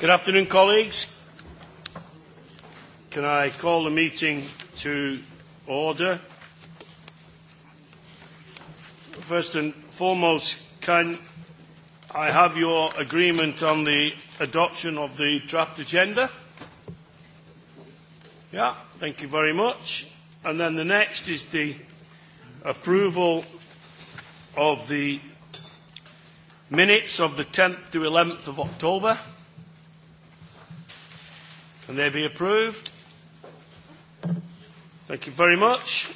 Good afternoon, colleagues. Can I call the meeting to order? First and foremost, can I have your agreement on the adoption of the draft agenda? Yeah, thank you very much. And then the next is the approval of the minutes of the 10th to 11th of October. Can they be approved. Thank you very much.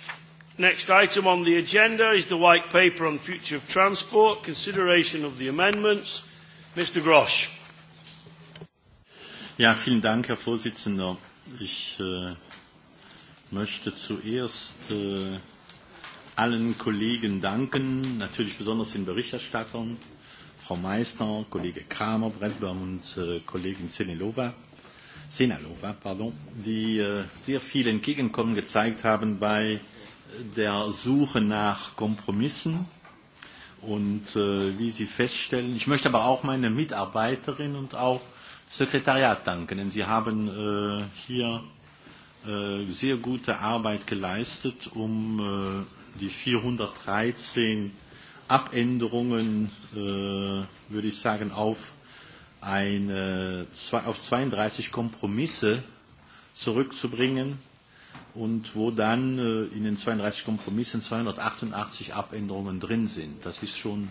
Next item on the agenda is the White Paper on Future of Transport, consideration of the amendments. Mr. Grosch. Ja, vielen Dank, Herr Vorsitzender. Ich äh, möchte zuerst äh, allen Kollegen danken, natürlich besonders den Berichterstattern, Frau Meissner, Kollege Kramer, Brettbaum und äh, Kollegin Senelova Senalova, pardon, die sehr viel Entgegenkommen gezeigt haben bei der Suche nach Kompromissen. Und wie Sie feststellen, ich möchte aber auch meine Mitarbeiterin und auch Sekretariat danken, denn Sie haben hier sehr gute Arbeit geleistet, um die 413 Abänderungen, äh, würde ich sagen, auf eine, auf 32 Kompromisse zurückzubringen und wo dann in den 32 Kompromissen 288 Abänderungen drin sind. Das ist schon,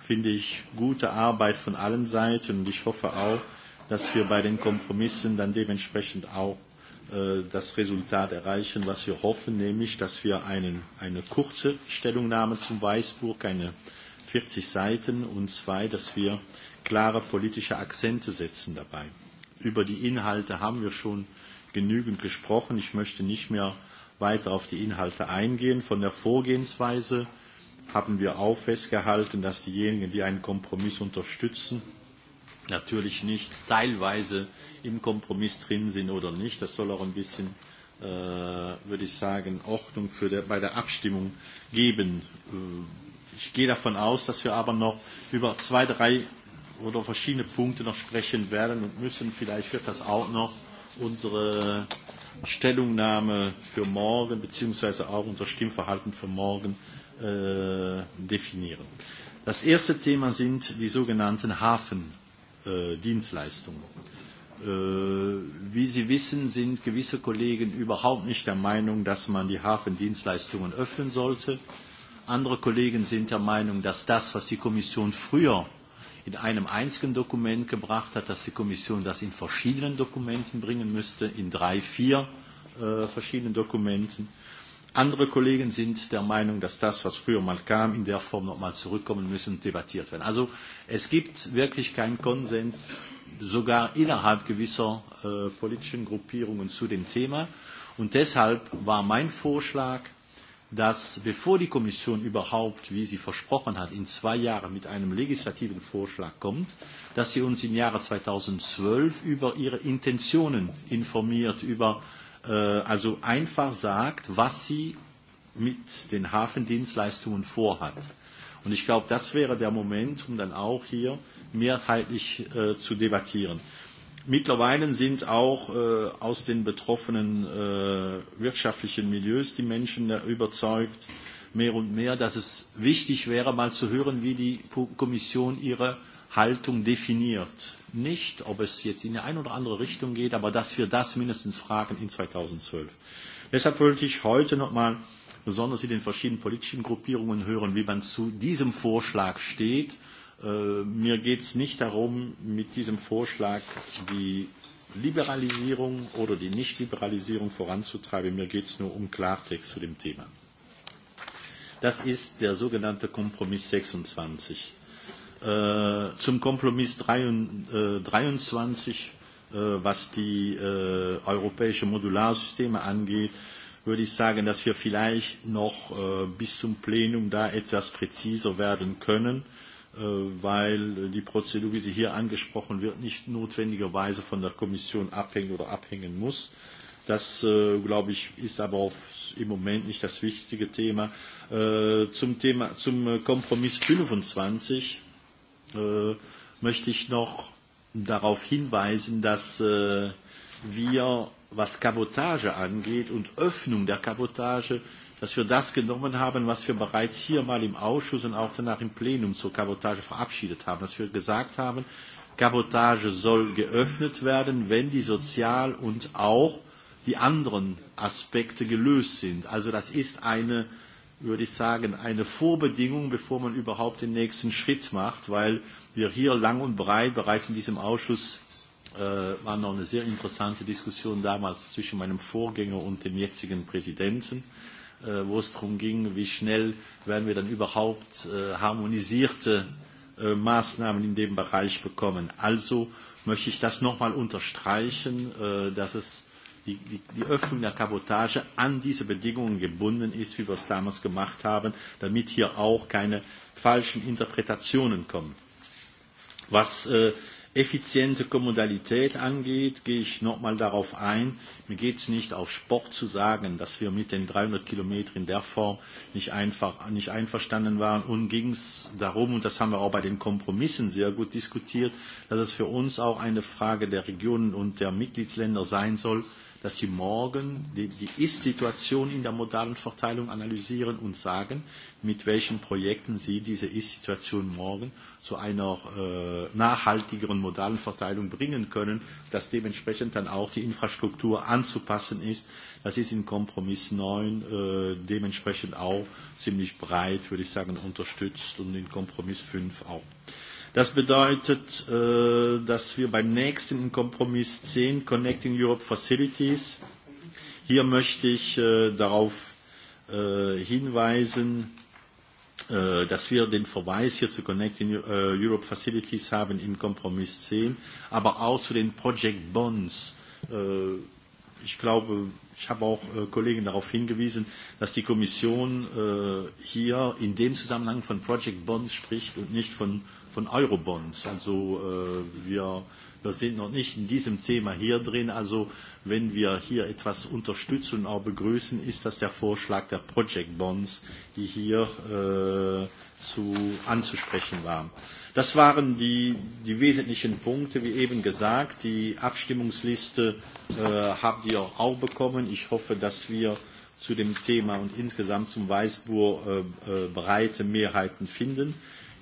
finde ich, gute Arbeit von allen Seiten und ich hoffe auch, dass wir bei den Kompromissen dann dementsprechend auch das Resultat erreichen, was wir hoffen, nämlich, dass wir einen, eine kurze Stellungnahme zum Weißbuch, eine 40 Seiten, und zwei, dass wir klare politische Akzente setzen dabei. Über die Inhalte haben wir schon genügend gesprochen. Ich möchte nicht mehr weiter auf die Inhalte eingehen. Von der Vorgehensweise haben wir auch festgehalten, dass diejenigen, die einen Kompromiss unterstützen, natürlich nicht teilweise im Kompromiss drin sind oder nicht. Das soll auch ein bisschen, äh, würde ich sagen, Ordnung für der, bei der Abstimmung geben. Ich gehe davon aus, dass wir aber noch über zwei, drei oder verschiedene Punkte noch sprechen werden und müssen. Vielleicht wird das auch noch unsere Stellungnahme für morgen bzw. auch unser Stimmverhalten für morgen äh, definieren. Das erste Thema sind die sogenannten Hafendienstleistungen. Wie Sie wissen, sind gewisse Kollegen überhaupt nicht der Meinung, dass man die Hafendienstleistungen öffnen sollte. Andere Kollegen sind der Meinung, dass das, was die Kommission früher in einem einzigen Dokument gebracht hat, dass die Kommission das in verschiedenen Dokumenten bringen müsste, in drei, vier äh, verschiedenen Dokumenten. Andere Kollegen sind der Meinung, dass das, was früher mal kam, in der Form nochmal zurückkommen muss und debattiert werden. Also es gibt wirklich keinen Konsens, sogar innerhalb gewisser äh, politischen Gruppierungen zu dem Thema. Und deshalb war mein Vorschlag, dass bevor die Kommission überhaupt, wie sie versprochen hat, in zwei Jahren mit einem legislativen Vorschlag kommt, dass sie uns im Jahre 2012 über ihre Intentionen informiert, über, äh, also einfach sagt, was sie mit den Hafendienstleistungen vorhat. Und ich glaube, das wäre der Moment, um dann auch hier mehrheitlich äh, zu debattieren. Mittlerweile sind auch äh, aus den betroffenen äh, wirtschaftlichen Milieus die Menschen überzeugt, mehr und mehr, dass es wichtig wäre, mal zu hören, wie die Kommission ihre Haltung definiert. Nicht, ob es jetzt in die eine oder andere Richtung geht, aber dass wir das mindestens fragen in 2012. Deshalb wollte ich heute nochmal besonders in den verschiedenen politischen Gruppierungen hören, wie man zu diesem Vorschlag steht Mir geht es nicht darum, mit diesem Vorschlag die Liberalisierung oder die Nichtliberalisierung voranzutreiben. Mir geht es nur um Klartext zu dem Thema. Das ist der sogenannte Kompromiss 26. Zum Kompromiss 23, was die europäischen Modularsysteme angeht, würde ich sagen, dass wir vielleicht noch bis zum Plenum da etwas präziser werden können weil die Prozedur, wie sie hier angesprochen wird, nicht notwendigerweise von der Kommission abhängen oder abhängen muss. Das, glaube ich, ist aber auf, im Moment nicht das wichtige Thema. Zum, Thema, zum Kompromiss 25 möchte ich noch darauf hinweisen, dass wir, was Kabotage angeht und Öffnung der Kabotage, dass wir das genommen haben, was wir bereits hier mal im Ausschuss und auch danach im Plenum zur Kabotage verabschiedet haben, dass wir gesagt haben, Kabotage soll geöffnet werden, wenn die sozial und auch die anderen Aspekte gelöst sind. Also das ist eine, würde ich sagen, eine Vorbedingung, bevor man überhaupt den nächsten Schritt macht, weil wir hier lang und breit bereits in diesem Ausschuss äh, war noch eine sehr interessante Diskussion damals zwischen meinem Vorgänger und dem jetzigen Präsidenten. Äh, wo es darum ging, wie schnell werden wir dann überhaupt harmonisierte Maßnahmen in dem Bereich bekommen. Also möchte ich das nochmal unterstreichen, dass es die, die, die Öffnung der Kabotage an diese Bedingungen gebunden ist, wie wir es damals gemacht haben, damit hier auch keine falschen Interpretationen kommen. Was äh, effiziente Kommodalität angeht, gehe ich nochmal darauf ein. Mir geht es nicht auf Sport zu sagen, dass wir mit den 300 Kilometern in der Form nicht, einfach, nicht einverstanden waren. Und ging es darum, und das haben wir auch bei den Kompromissen sehr gut diskutiert, dass es für uns auch eine Frage der Regionen und der Mitgliedsländer sein soll, dass Sie morgen die, die Ist-Situation in der modalen Verteilung analysieren und sagen, mit welchen Projekten Sie diese Ist-Situation morgen zu einer äh, nachhaltigeren modalen Verteilung bringen können, dass dementsprechend dann auch die Infrastruktur anzupassen ist. Das ist in Kompromiss 9 äh, dementsprechend auch ziemlich breit, würde ich sagen, unterstützt und in Kompromiss 5 auch. Das bedeutet, dass wir beim nächsten in Kompromiss 10 Connecting Europe Facilities, hier möchte ich darauf hinweisen, dass wir den Verweis hier zu Connecting Europe Facilities haben in Kompromiss 10, aber auch zu den Project Bonds. Ich glaube, ich habe auch Kollegen darauf hingewiesen, dass die Kommission hier in dem Zusammenhang von Project Bonds spricht und nicht von von Eurobonds. Also äh, wir, wir sind noch nicht in diesem Thema hier drin. Also wenn wir hier etwas unterstützen und auch begrüßen, ist das der Vorschlag der Project Bonds, die hier äh, zu, anzusprechen waren. Das waren die, die wesentlichen Punkte, wie eben gesagt. Die Abstimmungsliste äh, habt ihr auch bekommen. Ich hoffe, dass wir zu dem Thema und insgesamt zum Weißbuch äh, äh, breite Mehrheiten finden.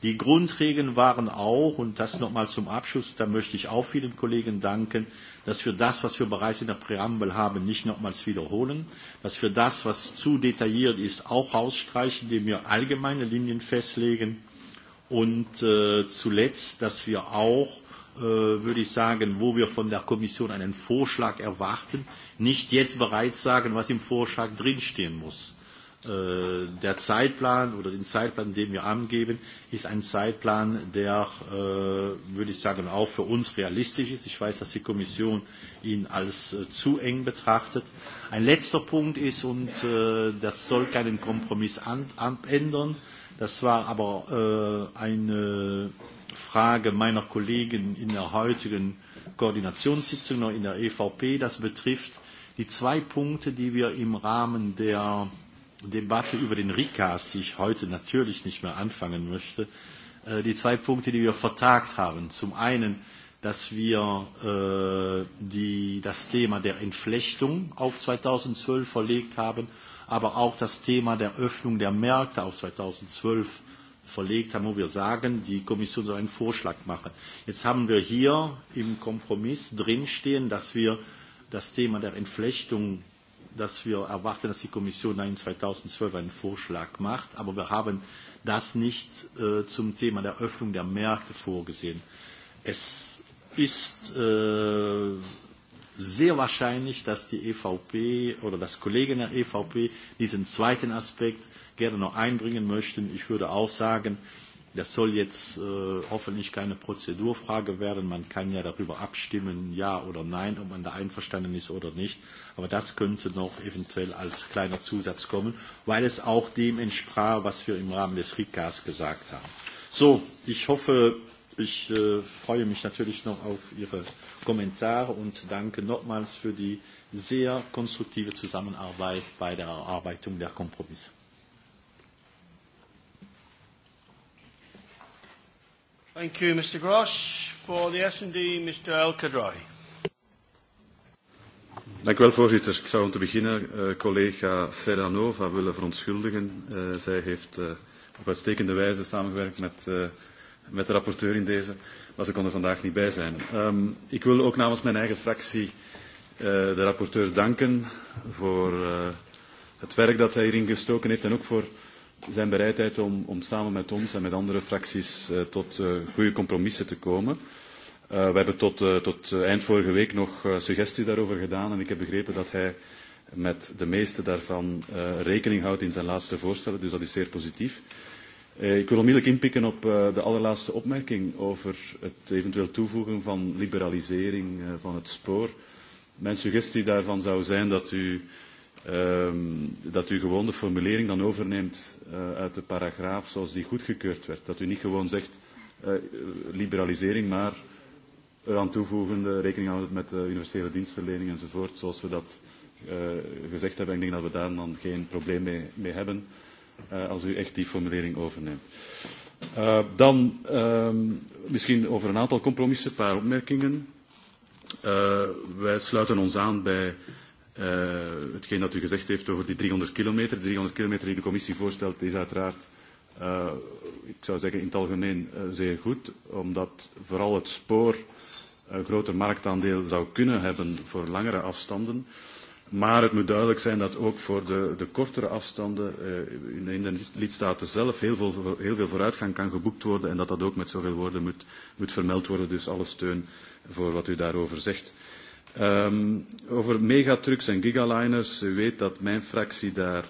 Die Grundregeln waren auch, und das nochmal zum Abschluss, da möchte ich auch vielen Kollegen danken, dass wir das, was wir bereits in der Präambel haben, nicht nochmals wiederholen, dass wir das, was zu detailliert ist, auch rausstreichen, indem wir allgemeine Linien festlegen und äh, zuletzt, dass wir auch würde ich sagen, wo wir von der Kommission einen Vorschlag erwarten, nicht jetzt bereits sagen, was im Vorschlag drinstehen muss der Zeitplan oder den Zeitplan, den wir angeben, ist ein Zeitplan, der, würde ich sagen, auch für uns realistisch ist. Ich weiß, dass die Kommission ihn als zu eng betrachtet. Ein letzter Punkt ist, und das soll keinen Kompromiss abändern, das war aber eine Frage meiner Kollegen in der heutigen Koordinationssitzung in der EVP, das betrifft die zwei Punkte, die wir im Rahmen der Debatte über den Recast, die ich heute natürlich nicht mehr anfangen möchte, die zwei Punkte, die wir vertagt haben. Zum einen, dass wir äh, die, das Thema der Entflechtung auf 2012 verlegt haben, aber auch das Thema der Öffnung der Märkte auf 2012 verlegt haben, wo wir sagen, die Kommission soll einen Vorschlag machen. Jetzt haben wir hier im Kompromiss drinstehen, dass wir das Thema der Entflechtung dass wir erwarten, dass die Kommission da in 2012 einen Vorschlag macht. Aber wir haben das nicht zum Thema der Öffnung der Märkte vorgesehen. Es ist sehr wahrscheinlich, dass die EVP oder dass Kollegen der EVP diesen zweiten Aspekt gerne noch einbringen möchten. Ich würde auch sagen, Das soll jetzt äh, hoffentlich keine Prozedurfrage werden. Man kann ja darüber abstimmen, ja oder nein, ob man da einverstanden ist oder nicht. Aber das könnte noch eventuell als kleiner Zusatz kommen, weil es auch dem entsprach, was wir im Rahmen des RICAS gesagt haben. So, ich hoffe, ich äh, freue mich natürlich noch auf Ihre Kommentare und danke nochmals für die sehr konstruktive Zusammenarbeit bei der Erarbeitung der Kompromisse. Thank you, Mr. Grosch. For the S&D, Mr. El khadraoui Dank u wel, voorzitter. Ik zou om te beginnen uh, collega Serranova willen verontschuldigen. Uh, zij heeft uh, op uitstekende wijze samengewerkt met, uh, met de rapporteur in deze, maar ze kon er vandaag niet bij zijn. Um, ik wil ook namens mijn eigen fractie uh, de rapporteur danken voor uh, het werk dat hij hierin gestoken heeft en ook voor zijn bereidheid om, om samen met ons en met andere fracties uh, tot uh, goede compromissen te komen. Uh, we hebben tot, uh, tot eind vorige week nog uh, suggestie daarover gedaan en ik heb begrepen dat hij met de meeste daarvan uh, rekening houdt in zijn laatste voorstellen, dus dat is zeer positief. Uh, ik wil onmiddellijk inpikken op uh, de allerlaatste opmerking over het eventueel toevoegen van liberalisering uh, van het spoor. Mijn suggestie daarvan zou zijn dat u dat u gewoon de formulering dan overneemt uit de paragraaf zoals die goedgekeurd werd. Dat u niet gewoon zegt liberalisering, maar eraan toevoegende rekening houden met de universele dienstverlening enzovoort, zoals we dat gezegd hebben. Ik denk dat we daar dan geen probleem mee, mee hebben als u echt die formulering overneemt. Uh, dan uh, misschien over een aantal compromissen, een paar opmerkingen. Uh, wij sluiten ons aan bij uh, Uh, hetgeen dat u gezegd heeft over die 300 kilometer. De 300 kilometer die de commissie voorstelt is uiteraard, uh, ik zou zeggen in het algemeen, uh, zeer goed. Omdat vooral het spoor een groter marktaandeel zou kunnen hebben voor langere afstanden. Maar het moet duidelijk zijn dat ook voor de, de kortere afstanden uh, in de lidstaten zelf heel veel, heel veel vooruitgang kan geboekt worden en dat dat ook met zoveel woorden moet, moet vermeld worden. Dus alle steun voor wat u daarover zegt over megatrucks en gigaliners, u weet dat mijn fractie daar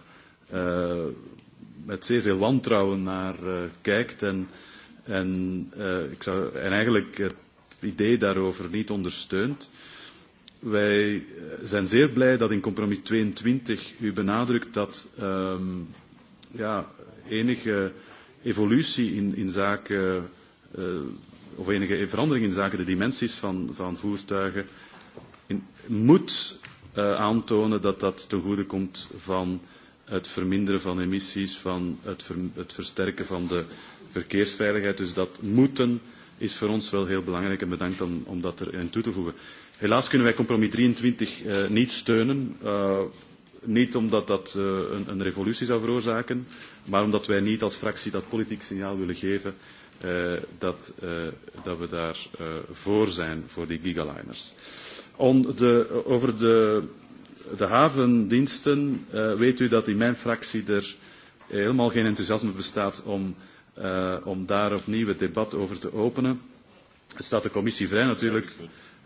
met zeer veel wantrouwen naar kijkt. En, en, ik zou, en eigenlijk het idee daarover niet ondersteunt. Wij zijn zeer blij dat in compromis 22 u benadrukt dat um, ja, enige evolutie in, in zaken, uh, of enige verandering in zaken de dimensies van, van voertuigen moet aantonen dat dat ten goede komt van het verminderen van emissies, van het, versterken van de verkeersveiligheid. Dus dat moeten is voor ons wel heel belangrijk en bedankt om, om dat erin toe te voegen. Helaas kunnen wij compromis 23 niet steunen. niet omdat dat een, revolutie zou veroorzaken, maar omdat wij niet als fractie dat politiek signaal willen geven dat, we daar voor zijn, voor die gigaliners. On de, over de, de havendiensten uh, weet u dat in mijn fractie er helemaal geen enthousiasme bestaat om, uh, om daar opnieuw het debat over te openen. Het staat de commissie vrij natuurlijk.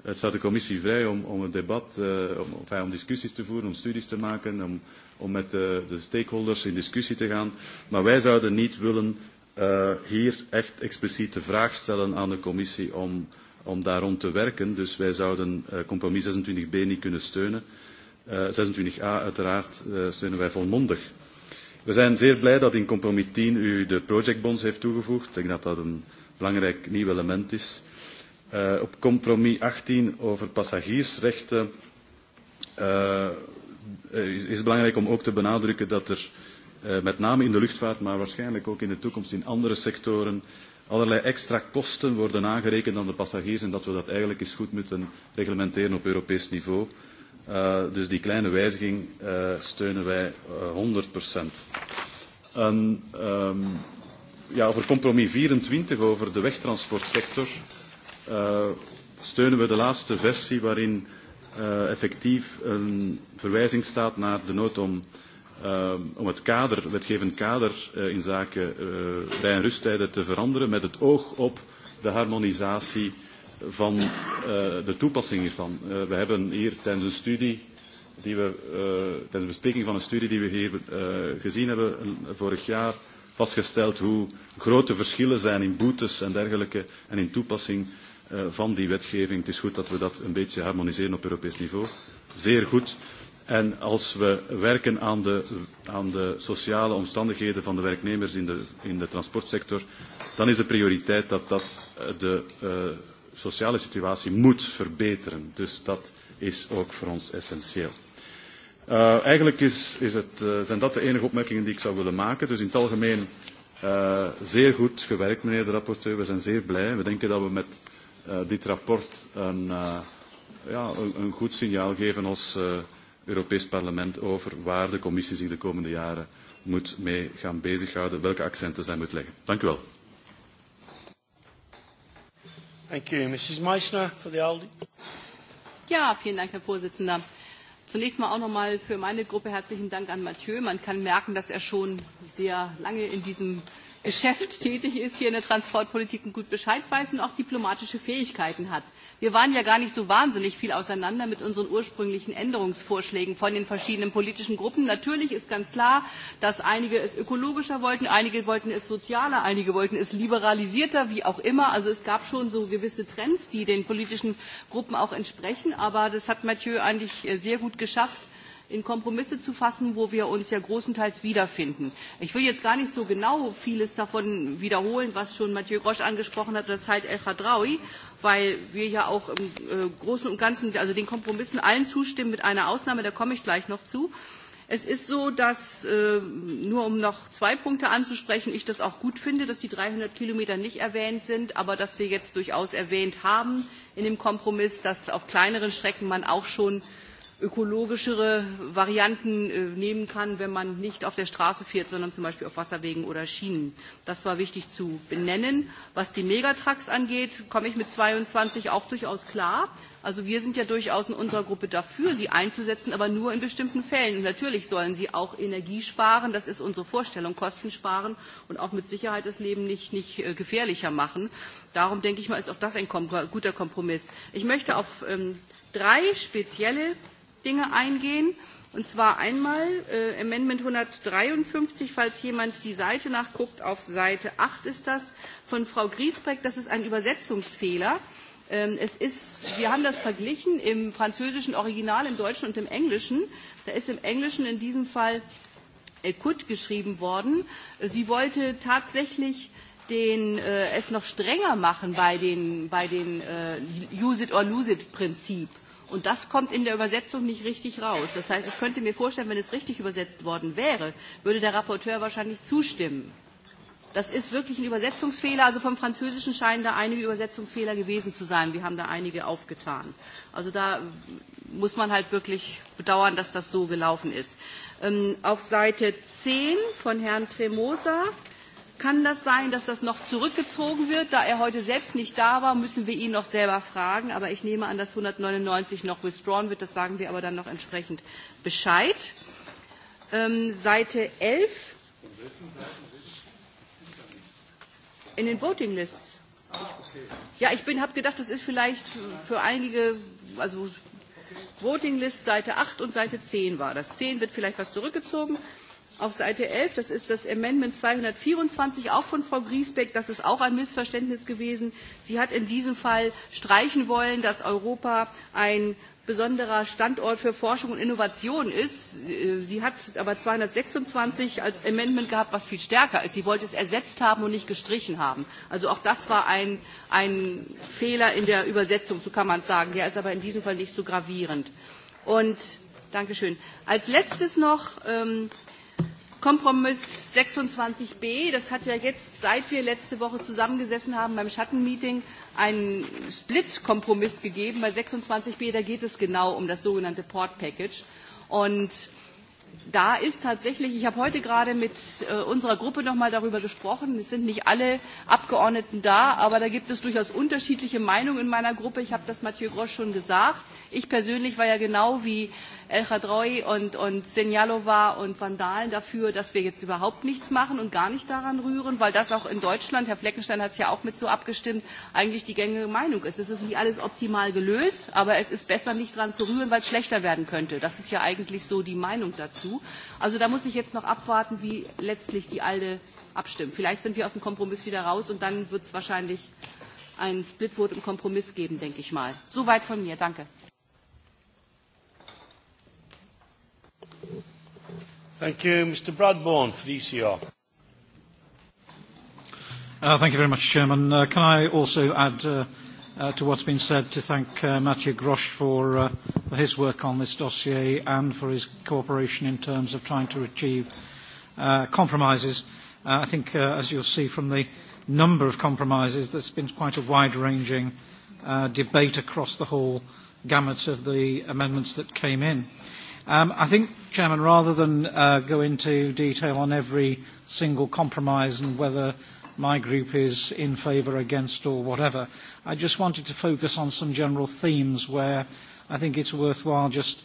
Het staat de commissie vrij om, om een debat, uh, om, enfin, om discussies te voeren, om studies te maken, om, om met de, de stakeholders in discussie te gaan. Maar wij zouden niet willen uh, hier echt expliciet de vraag stellen aan de commissie om om daar rond te werken. Dus wij zouden compromis 26b niet kunnen steunen. 26a uiteraard steunen wij volmondig. We zijn zeer blij dat in compromis 10 u de projectbonds heeft toegevoegd. Ik denk dat dat een belangrijk nieuw element is. op compromis 18 over passagiersrechten is het belangrijk om ook te benadrukken dat er met name in de luchtvaart, maar waarschijnlijk ook in de toekomst in andere sectoren allerlei extra kosten worden aangerekend aan de passagiers en dat we dat eigenlijk eens goed moeten reglementeren op Europees niveau. dus die kleine wijziging steunen wij 100%. procent. ja, over compromis 24 over de wegtransportsector steunen we de laatste versie waarin effectief een verwijzing staat naar de nood om om het kader, wetgevend kader in zaken rij- en rusttijden te veranderen met het oog op de harmonisatie van de toepassing hiervan. we hebben hier tijdens een studie die we, tijdens de bespreking van een studie die we hier gezien hebben vorig jaar vastgesteld hoe grote verschillen zijn in boetes en dergelijke en in toepassing van die wetgeving. Het is goed dat we dat een beetje harmoniseren op Europees niveau. Zeer goed. En als we werken aan de, aan de sociale omstandigheden van de werknemers in de, in de transportsector, dan is de prioriteit dat dat de uh, sociale situatie moet verbeteren. Dus dat is ook voor ons essentieel. Uh, eigenlijk is, is het, uh, zijn dat de enige opmerkingen die ik zou willen maken. Dus in het algemeen uh, zeer goed gewerkt, meneer de rapporteur. We zijn zeer blij. We denken dat we met uh, dit rapport een, uh, ja, een, een goed signaal geven als... Uh, Europees Parlement over waar de commissie zich de komende jaren moet mee gaan bezighouden, welke accenten zij moet leggen. Dank u wel. Thank you. Mrs. Meissner for the ALDE. Ja, vielen Dank, Herr Vorsitzender. Zunächst mal auch nochmal für meine Gruppe herzlichen Dank an Mathieu. Man kann merken, dass er schon sehr lange in diesem Geschäft tätig ist, hier in der Transportpolitik und gut Bescheid weiß und auch diplomatische Fähigkeiten hat. Wir waren ja gar nicht so wahnsinnig viel auseinander mit unseren ursprünglichen Änderungsvorschlägen von den verschiedenen politischen Gruppen. Natürlich ist ganz klar, dass einige es ökologischer wollten, einige wollten es sozialer, einige wollten es liberalisierter, wie auch immer. Also es gab schon so gewisse Trends, die den politischen Gruppen auch entsprechen. Aber das hat Mathieu eigentlich sehr gut geschafft in Kompromisse zu fassen, wo wir uns ja großenteils wiederfinden. Ich will jetzt gar nicht so genau vieles davon wiederholen, was schon Mathieu Grosch angesprochen hat, das halt El Khadraoui, weil wir ja auch im Großen und Ganzen, also den Kompromissen allen zustimmen, mit einer Ausnahme, da komme ich gleich noch zu. Es ist so, dass, nur um noch zwei Punkte anzusprechen, ich das auch gut finde, dass die 300 Kilometer nicht erwähnt sind, aber dass wir jetzt durchaus erwähnt haben in dem Kompromiss, dass auf kleineren Strecken man auch schon ökologischere Varianten nehmen kann, wenn man nicht auf der Straße fährt, sondern zum Beispiel auf Wasserwegen oder Schienen. Das war wichtig zu benennen. Was die Megatrucks angeht, komme ich mit 22 auch durchaus klar. Also wir sind ja durchaus in unserer Gruppe dafür, sie einzusetzen, aber nur in bestimmten Fällen. Und natürlich sollen sie auch Energie sparen, das ist unsere Vorstellung, Kosten sparen und auch mit Sicherheit das Leben nicht, nicht gefährlicher machen. Darum denke ich mal, ist auch das ein guter Kompromiss. Ich möchte auf drei spezielle Dinge eingehen. Und zwar einmal äh, Amendment 153, falls jemand die Seite nachguckt, auf Seite 8 ist das, von Frau Griesbeck, das ist ein Übersetzungsfehler. Es ist, wir haben das verglichen im französischen Original, im deutschen und im englischen. Da ist im englischen in diesem Fall Ekut geschrieben worden. Sie wollte tatsächlich den, äh, es noch strenger machen bei den, bei den äh, Use it or lose it Prinzip. Und das kommt in der Übersetzung nicht richtig raus. Das heißt, ich könnte mir vorstellen, wenn es richtig übersetzt worden wäre, würde der Rapporteur wahrscheinlich zustimmen. Das ist wirklich ein Übersetzungsfehler. Also vom Französischen scheinen da einige Übersetzungsfehler gewesen zu sein. Wir haben da einige aufgetan. Also da muss man halt wirklich bedauern, dass das so gelaufen ist. auf Seite 10 von Herrn Tremosa Kann das sein, dass das noch zurückgezogen wird? Da er heute selbst nicht da war, müssen wir ihn noch selber fragen. Aber ich nehme an, dass 199 noch withdrawn wird. Das sagen wir aber dann noch entsprechend Bescheid. Ähm, Seite 11. In den Voting Lists. Ja, ich habe gedacht, das ist vielleicht für einige, also Voting List Seite 8 und Seite 10 war das. 10 wird vielleicht was zurückgezogen auf Seite 11, das ist das Amendment 224, auch von Frau Griesbeck, das ist auch ein Missverständnis gewesen. Sie hat in diesem Fall streichen wollen, dass Europa ein besonderer Standort für Forschung und Innovation ist. Sie hat aber 226 als Amendment gehabt, was viel stärker ist. Sie wollte es ersetzt haben und nicht gestrichen haben. Also auch das war ein, ein Fehler in der Übersetzung, so kann man sagen. Der ist aber in diesem Fall nicht so gravierend. Und Dankeschön. Als letztes noch ähm, Kompromiss 26b, das hat ja jetzt, seit wir letzte Woche zusammengesessen haben beim Schattenmeeting, einen Split-Kompromiss gegeben. Bei 26b, da geht es genau um das sogenannte Port Package. Und da ist tatsächlich, ich habe heute gerade mit unserer Gruppe noch mal darüber gesprochen, es sind nicht alle Abgeordneten da, aber da gibt es durchaus unterschiedliche Meinungen in meiner Gruppe. Ich habe das Mathieu Grosch schon gesagt. Ich persönlich war ja genau wie El Khadroui und, und Senjalova und Vandalen dafür, dass wir jetzt überhaupt nichts machen und gar nicht daran rühren, weil das auch in Deutschland, Herr Fleckenstein hat es ja auch mit so abgestimmt, eigentlich die gängige Meinung ist. Es ist nicht alles optimal gelöst, aber es ist besser, nicht daran zu rühren, weil es schlechter werden könnte. Das ist ja eigentlich so die Meinung dazu. Also da muss ich jetzt noch abwarten, wie letztlich die ALDE abstimmt. Vielleicht sind wir aus dem Kompromiss wieder raus und dann wird es wahrscheinlich ein Splitvote im Kompromiss geben, denke ich mal. Soweit von mir. Danke. Thank you, Mr. Bradbourne for the ECR. Uh, thank you very much, Chairman. Uh, can I also add uh, uh, to what's been said to thank uh, Mathieu Grosch for, uh, for his work on this dossier and for his cooperation in terms of trying to achieve uh, compromises. Uh, I think, uh, as you'll see from the number of compromises, there's been quite a wide-ranging uh, debate across the whole gamut of the amendments that came in. Uh, Um, I think, Chairman, rather than uh, go into detail on every single compromise and whether my group is in favour, against or whatever, I just wanted to focus on some general themes where I think it's worthwhile just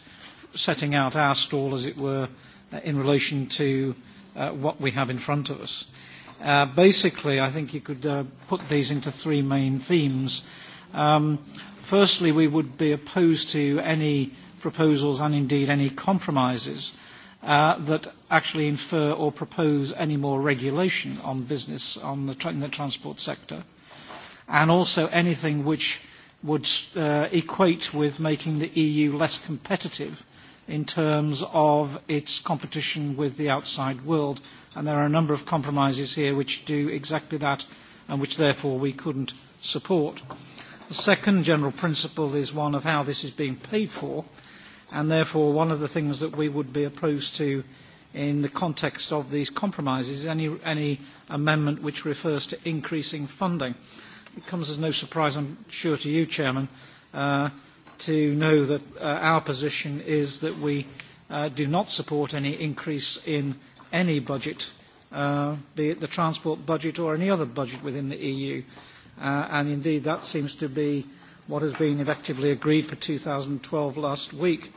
setting out our stall, as it were, in relation to uh, what we have in front of us. Uh, basically, I think you could uh, put these into three main themes. Um, firstly, we would be opposed to any proposals and indeed any compromises uh, that actually infer or propose any more regulation on business on the, in the transport sector, and also anything which would uh, equate with making the EU less competitive in terms of its competition with the outside world. And there are a number of compromises here which do exactly that and which therefore we couldn't support. The second general principle is one of how this is being paid for. Uh, and therefore one of the things that we would be opposed to in the context of these compromises is any, any amendment which refers to increasing funding. It comes as no surprise, I'm sure, to you, Chairman, uh, to know that uh, our position is that we uh, do not support any increase in any budget, uh, be it the transport budget or any other budget within the EU. Uh, and indeed, that seems to be what has been effectively agreed for 2012 last week.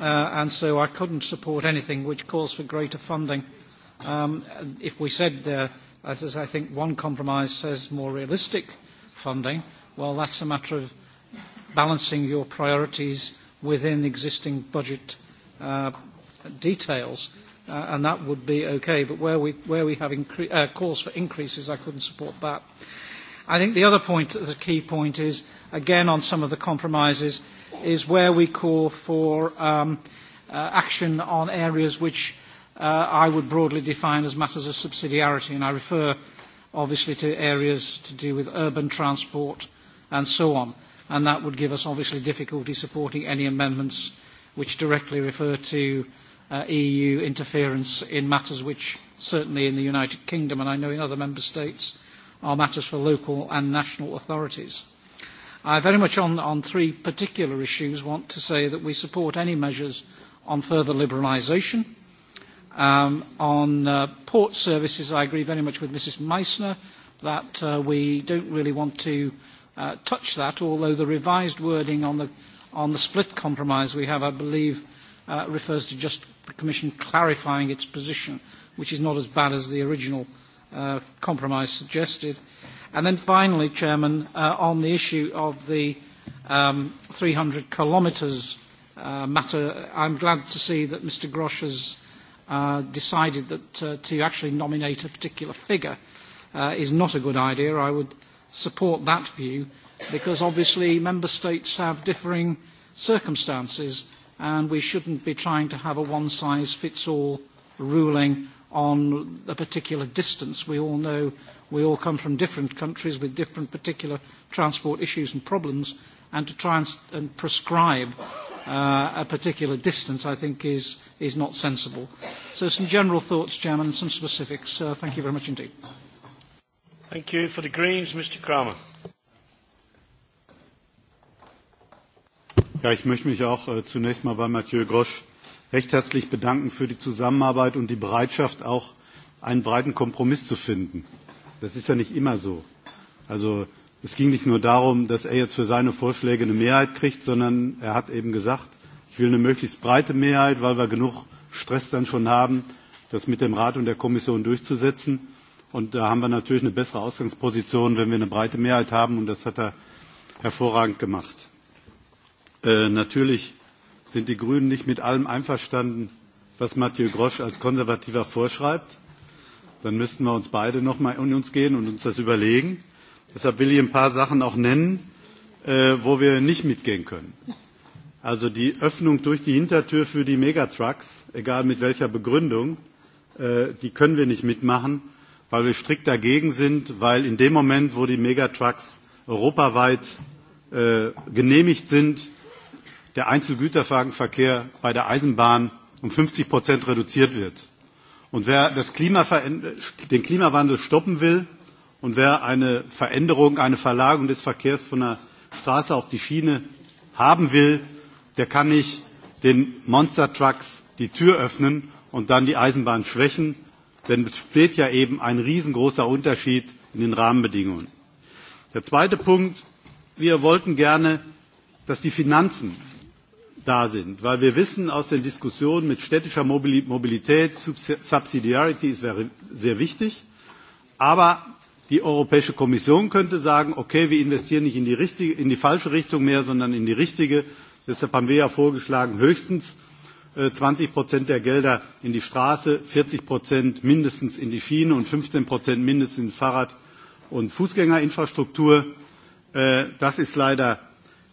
Uh, and so I couldn't support anything which calls for greater funding. Um, if we said, uh, as I think one compromise says, more realistic funding, well, that's a matter of balancing your priorities within existing budget uh, details, uh, and that would be okay. But where we, where we have incre- uh, calls for increases, I couldn't support that. I think the other point, the key point, is again on some of the compromises, is where we call for um, uh, action on areas which uh, I would broadly define as matters of subsidiarity, and I refer obviously to areas to do with urban transport and so on, and that would give us obviously difficulty supporting any amendments which directly refer to uh, EU interference in matters which certainly in the United Kingdom and I know in other member states are matters for local and national authorities. I very much on, on three particular issues want to say that we support any measures on further liberalisation. Um, on uh, port services, I agree very much with Mrs Meissner that uh, we don't really want to uh, touch that, although the revised wording on the, on the split compromise we have, I believe, uh, refers to just the Commission clarifying its position, which is not as bad as the original uh, compromise suggested. And then finally, Chairman, uh, on the issue of the um, 300 kilometres uh, matter, I'm glad to see that Mr Grosch has uh, decided that uh, to actually nominate a particular figure uh, is not a good idea. I would support that view because obviously member states have differing circumstances and we shouldn't be trying to have a one-size-fits-all ruling on a particular distance. We all know We all come from different countries with different particular transport issues and problems, and to try and, and prescribe uh, a particular distance, I think, is, is not sensible. So some general thoughts, Chairman, and some specifics. Uh, thank you very much indeed. Thank you. For the Greens, Mr. Kramer. Ja, ich möchte mich auch äh, zunächst mal bei Mathieu Grosch recht herzlich bedanken für die Zusammenarbeit und die Bereitschaft, auch einen breiten Kompromiss zu finden. Das ist ja nicht immer so. Also es ging nicht nur darum, dass er jetzt für seine Vorschläge eine Mehrheit kriegt, sondern er hat eben gesagt, ich will eine möglichst breite Mehrheit, weil wir genug Stress dann schon haben, das mit dem Rat und der Kommission durchzusetzen. Und da haben wir natürlich eine bessere Ausgangsposition, wenn wir eine breite Mehrheit haben. Und das hat er hervorragend gemacht. natürlich sind die Grünen nicht mit allem einverstanden, was Mathieu Grosch als Konservativer vorschreibt dann müssten wir uns beide noch mal in uns gehen und uns das überlegen. Deshalb will ich ein paar Sachen auch nennen, wo wir nicht mitgehen können. Also die Öffnung durch die Hintertür für die Megatrucks, egal mit welcher Begründung, die können wir nicht mitmachen, weil wir strikt dagegen sind, weil in dem Moment, wo die Megatrucks europaweit genehmigt sind, der Einzelgüterwagenverkehr bei der Eisenbahn um 50 reduziert wird. Und wer das Klima, den Klimawandel stoppen will und wer eine Veränderung, eine Verlagerung des Verkehrs von der Straße auf die Schiene haben will, der kann nicht den Monstertrucks die Tür öffnen und dann die Eisenbahn schwächen, denn es besteht ja eben ein riesengroßer Unterschied in den Rahmenbedingungen. Der zweite Punkt, wir wollten gerne, dass die Finanzen da sind. Weil wir wissen aus den Diskussionen mit städtischer Mobilität, Subsidiarity ist sehr wichtig, aber die Europäische Kommission könnte sagen, okay, wir investieren nicht in die, richtige, in die falsche Richtung mehr, sondern in die richtige. Deshalb haben wir ja vorgeschlagen, höchstens 20 Prozent der Gelder in die Straße, 40 Prozent mindestens in die Schiene und 15 Prozent mindestens in Fahrrad- und Fußgängerinfrastruktur. Das ist leider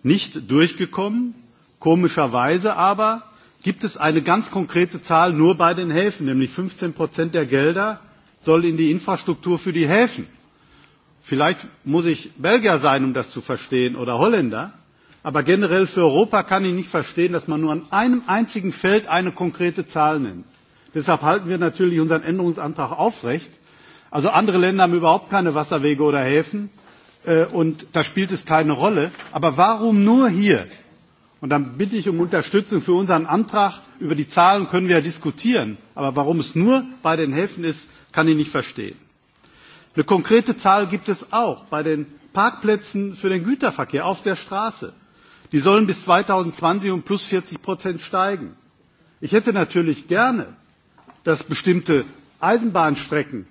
nicht durchgekommen. Komischerweise aber gibt es eine ganz konkrete Zahl nur bei den Häfen, nämlich 15 Prozent der Gelder soll in die Infrastruktur für die Häfen. Vielleicht muss ich Belgier sein, um das zu verstehen, oder Holländer. Aber generell für Europa kann ich nicht verstehen, dass man nur an einem einzigen Feld eine konkrete Zahl nennt. Deshalb halten wir natürlich unseren Änderungsantrag aufrecht. Also andere Länder haben überhaupt keine Wasserwege oder Häfen und da spielt es keine Rolle. Aber warum nur hier? Und dann bitte ich um Unterstützung für unseren Antrag. Über die Zahlen können wir ja diskutieren. Aber warum es nur bei den Häfen ist, kann ich nicht verstehen. Eine konkrete Zahl gibt es auch bei den Parkplätzen für den Güterverkehr auf der Straße. Die sollen bis 2020 um plus 40 Prozent steigen. Ich hätte natürlich gerne, dass bestimmte Eisenbahnstrecken,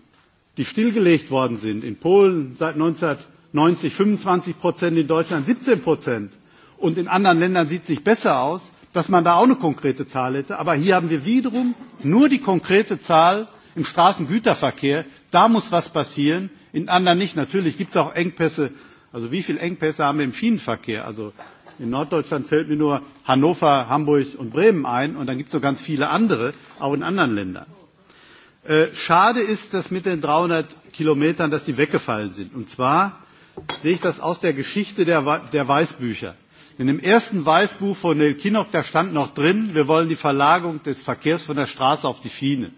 die stillgelegt worden sind, in Polen seit 1990 25 Prozent, in Deutschland 17 Prozent, und in anderen Ländern sieht es sich besser aus, dass man da auch eine konkrete Zahl hätte. Aber hier haben wir wiederum nur die konkrete Zahl im Straßengüterverkehr. Da muss was passieren, in anderen nicht. Natürlich gibt es auch Engpässe. Also wie viele Engpässe haben wir im Schienenverkehr? Also in Norddeutschland fällt mir nur Hannover, Hamburg und Bremen ein und dann gibt es so ganz viele andere, auch in anderen Ländern. Schade ist, dass mit den 300 Kilometern, dass die weggefallen sind. Und zwar sehe ich das aus der Geschichte der, der Weißbücher. In dem ersten Weißbuch von Neil Kinnock, da stand noch drin, wir wollen die Verlagerung des Verkehrs von der Straße auf die Schiene.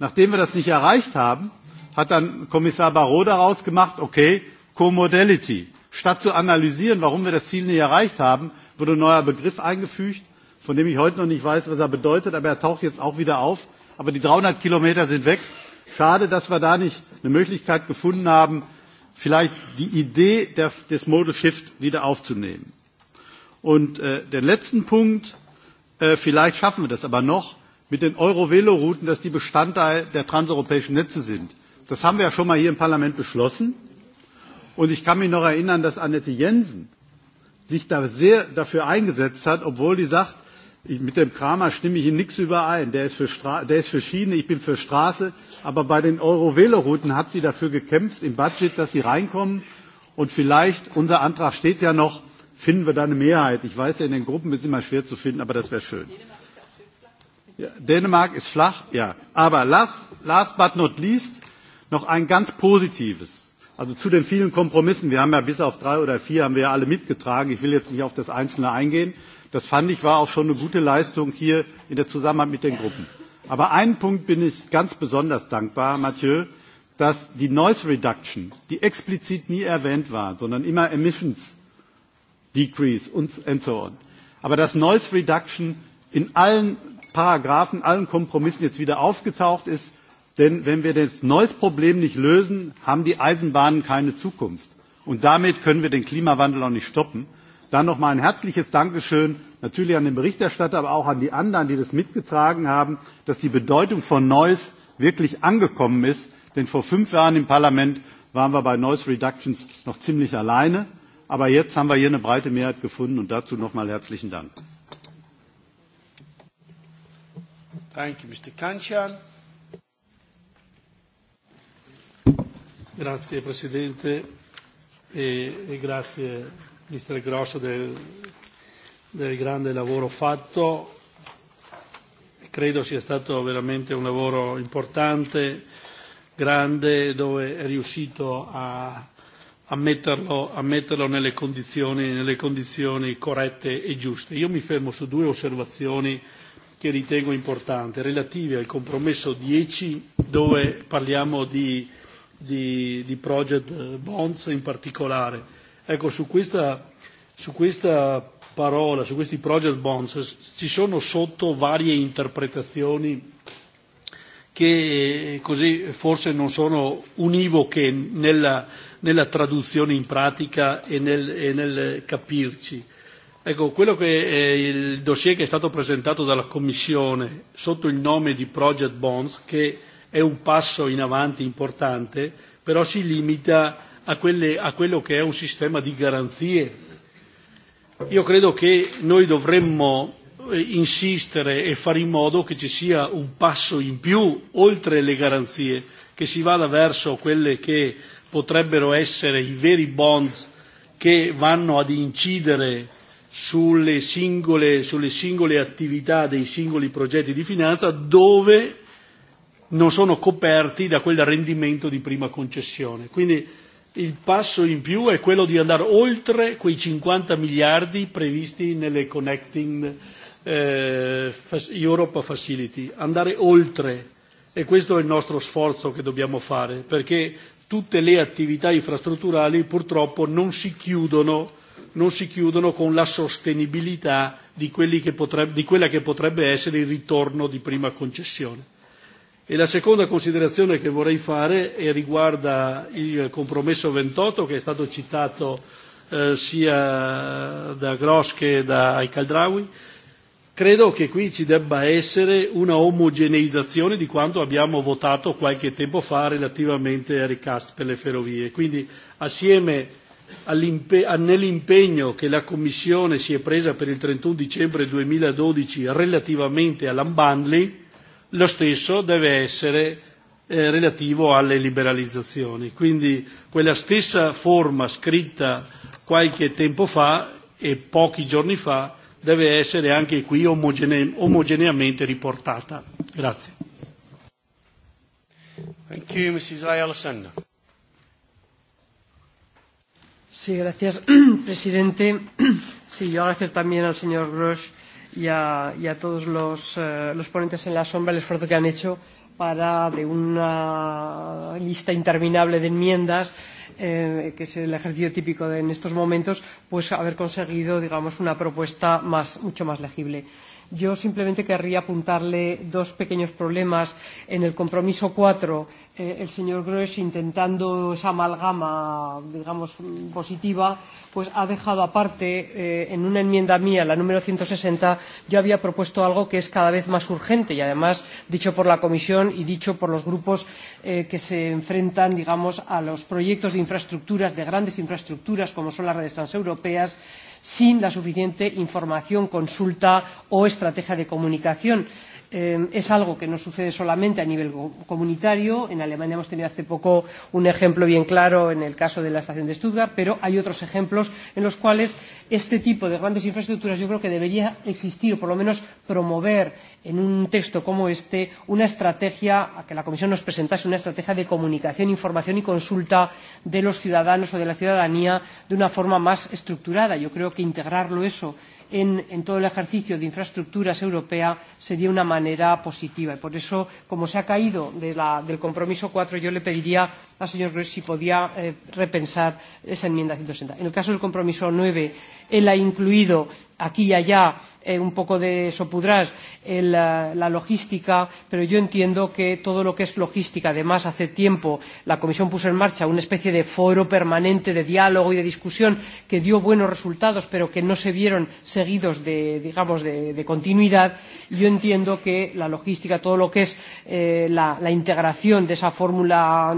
Nachdem wir das nicht erreicht haben, hat dann Kommissar Barrot daraus gemacht, okay, Co-Modality. Statt zu analysieren, warum wir das Ziel nicht erreicht haben, wurde ein neuer Begriff eingefügt, von dem ich heute noch nicht weiß, was er bedeutet, aber er taucht jetzt auch wieder auf. Aber die 300 Kilometer sind weg. Schade, dass wir da nicht eine Möglichkeit gefunden haben, vielleicht die Idee des Modal Shift wieder aufzunehmen. Und äh, den letzten Punkt, äh, vielleicht schaffen wir das aber noch, mit den Euro-Velo-Routen, dass die Bestandteil der transeuropäischen Netze sind. Das haben wir ja schon mal hier im Parlament beschlossen. Und ich kann mich noch erinnern, dass Annette Jensen sich da sehr dafür eingesetzt hat, obwohl die sagt, ich, mit dem Kramer stimme ich in nichts überein. Der ist, für der ist für Schiene, ich bin für Straße. Aber bei den Euro-Velo-Routen hat sie dafür gekämpft im Budget, dass sie reinkommen. Und vielleicht, unser Antrag steht ja noch, finden wir da eine Mehrheit. Ich weiß ja, in den Gruppen ist es immer schwer zu finden, aber das wäre schön. Ja, Dänemark ist flach, ja. Aber last, last but not least noch ein ganz positives. Also zu den vielen Kompromissen. Wir haben ja bis auf drei oder vier haben wir ja alle mitgetragen. Ich will jetzt nicht auf das Einzelne eingehen. Das fand ich war auch schon eine gute Leistung hier in der Zusammenarbeit mit den Gruppen. Aber einen Punkt bin ich ganz besonders dankbar, Mathieu, dass die Noise Reduction, die explizit nie erwähnt war, sondern immer Emissions decrease and so on. Aber dass Noise Reduction in allen Paragraphen, allen Kompromissen jetzt wieder aufgetaucht ist, denn wenn wir das Noise-Problem nicht lösen, haben die Eisenbahnen keine Zukunft. Und damit können wir den Klimawandel auch nicht stoppen. Dann nochmal ein herzliches Dankeschön natürlich an den Berichterstatter, aber auch an die anderen, die das mitgetragen haben, dass die Bedeutung von Noise wirklich angekommen ist. Denn vor fünf Jahren im Parlament waren wir bei Noise Reductions noch ziemlich alleine. Aber jetzt haben wir hier eine breite Mehrheit gefunden und dazu nochmal herzlichen Dank. Thank you, Mr. Kanchan. Grazie Presidente e, e grazie Mr. Grosso del, del grande lavoro fatto. Credo sia stato veramente un lavoro importante, grande, dove è riuscito a a metterlo, a metterlo nelle, condizioni, nelle condizioni corrette e giuste. Io mi fermo su due osservazioni che ritengo importanti, relative al compromesso 10 dove parliamo di, di, di project bonds in particolare. Ecco, su questa, su questa parola, su questi project bonds, ci sono sotto varie interpretazioni che così forse non sono univoche nella, nella traduzione in pratica e nel, e nel capirci. Ecco, quello che è il dossier che è stato presentato dalla Commissione sotto il nome di Project Bonds, che è un passo in avanti importante, però si limita a, quelle, a quello che è un sistema di garanzie. Io credo che noi dovremmo insistere e fare in modo che ci sia un passo in più oltre le garanzie, che si vada verso quelle che potrebbero essere i veri bond che vanno ad incidere sulle singole, sulle singole attività dei singoli progetti di finanza dove non sono coperti da quel rendimento di prima concessione. Quindi il passo in più è quello di andare oltre quei 50 miliardi previsti nelle Connecting eh, Europa Facility, andare oltre. E questo è il nostro sforzo che dobbiamo fare, perché tutte le attività infrastrutturali purtroppo non si chiudono, non si chiudono con la sostenibilità di, che potrebbe, di quella che potrebbe essere il ritorno di prima concessione. E la seconda considerazione che vorrei fare riguarda il compromesso 28 che è stato citato eh, sia da Gross che da al Credo che qui ci debba essere una omogeneizzazione di quanto abbiamo votato qualche tempo fa relativamente ai ricast per le ferrovie. Quindi assieme nell'impegno che la Commissione si è presa per il 31 dicembre 2012 relativamente all'unbundling, lo stesso deve essere eh, relativo alle liberalizzazioni. Quindi quella stessa forma scritta qualche tempo fa e pochi giorni fa deve essere anche qui omogene- omogeneamente riportata. Grazie. Thank you, Mrs. Alessandra. Sí, gracias, presidente. Sí, yo agradecer también al señor Grosch y a, y a todos los, eh, los ponentes en la sombra el esfuerzo que han hecho para, de una lista interminable de enmiendas, eh, que es el ejercicio típico de, en estos momentos, pues haber conseguido, digamos, una propuesta más, mucho más legible. Yo simplemente querría apuntarle dos pequeños problemas en el compromiso cuatro eh, el señor Gross intentando esa amalgama, digamos, positiva, pues ha dejado aparte, eh, en una enmienda mía, la número 160, yo había propuesto algo que es cada vez más urgente y además dicho por la Comisión y dicho por los grupos eh, que se enfrentan, digamos, a los proyectos de infraestructuras, de grandes infraestructuras, como son las redes transeuropeas, sin la suficiente información, consulta o estrategia de comunicación eh, es algo que no sucede solamente a nivel comunitario. En Alemania hemos tenido hace poco un ejemplo bien claro en el caso de la estación de Stuttgart, pero hay otros ejemplos en los cuales este tipo de grandes infraestructuras yo creo que debería existir o por lo menos promover en un texto como este una estrategia, a que la Comisión nos presentase una estrategia de comunicación, información y consulta de los ciudadanos o de la ciudadanía de una forma más estructurada. Yo creo que integrarlo eso en, en todo el ejercicio de infraestructuras europea sería una manera positiva. Y por eso, como se ha caído de la, del compromiso 4, yo le pediría al señor Gross si podía eh, repensar esa enmienda 160. En el caso del compromiso 9, él ha incluido aquí y allá eh, un poco de sopudrás el, la logística, pero yo entiendo que todo lo que es logística, además hace tiempo la Comisión puso en marcha una especie de foro permanente de diálogo y de discusión que dio buenos resultados, pero que no se vieron seguidos de, digamos, de, de continuidad. Yo entiendo que la logística, todo lo que es eh, la, la integración de esa fórmula,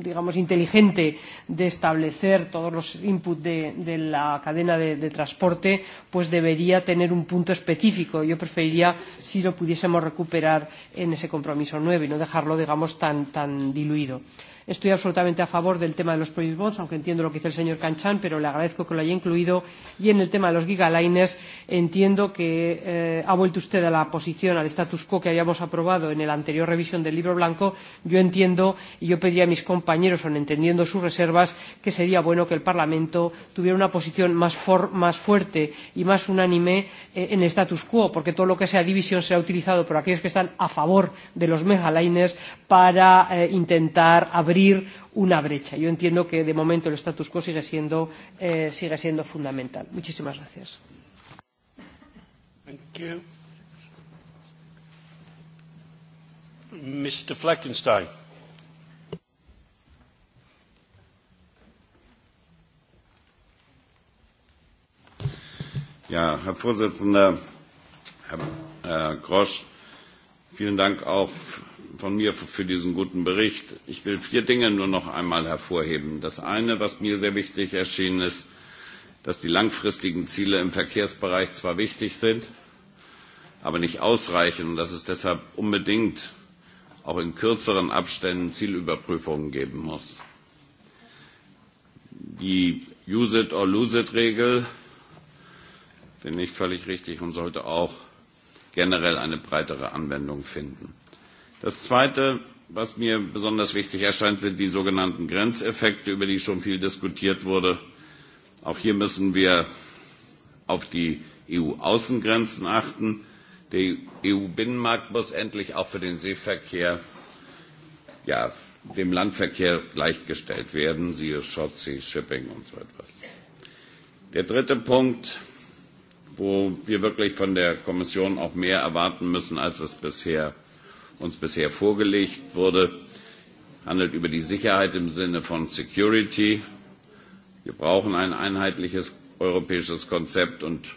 digamos, inteligente de establecer todos los inputs de, de la cadena de, de transporte, pues debería tener un punto específico. Yo preferiría si lo pudiésemos recuperar en ese compromiso nueve y no dejarlo, digamos, tan, tan diluido. Estoy absolutamente a favor del tema de los project bonds, aunque entiendo lo que dice el señor Canchan, pero le agradezco que lo haya incluido. Y en el tema de los gigalines, entiendo que eh, ha vuelto usted a la posición, al status quo que habíamos aprobado en la anterior revisión del libro blanco. Yo entiendo, y yo pedí a mis compañeros, aun entendiendo sus reservas, que sería bueno que el Parlamento tuviera una posición más, for, más fuerte y más unánime eh, en el status quo, porque todo lo que sea división será utilizado por aquellos que están a favor de los megalines para eh, intentar abrir abrir una brecha. Yo entiendo que de momento el status quo sigue siendo, eh, sigue siendo fundamental. Muchísimas gracias. Thank you. Mr. Fleckenstein. Ja, Herr Vorsitzender, Herr äh, Grosch, vielen Dank auch von mir für diesen guten Bericht. Ich will vier Dinge nur noch einmal hervorheben. Das eine, was mir sehr wichtig erschienen ist, dass die langfristigen Ziele im Verkehrsbereich zwar wichtig sind, aber nicht ausreichen und dass es deshalb unbedingt auch in kürzeren Abständen Zielüberprüfungen geben muss. Die Use it or lose it Regel finde ich völlig richtig und sollte auch generell eine breitere Anwendung finden. Das Zweite, was mir besonders wichtig erscheint, sind die sogenannten Grenzeffekte, über die schon viel diskutiert wurde. Auch hier müssen wir auf die EU-Außengrenzen achten. Der EU-Binnenmarkt muss endlich auch für den Seeverkehr ja, dem Landverkehr gleichgestellt werden, siehe Shortsea Shipping und so etwas. Der dritte Punkt, wo wir wirklich von der Kommission auch mehr erwarten müssen, als es bisher uns bisher vorgelegt wurde, handelt über die Sicherheit im Sinne von Security. Wir brauchen ein einheitliches europäisches Konzept und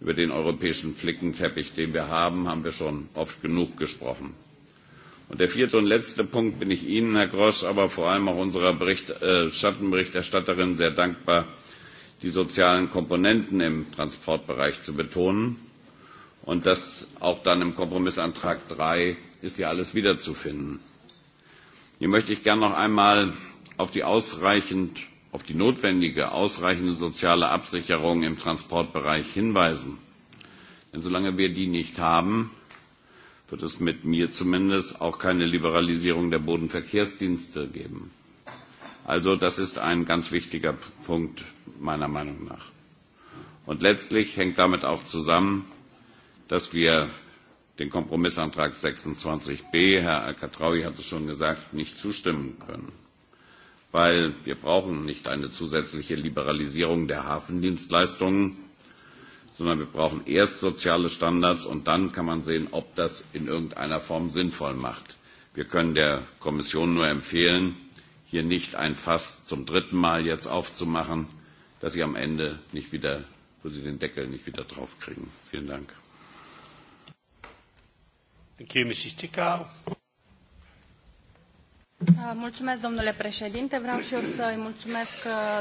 über den europäischen Flickenteppich, den wir haben, haben wir schon oft genug gesprochen. Und der vierte und letzte Punkt bin ich Ihnen, Herr Grosch, aber vor allem auch unserer Schattenberichterstatterin sehr dankbar, die sozialen Komponenten im Transportbereich zu betonen und das auch dann im Kompromissantrag drei ist ja alles wiederzufinden. Hier möchte ich gern noch einmal auf die ausreichend, auf die notwendige ausreichende soziale Absicherung im Transportbereich hinweisen. Denn solange wir die nicht haben, wird es mit mir zumindest auch keine Liberalisierung der Bodenverkehrsdienste geben. Also das ist ein ganz wichtiger Punkt meiner Meinung nach. Und letztlich hängt damit auch zusammen, dass wir den Kompromissantrag 26b, Herr Al-Katraui hat es schon gesagt, nicht zustimmen können. Weil wir brauchen nicht eine zusätzliche Liberalisierung der Hafendienstleistungen, sondern wir brauchen erst soziale Standards und dann kann man sehen, ob das in irgendeiner Form sinnvoll macht. Wir können der Kommission nur empfehlen, hier nicht ein Fass zum dritten Mal jetzt aufzumachen, dass sie am Ende nicht wieder, wo sie den Deckel nicht wieder draufkriegen. Vielen Dank. Mulțumesc, domnule președinte. Vreau și eu să-i mulțumesc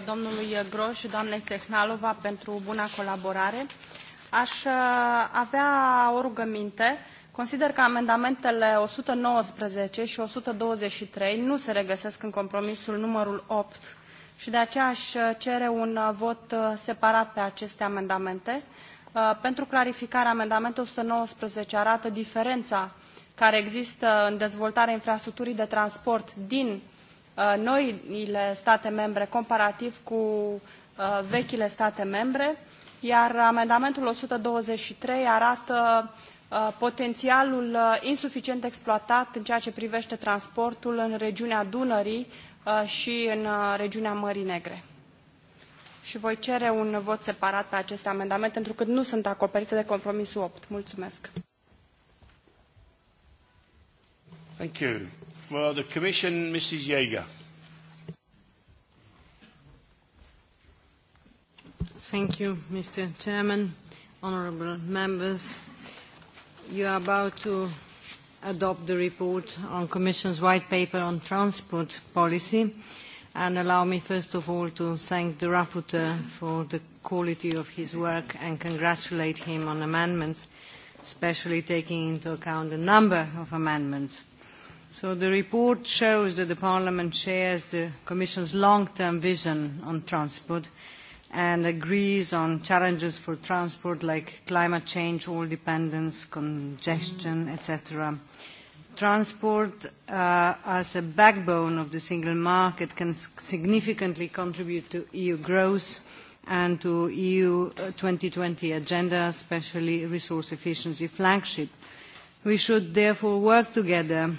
domnului Groș și doamnei Sehnalova pentru buna colaborare. Aș avea o rugăminte. Consider că amendamentele 119 și 123 nu se regăsesc în compromisul numărul 8 și de aceea aș cere un vot separat pe aceste amendamente. Pentru clarificare, amendamentul 119 arată diferența care există în dezvoltarea infrastructurii de transport din noile state membre comparativ cu vechile state membre, iar amendamentul 123 arată potențialul insuficient exploatat în ceea ce privește transportul în regiunea Dunării și în regiunea Mării Negre și voi cere un vot separat pe aceste amendamente, pentru că nu sunt acoperite de compromisul 8. Mulțumesc. Thank you. For the Commission, Mrs. Yeager. Thank you, Mr. Chairman, members. You are about to adopt the report on Commission's white paper on transport policy. Uh, and allow me first of all to thank the rapporteur for the quality of his work and congratulate him on amendments, especially taking into account the number of amendments. So the report shows that the Parliament shares the Commission's long-term vision on transport and agrees on challenges for transport like climate change, oil dependence, congestion, etc transport as a backbone of the single market can significantly contribute to EU growth and to EU 2020 agenda, especially resource efficiency flagship. We should therefore work together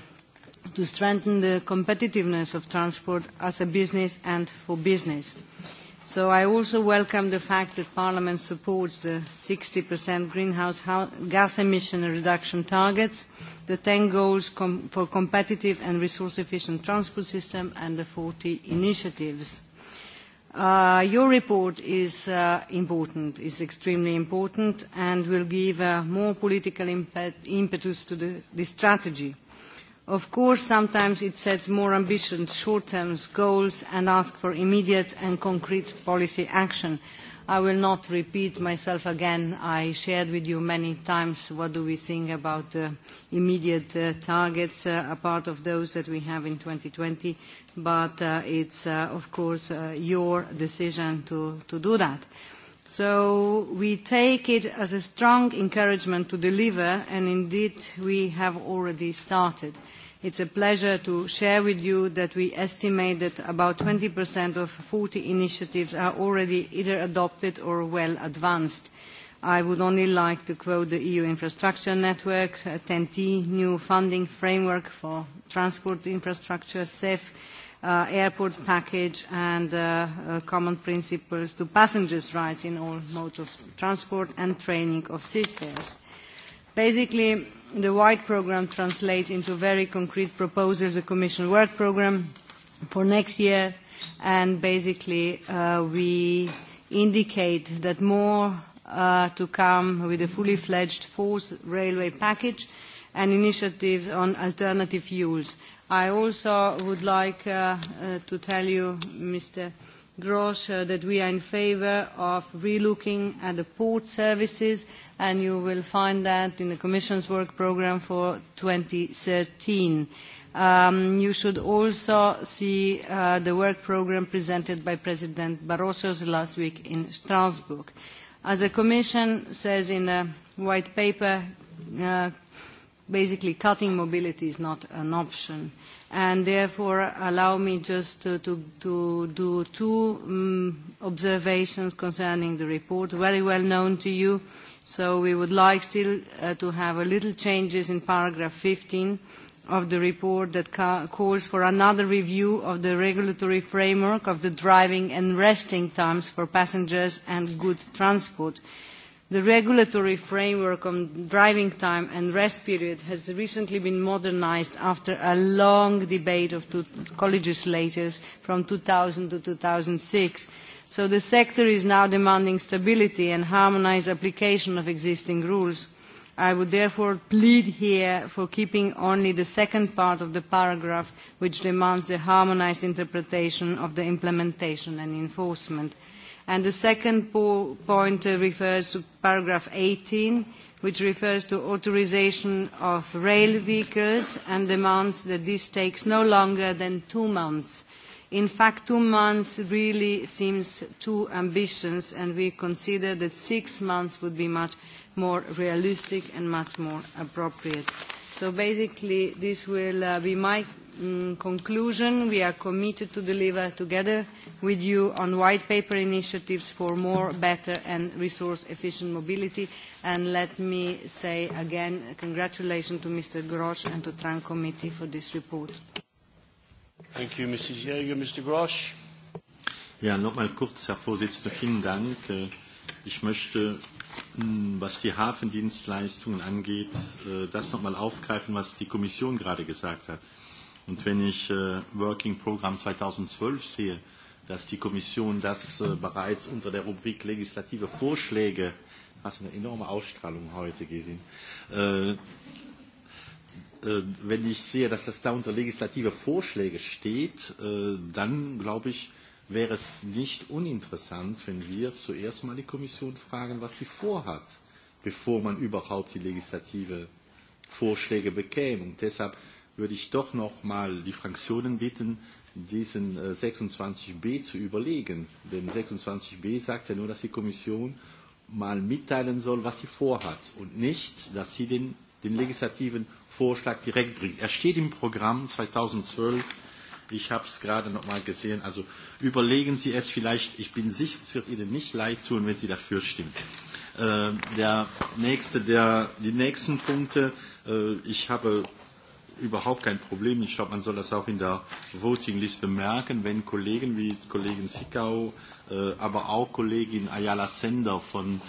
to strengthen the competitiveness of transport as a business and for business. So I also welcome the fact that Parliament supports the 60% greenhouse gas emission reduction targets the 10 goals com for competitive and resource-efficient transport system, and the 40 initiatives. Uh, your report is uh, important, is extremely important, and will give uh, more political impet impetus to the, the strategy. Of course, sometimes it sets more ambitious short-term goals and asks for immediate and concrete policy action. I will not repeat myself again. I shared with you many times what do we think about immediate targets, a part of those that we have in 2020, but it's of course your decision to do that. So we take it as a strong encouragement to deliver, and indeed, we have already started. It's a pleasure to share with you that we estimate that about 20% of 40 initiatives are already either adopted or well advanced. I would only like to quote the EU Infrastructure Network, TEN-T, new funding framework for transport infrastructure, CEF, airport package, and common principles to passengers' rights in all modes of transport and training of seafarers. Basically, the White Programme translates into very concrete proposals, the Commission Work Programme for next year, and basically uh, we indicate that more uh, to come with a fully fledged fourth railway package and initiatives on alternative fuels. I also would like uh, uh, to tell you, Mr. Grosch that we are in favour of relooking at the port services, and you will find that in the Commission's work programme for 2013. Um, you should also see uh, the work programme presented by President Barroso last week in Strasbourg. As the Commission says in a white paper, uh, basically cutting mobility is not an option and therefore allow me just to do two observations concerning the report, very well known to you. So we would like still to have a little changes in paragraph 15 of the report that calls for another review of the regulatory framework of the driving and resting times for passengers and good transport The regulatory framework on driving time and rest period has recently been modernized after a long debate of two co-legislators from 2000 to 2006. So the sector is now demanding stability and harmonized application of existing rules. I would therefore plead here for keeping only the second part of the paragraph which demands the harmonised interpretation of the implementation and enforcement. And the second point refers to paragraph 18, which refers to authorization of rail vehicles and demands that this takes no longer than two months. In fact, two months really seems too ambitious, and we consider that six months would be much more realistic and much more appropriate. So basically, this will uh, be my conclusion, we are committed to deliver together with you on white paper initiatives for more, better and resource-efficient mobility. And let me say again, congratulations to Mr. Grosch and to TRAN Committee for this report. Thank you, Mrs. Jäger. Mr. Grosch. Ja, nochmal kurz, Herr Vorsitzender, vielen Dank. Ich möchte, was die Hafendienstleistungen angeht, das nochmal aufgreifen, was die Kommission gerade gesagt hat. Und wenn ich äh, Working Program 2012 sehe, dass die Kommission das äh, bereits unter der Rubrik legislative Vorschläge, was eine enorme Ausstrahlung heute gesehen, äh, wenn ich sehe, dass das da unter legislative Vorschläge steht, dann glaube ich, wäre es nicht uninteressant, wenn wir zuerst mal die Kommission fragen, was sie vorhat, bevor man überhaupt die legislative Vorschläge bekäme. Und deshalb würde ich doch noch mal die Fraktionen bitten, diesen 26b zu überlegen. Denn 26b sagt ja nur, dass die Kommission mal mitteilen soll, was sie vorhat und nicht, dass sie den, den legislativen Vorschlag direkt bringt. Er steht im Programm 2012. Ich habe es gerade noch mal gesehen. Also überlegen Sie es vielleicht. Ich bin sicher, es wird Ihnen nicht leid tun, wenn Sie dafür stimmen. Äh, der nächste, der, die nächsten Punkte. Äh, ich habe überhaupt kein Problem. Ich glaube, man soll das auch in der Votingliste merken, wenn Kollegen wie Kollegin Sickau, aber auch Kollegin Ayala Sender von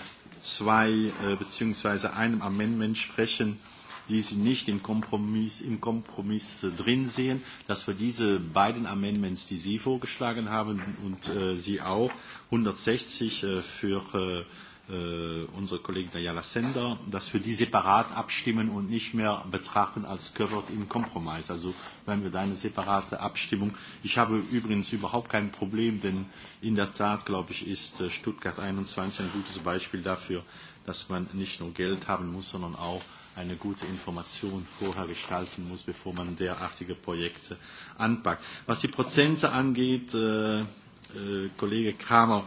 zwei beziehungsweise einem Amendment sprechen, die Sie nicht im Kompromiss, im Kompromiss drin sehen, dass wir diese beiden Amendments, die Sie vorgeschlagen haben und Sie auch, 160 für unsere Kollegin Ayala Sender, dass wir die separat abstimmen und nicht mehr betrachten als covered im Kompromiss. Also wenn wir da eine separate Abstimmung. Ich habe übrigens überhaupt kein Problem, denn in der Tat, glaube ich, ist Stuttgart 21 ein gutes Beispiel dafür, dass man nicht nur Geld haben muss, sondern auch eine gute Information vorher gestalten muss, bevor man derartige Projekte anpackt. Was die Prozente angeht, Kollege Kramer,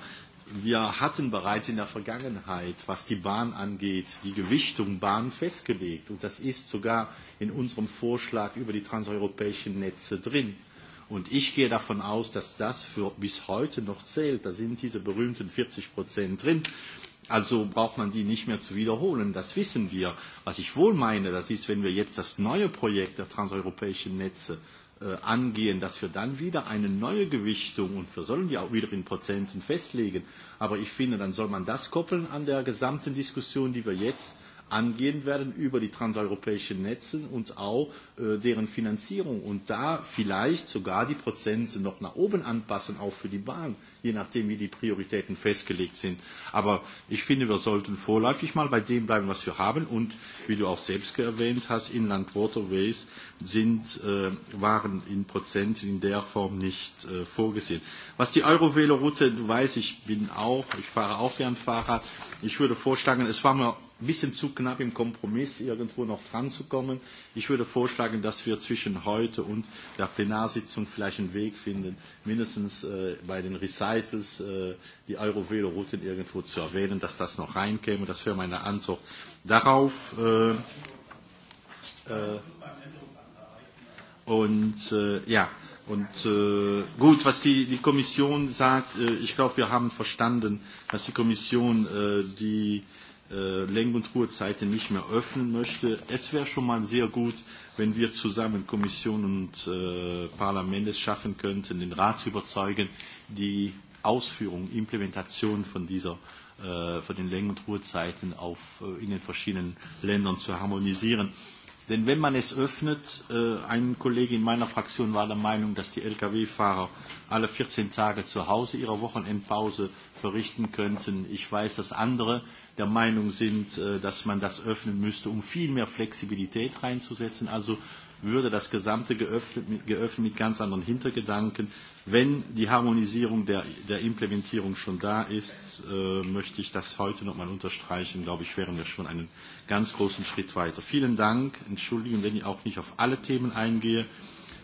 Wir hatten bereits in der Vergangenheit, was die Bahn angeht, die Gewichtung Bahn festgelegt. Und das ist sogar in unserem Vorschlag über die transeuropäischen Netze drin. Und ich gehe davon aus, dass das für bis heute noch zählt. Da sind diese berühmten 40 Prozent drin. Also braucht man die nicht mehr zu wiederholen. Das wissen wir. Was ich wohl meine, das ist, wenn wir jetzt das neue Projekt der transeuropäischen Netze angehen, dass wir dann wieder eine neue Gewichtung und wir sollen die auch wieder in Prozenten festlegen. Aber ich finde, dann soll man das koppeln an der gesamten Diskussion, die wir jetzt angehen werden über die transeuropäischen Netze und auch deren Finanzierung und da vielleicht sogar die Prozente noch nach oben anpassen, auch für die Bahn, je nachdem, wie die Prioritäten festgelegt sind. Aber ich finde, wir sollten vorläufig mal bei dem bleiben, was wir haben. Und wie du auch selbst erwähnt hast, Inland Waterways sind, waren in Prozenten in der Form nicht vorgesehen. Was die Eurovelo-Route, du weißt, ich bin auch, ich fahre auch gern Fahrrad. Ich würde vorschlagen, es war mir ein bisschen zu knapp im Kompromiss irgendwo noch dran zu kommen. Ich würde vorschlagen, dass wir zwischen heute und der Plenarsitzung vielleicht einen Weg finden, mindestens äh, bei den Recitals äh, die Eurovelo-Routen irgendwo zu erwähnen, dass das noch reinkäme. Das wäre meine Antwort darauf. Äh, äh, und äh, ja, Und äh, gut, was die, die Kommission sagt, äh, ich glaube, wir haben verstanden, dass die Kommission äh, die Lenk- und Ruhezeiten nicht mehr öffnen möchte. Es wäre schon mal sehr gut, wenn wir zusammen Kommission und äh, Parlament es schaffen könnten, den Rat zu überzeugen, die Ausführung, Implementation von dieser von den Längen und Ruhezeiten auf, in den verschiedenen Ländern zu harmonisieren. Äh, Denn wenn man es öffnet, ein Kollege in meiner Fraktion war der Meinung, dass die Lkw-Fahrer alle 14 Tage zu Hause ihre Wochenendpause verrichten könnten. Ich weiß, dass andere der Meinung sind, dass man das öffnen müsste, um viel mehr Flexibilität reinzusetzen. Also würde das Gesamte geöffnet mit, geöffnet mit ganz anderen Hintergedanken. Wenn die Harmonisierung der, der Implementierung schon da ist, äh, möchte ich das heute noch mal unterstreichen. Glaube ich, wären wir schon einen ganz großen Schritt weiter. Vielen Dank. Entschuldigen, wenn ich auch nicht auf alle Themen eingehe.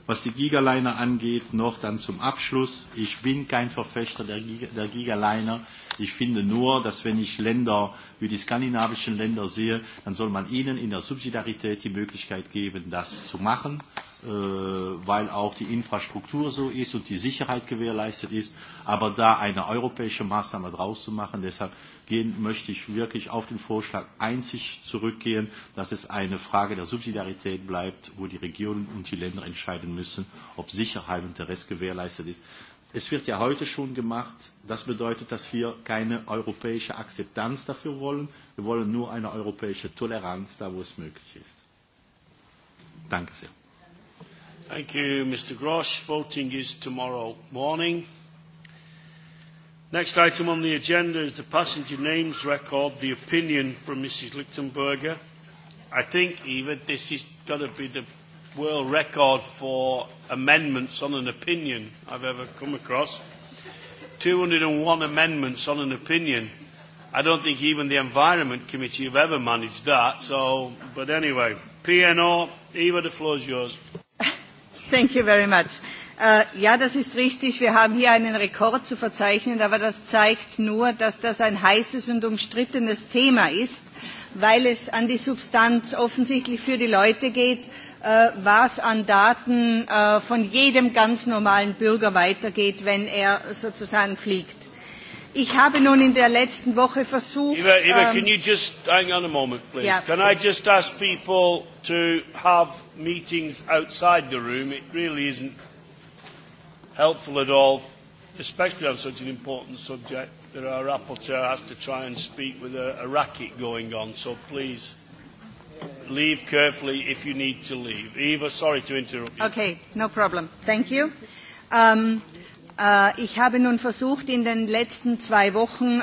Was die Gigaliner angeht, noch dann zum Abschluss. Ich bin kein Verfechter der, Giga, der Gigaliner. Ich finde nur, dass wenn ich Länder wie die skandinavischen Länder sehe, dann soll man ihnen in der Subsidiarität die Möglichkeit geben, das zu machen, äh, weil auch die Infrastruktur so ist und die Sicherheit gewährleistet ist. Aber da eine europäische Maßnahme draus zu machen, deshalb gehen, möchte ich wirklich auf den Vorschlag einzig zurückgehen, dass es eine Frage der Subsidiarität bleibt, wo die Regionen und die Länder entscheiden müssen, ob Sicherheit und Interesse gewährleistet ist. Es wird ja heute schon gemacht. Das bedeutet, dass wir keine europäische Akzeptanz dafür wollen. Wir wollen nur eine europäische Toleranz da, wo es möglich ist. Danke sehr. Thank you, Mr. Grosch. Voting is tomorrow morning. Next item on the agenda is the passenger names record, the opinion from Mrs. Lichtenberger. I think, Eva, this is going to be the world record for amendments on an opinion I've ever come across. 201 amendments on an opinion. I don't think even the Environment Committee have ever managed that. So, but anyway, PNO, Eva, the floor is yours. Thank you very much. Ja, das ist richtig. Wir haben hier einen Rekord zu verzeichnen, aber das zeigt nur, dass das ein heißes und umstrittenes Thema ist, weil es an die Substanz offensichtlich für die Leute geht, was an Daten von jedem ganz normalen Bürger weitergeht, wenn er sozusagen fliegt. Ich habe nun in der letzten Woche versucht. Eva, Eva can you just hang on a moment, please? Yeah. Can I just ask people to have meetings outside the room? It really isn't helpful at all, especially on such an important subject, that our rapporteur has to try and speak with a, a racket going on. So please leave carefully if you need to leave. Eva, sorry to interrupt you. Okay, no problem. Thank you. Um, Ich habe nun versucht, in den letzten zwei Wochen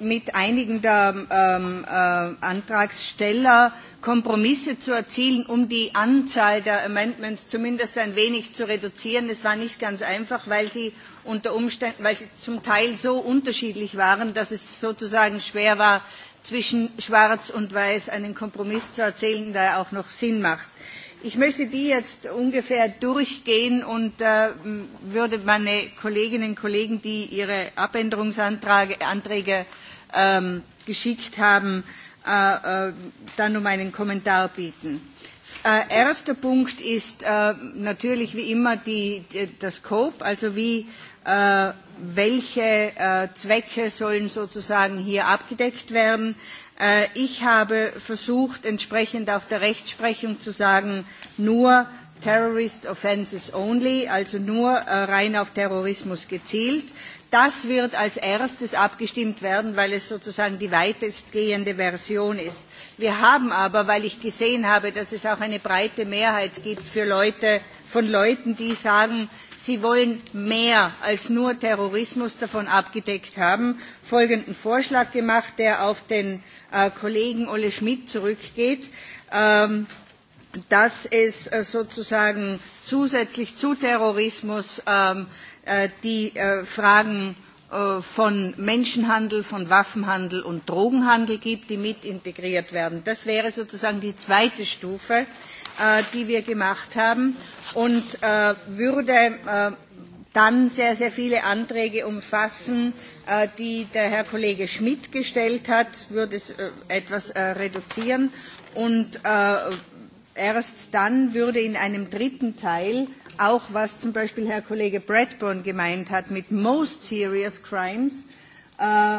mit einigen der Antragsteller Kompromisse zu erzielen, um die Anzahl der Amendments zumindest ein wenig zu reduzieren. Es war nicht ganz einfach, weil sie unter Umständen, weil sie zum Teil so unterschiedlich waren, dass es sozusagen schwer war, zwischen Schwarz und Weiß einen Kompromiss zu erzielen, der auch noch Sinn macht. Ich möchte die jetzt ungefähr durchgehen und äh, würde meine Kolleginnen und Kollegen, die ihre Abänderungsanträge ähm, geschickt haben, äh, äh, dann um einen Kommentar bieten. Äh, erster Punkt ist äh, natürlich wie immer die, die, das Scope, also wie, äh, welche äh, Zwecke sollen sozusagen hier abgedeckt werden. Ich habe versucht, entsprechend auch der Rechtsprechung zu sagen, nur Terrorist Offenses Only, also nur rein auf Terrorismus gezielt. Das wird als erstes abgestimmt werden, weil es sozusagen die weitestgehende Version ist. Wir haben aber, weil ich gesehen habe, dass es auch eine breite Mehrheit gibt von Leuten, die sagen, Sie wollen mehr als nur Terrorismus davon abgedeckt haben, folgenden Vorschlag gemacht, der auf den Kollegen Olle Schmidt zurückgeht, dass es sozusagen zusätzlich zu Terrorismus die Fragen von Menschenhandel, von Waffenhandel und Drogenhandel gibt, die mit integriert werden. Das wäre sozusagen die zweite Stufe die wir gemacht haben und würde dann sehr, sehr viele Anträge umfassen, die der Herr Kollege Schmidt gestellt hat, würde es etwas reduzieren und erst dann würde in einem dritten Teil auch was zum Beispiel Herr Kollege Bradburn gemeint hat mit most serious crimes, äh,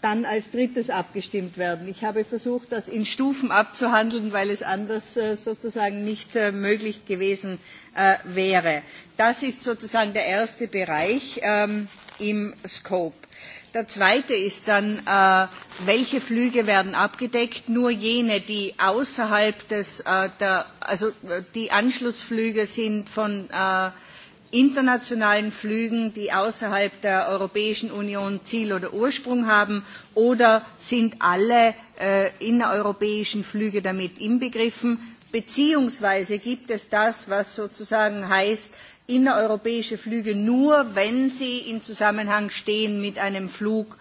dann als drittes abgestimmt werden. Ich habe versucht, das in Stufen abzuhandeln, weil es anders sozusagen nicht möglich gewesen wäre. Das ist sozusagen der erste Bereich im Scope. Der zweite ist dann, welche Flüge werden abgedeckt? Nur jene, die außerhalb des, also die Anschlussflüge sind von internationalen Flügen, die außerhalb der Europäischen Union Ziel oder Ursprung haben, oder sind alle innereuropäischen Flüge damit inbegriffen? Beziehungsweise gibt es das, was sozusagen heißt, innereuropäische Flüge nur, wenn sie im Zusammenhang stehen mit einem Flug,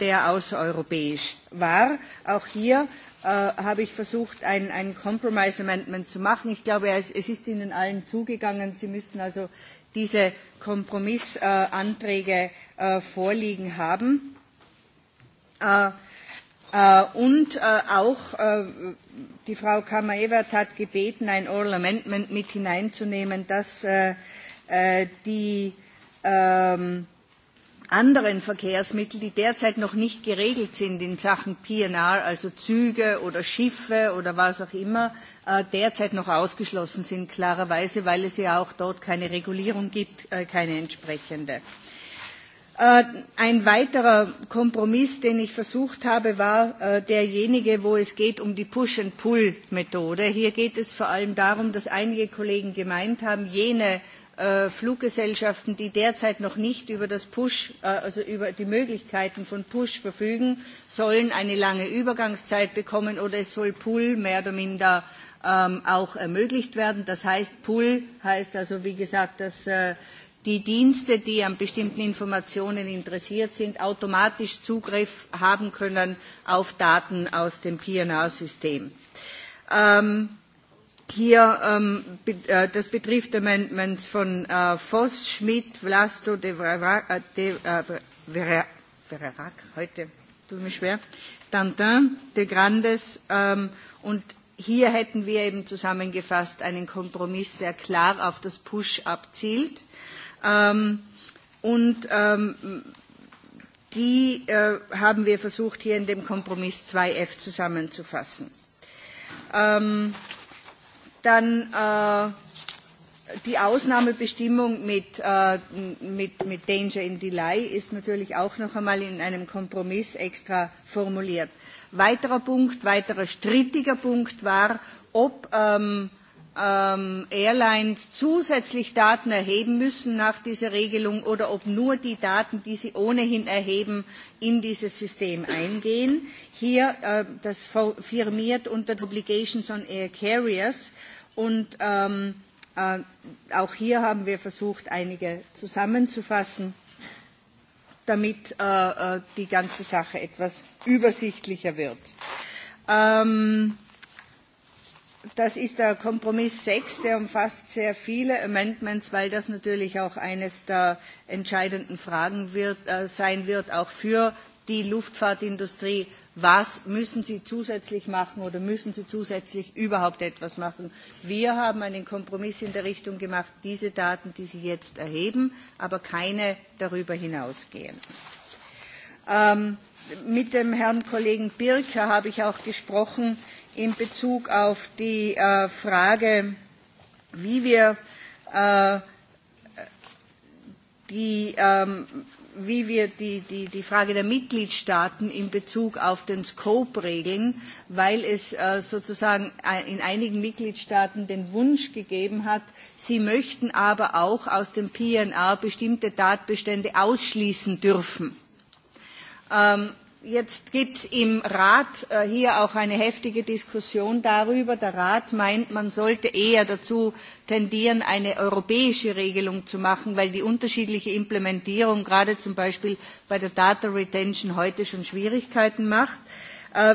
der außereuropäisch war. Auch hier habe ich versucht, ein, ein Compromise Amendment zu machen. Ich glaube, es, ist Ihnen allen zugegangen. Sie müssten also diese Kompromissanträge vorliegen haben. Und auch die Frau Kammer-Ewert hat gebeten, ein Oral Amendment mit hineinzunehmen, dass die anderen Verkehrsmittel, die derzeit noch nicht geregelt sind in Sachen PNR, also Züge oder Schiffe oder was auch immer, derzeit noch ausgeschlossen sind, klarerweise, weil es ja auch dort keine Regulierung gibt, keine entsprechende. Ein weiterer Kompromiss, den ich versucht habe, war derjenige, wo es geht um die Push-and-Pull-Methode. Hier geht es vor allem darum, dass einige Kollegen gemeint haben, jene Fluggesellschaften, die derzeit noch nicht über, die Möglichkeiten von Push verfügen, sollen eine lange Übergangszeit bekommen oder es soll Pull mehr oder minder auch ermöglicht werden. Das heißt, Pull heißt also, wie gesagt, dass die Dienste, die an bestimmten Informationen interessiert sind, automatisch Zugriff haben können auf Daten aus dem PNR-System. Ähm, Hier, das betrifft Amendments von Voss, Schmidt, Vlasto, De Verac, heute, tut mir schwer, Dantin, De Grandes, und hier hätten wir eben zusammengefasst einen Kompromiss, der klar auf das Push abzielt. Und die haben wir versucht, hier in dem Kompromiss 2f zusammenzufassen. Ähm, Dann die Ausnahmebestimmung mit, Danger in Delay ist natürlich auch noch einmal in einem Kompromiss extra formuliert. Weiterer Punkt, weiterer strittiger Punkt war, ob Airlines zusätzlich Daten erheben müssen nach dieser Regelung oder ob nur die Daten, die sie ohnehin erheben, in dieses System eingehen. Hier, das firmiert unter Obligations on Air Carriers und auch hier haben wir versucht, einige zusammenzufassen, damit die ganze Sache etwas übersichtlicher wird. Ähm, Das ist der Kompromiss 6, der umfasst sehr viele Amendments, weil das natürlich auch eines der entscheidenden Fragen wird, äh, sein wird, auch für die Luftfahrtindustrie. Was müssen sie zusätzlich machen oder müssen sie zusätzlich überhaupt etwas machen? Wir haben einen Kompromiss in der Richtung gemacht, diese Daten, die Sie jetzt erheben, aber keine darüber hinausgehen. Ähm, mit dem Herrn Kollegen Birker habe ich auch gesprochen in Bezug auf die Frage, wie wir die wie wir die, die, die Frage der Mitgliedstaaten in Bezug auf den Scope regeln, weil es äh, sozusagen in einigen Mitgliedstaaten den Wunsch gegeben hat, sie möchten aber auch aus dem PNR bestimmte Tatbestände ausschließen dürfen Jetzt gibt es im Rat hier auch eine heftige Diskussion darüber. Der Rat meint, man sollte eher dazu tendieren, eine europäische Regelung zu machen, weil die unterschiedliche Implementierung gerade zum Beispiel bei der Data Retention heute schon Schwierigkeiten macht.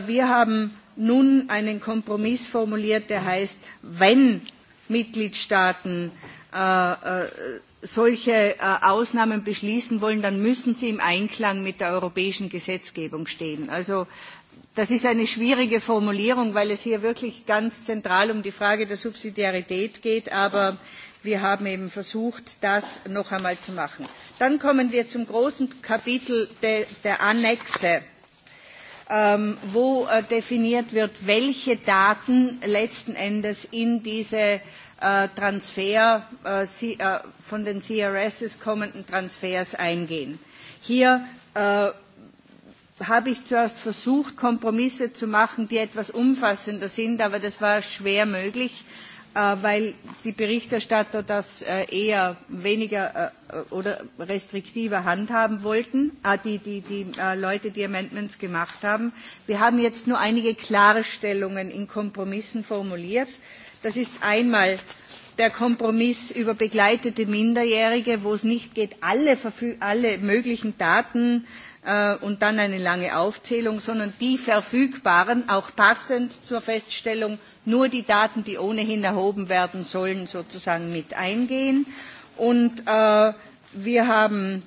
Wir haben nun einen Kompromiss formuliert, der heißt, wenn Mitgliedstaaten solche Ausnahmen beschließen wollen, dann müssen sie im Einklang mit der europäischen Gesetzgebung stehen. Also Das ist eine schwierige Formulierung, weil es hier wirklich ganz zentral um die Frage der Subsidiarität geht. Aber wir haben eben versucht, das noch einmal zu machen. Dann kommen wir zum großen Kapitel der Annexe, wo definiert wird, welche Daten letzten Endes in diese Transfer, von den CRS kommenden Transfers eingehen. Hier habe ich zuerst versucht, Kompromisse zu machen, die etwas umfassender sind, aber das war schwer möglich, weil die Berichterstatter das eher weniger oder restriktiver handhaben wollten, die, die, die Leute, die Amendments gemacht haben. Wir haben jetzt nur einige klare Stellungen in Kompromissen formuliert Das ist einmal der Kompromiss über begleitete Minderjährige, wo es nicht geht, alle, alle möglichen Daten äh, und dann eine lange Aufzählung, sondern die verfügbaren, auch passend zur Feststellung, nur die Daten, die ohnehin erhoben werden sollen, sozusagen mit eingehen. Und äh, wir haben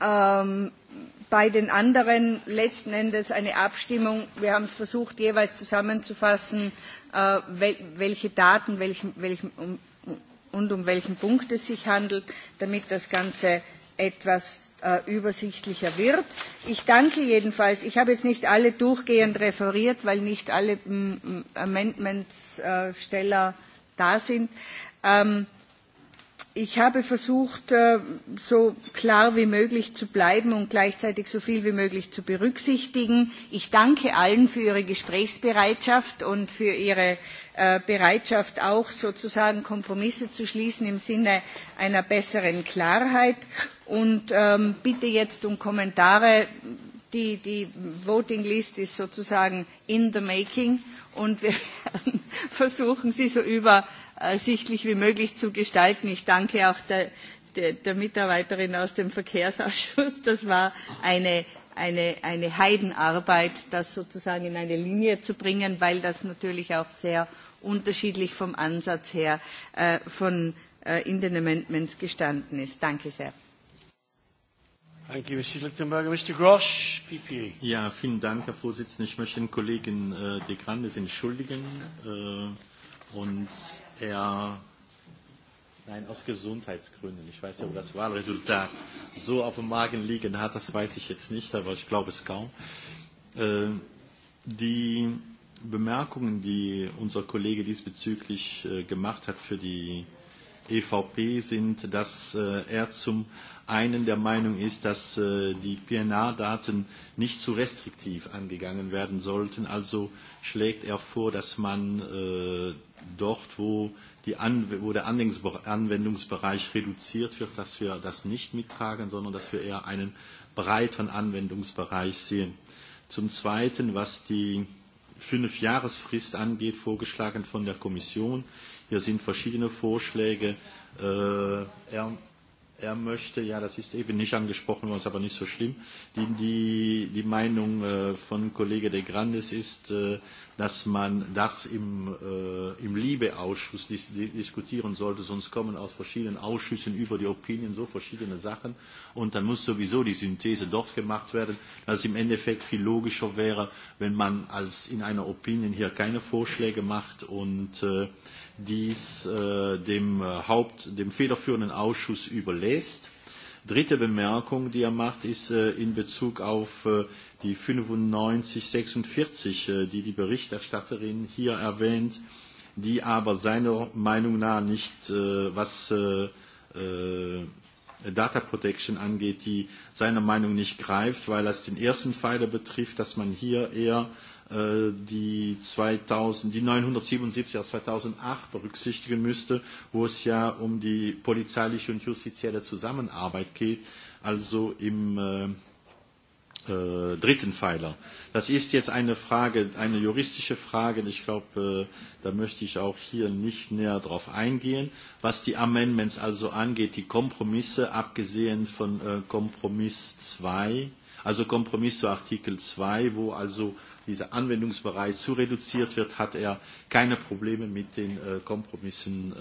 ähm, bei den anderen letzten Endes eine Abstimmung. Wir haben es versucht, jeweils zusammenzufassen, welche Daten und um welchen Punkt es sich handelt, damit das Ganze etwas übersichtlicher wird. Ich danke jedenfalls. Ich habe jetzt nicht alle durchgehend referiert, weil nicht alle Amendmentsteller da sind. Ähm, ich habe versucht, so klar wie möglich zu bleiben und gleichzeitig so viel wie möglich zu berücksichtigen. Ich danke allen für ihre Gesprächsbereitschaft und für ihre Bereitschaft, auch sozusagen Kompromisse zu schließen im Sinne einer besseren Klarheit. Und bitte jetzt um Kommentare. Die, die Voting List ist sozusagen in the making und wir werden versuchen, sie so über sichtlich wie möglich zu gestalten. Ich danke auch der, der, der Mitarbeiterin aus dem Verkehrsausschuss. Das war eine eine, eine Heidenarbeit, das sozusagen in eine Linie zu bringen, weil das natürlich auch sehr unterschiedlich vom Ansatz her äh, von äh, in den Amendments gestanden ist. Danke sehr. Thank you, Mr. Lichtenberger. Mr. Grosch, PPA. Ja, vielen Dank, Herr Vorsitzender. Ich möchte den Kollegen äh, De Grandes entschuldigen äh, und Ja. nein, aus Gesundheitsgründen, ich weiß ja, ob das Wahlresultat so auf dem Magen liegen hat, das weiß ich jetzt nicht, aber ich glaube es kaum. Die Bemerkungen, die unser Kollege diesbezüglich gemacht hat für die EVP, sind, dass er zum einen der Meinung ist, dass die PNR-Daten nicht zu restriktiv angegangen werden sollten. Also schlägt er vor, dass man dort, wo, die An wo der Anwendungsbereich reduziert wird, dass wir das nicht mittragen, sondern dass wir eher einen breiteren Anwendungsbereich sehen. Zum Zweiten, was die Fünfjahresfrist angeht, vorgeschlagen von der Kommission. Hier sind verschiedene Vorschläge. Äh, Er möchte, ja, das ist eben nicht angesprochen worden, ist aber nicht so schlimm. Die, die, die Meinung äh, von Kollege de Grandes ist, äh, dass man das im, äh, im Liebeausschuss dis diskutieren sollte, sonst kommen aus verschiedenen Ausschüssen über die Opinion so verschiedene Sachen und dann muss sowieso die Synthese dort gemacht werden, dass es im Endeffekt viel logischer wäre, wenn man als in einer Opinion hier keine Vorschläge macht und äh, dies dem Haupt, dem federführenden Ausschuss überlässt. Dritte Bemerkung, die er macht, ist in Bezug auf die 9546, die die Berichterstatterin hier erwähnt, die aber seiner Meinung nach nicht, was Data Protection angeht, die seiner Meinung nicht greift, weil das den ersten Pfeiler betrifft, dass man hier eher die, 2000, die 977 aus 2008 berücksichtigen müsste, wo es ja um die polizeiliche und justizielle Zusammenarbeit geht, also im äh, dritten Pfeiler. Das ist jetzt eine Frage, eine juristische Frage. Ich glaube, äh, da möchte ich auch hier nicht näher drauf eingehen. Was die Amendments also angeht, die Kompromisse, abgesehen von äh, Kompromiss 2, also Kompromiss zu Artikel 2, wo also äh, dieser Anwendungsbereich zu reduziert wird, hat er keine Probleme mit den Kompromissen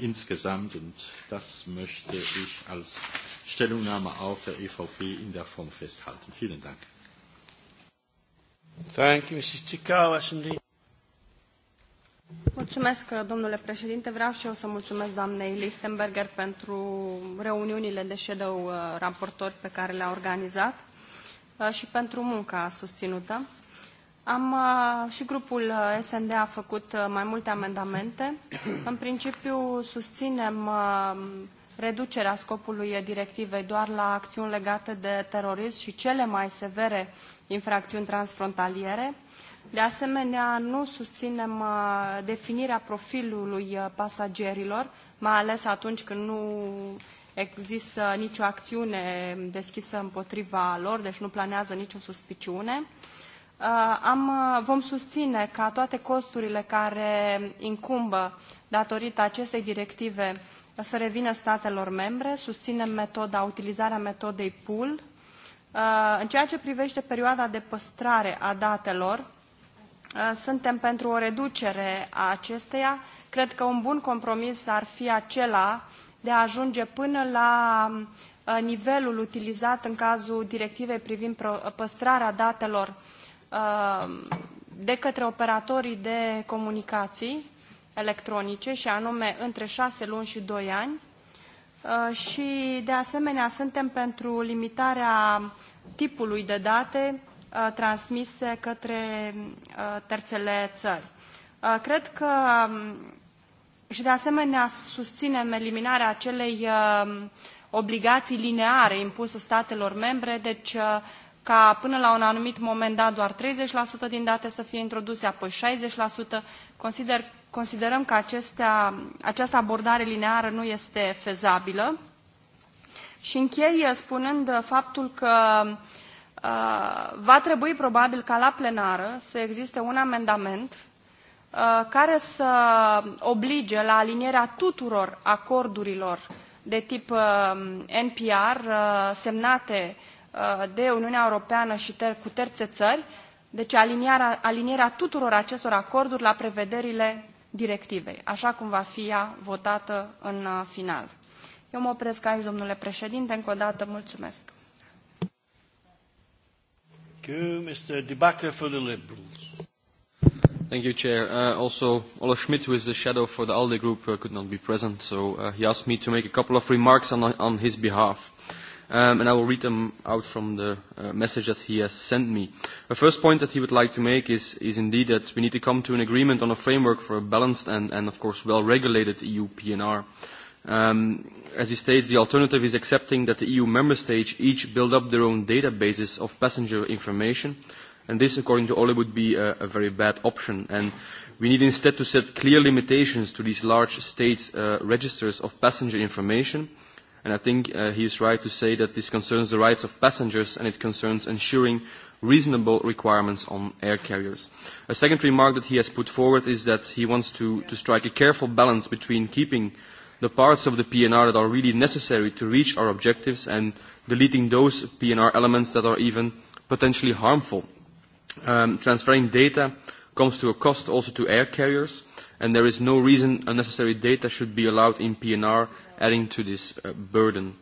insgesamt. Und das möchte ich als Stellungnahme auch der EVP in der Form festhalten. Vielen Dank. Thank you, Mrs. Ticau, Mulțumesc, domnule președinte. Vreau și eu să mulțumesc doamnei Lichtenberger pentru reuniunile de shadow raportori pe care le-a organizat și pentru munca susținută. Am și grupul SND a făcut mai multe amendamente. În principiu susținem reducerea scopului directivei doar la acțiuni legate de terorism și cele mai severe infracțiuni transfrontaliere. De asemenea, nu susținem definirea profilului pasagerilor, mai ales atunci când nu există nicio acțiune deschisă împotriva lor, deci nu planează nicio suspiciune am, vom susține ca toate costurile care incumbă datorită acestei directive să revină statelor membre. Susținem metoda, utilizarea metodei pool. În ceea ce privește perioada de păstrare a datelor, suntem pentru o reducere a acesteia. Cred că un bun compromis ar fi acela de a ajunge până la nivelul utilizat în cazul directivei privind păstrarea datelor de către operatorii de comunicații electronice, și anume între 6 luni și 2 ani. Și, de asemenea, suntem pentru limitarea tipului de date transmise către terțele țări. Cred că și de asemenea susținem eliminarea acelei obligații lineare impuse statelor membre, deci ca până la un anumit moment dat doar 30% din date să fie introduse, apoi 60%. Consider, considerăm că acestea, această abordare lineară nu este fezabilă. Și închei spunând faptul că va trebui probabil ca la plenară să existe un amendament care să oblige la alinierea tuturor acordurilor de tip NPR semnate de Uniunea Europeană și ter- cu terțe țări, deci alinierea, alinierea tuturor acestor acorduri la prevederile directivei, așa cum va fi ea votată în final. Eu mă opresc aici, domnule președinte, încă o dată mulțumesc. Thank you, Chair. Uh, also, Ola Schmidt, who is the shadow for the ALDE group, uh, could not be present, so uh, he asked me to make a couple of remarks on, on his behalf um, and I will read them out from the uh, message that he has sent me. The first point that he would like to make is, is indeed that we need to come to an agreement on a framework for a balanced and, and of course, well-regulated EU PNR. Um, as he states, the alternative is accepting that the EU member states each build up their own databases of passenger information, and this, according to Ole, would be a, a very bad option. And we need instead to set clear limitations to these large states' uh, registers of passenger information, And I think uh, he is right to say that this concerns the rights of passengers and it concerns ensuring reasonable requirements on air carriers. A second remark that he has put forward is that he wants to, to strike a careful balance between keeping the parts of the PNR that are really necessary to reach our objectives and deleting those PNR elements that are even potentially harmful. Um, transferring data comes to a cost also to air carriers, and there is no reason unnecessary data should be allowed in PNR adding to this uh, burden.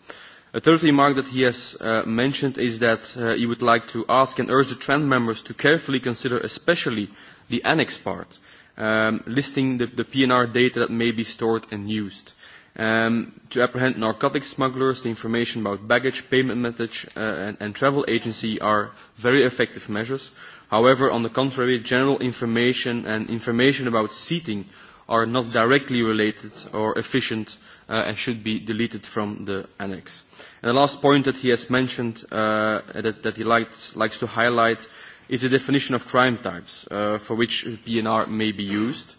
A third remark that he has uh, mentioned is that uh, he would like to ask and urge the Trend members to carefully consider especially the annex part, um, listing the, the PNR data that may be stored and used, um, to apprehend narcotic smugglers, the information about baggage, payment methods, uh, and, and travel agency are very effective measures. However, on the contrary, general information and information about seating are not directly related or efficient uh, and should be deleted from the annex. And the last point that he has mentioned uh, that, that he likes, likes to highlight is the definition of crime types uh, for which PNR may be used.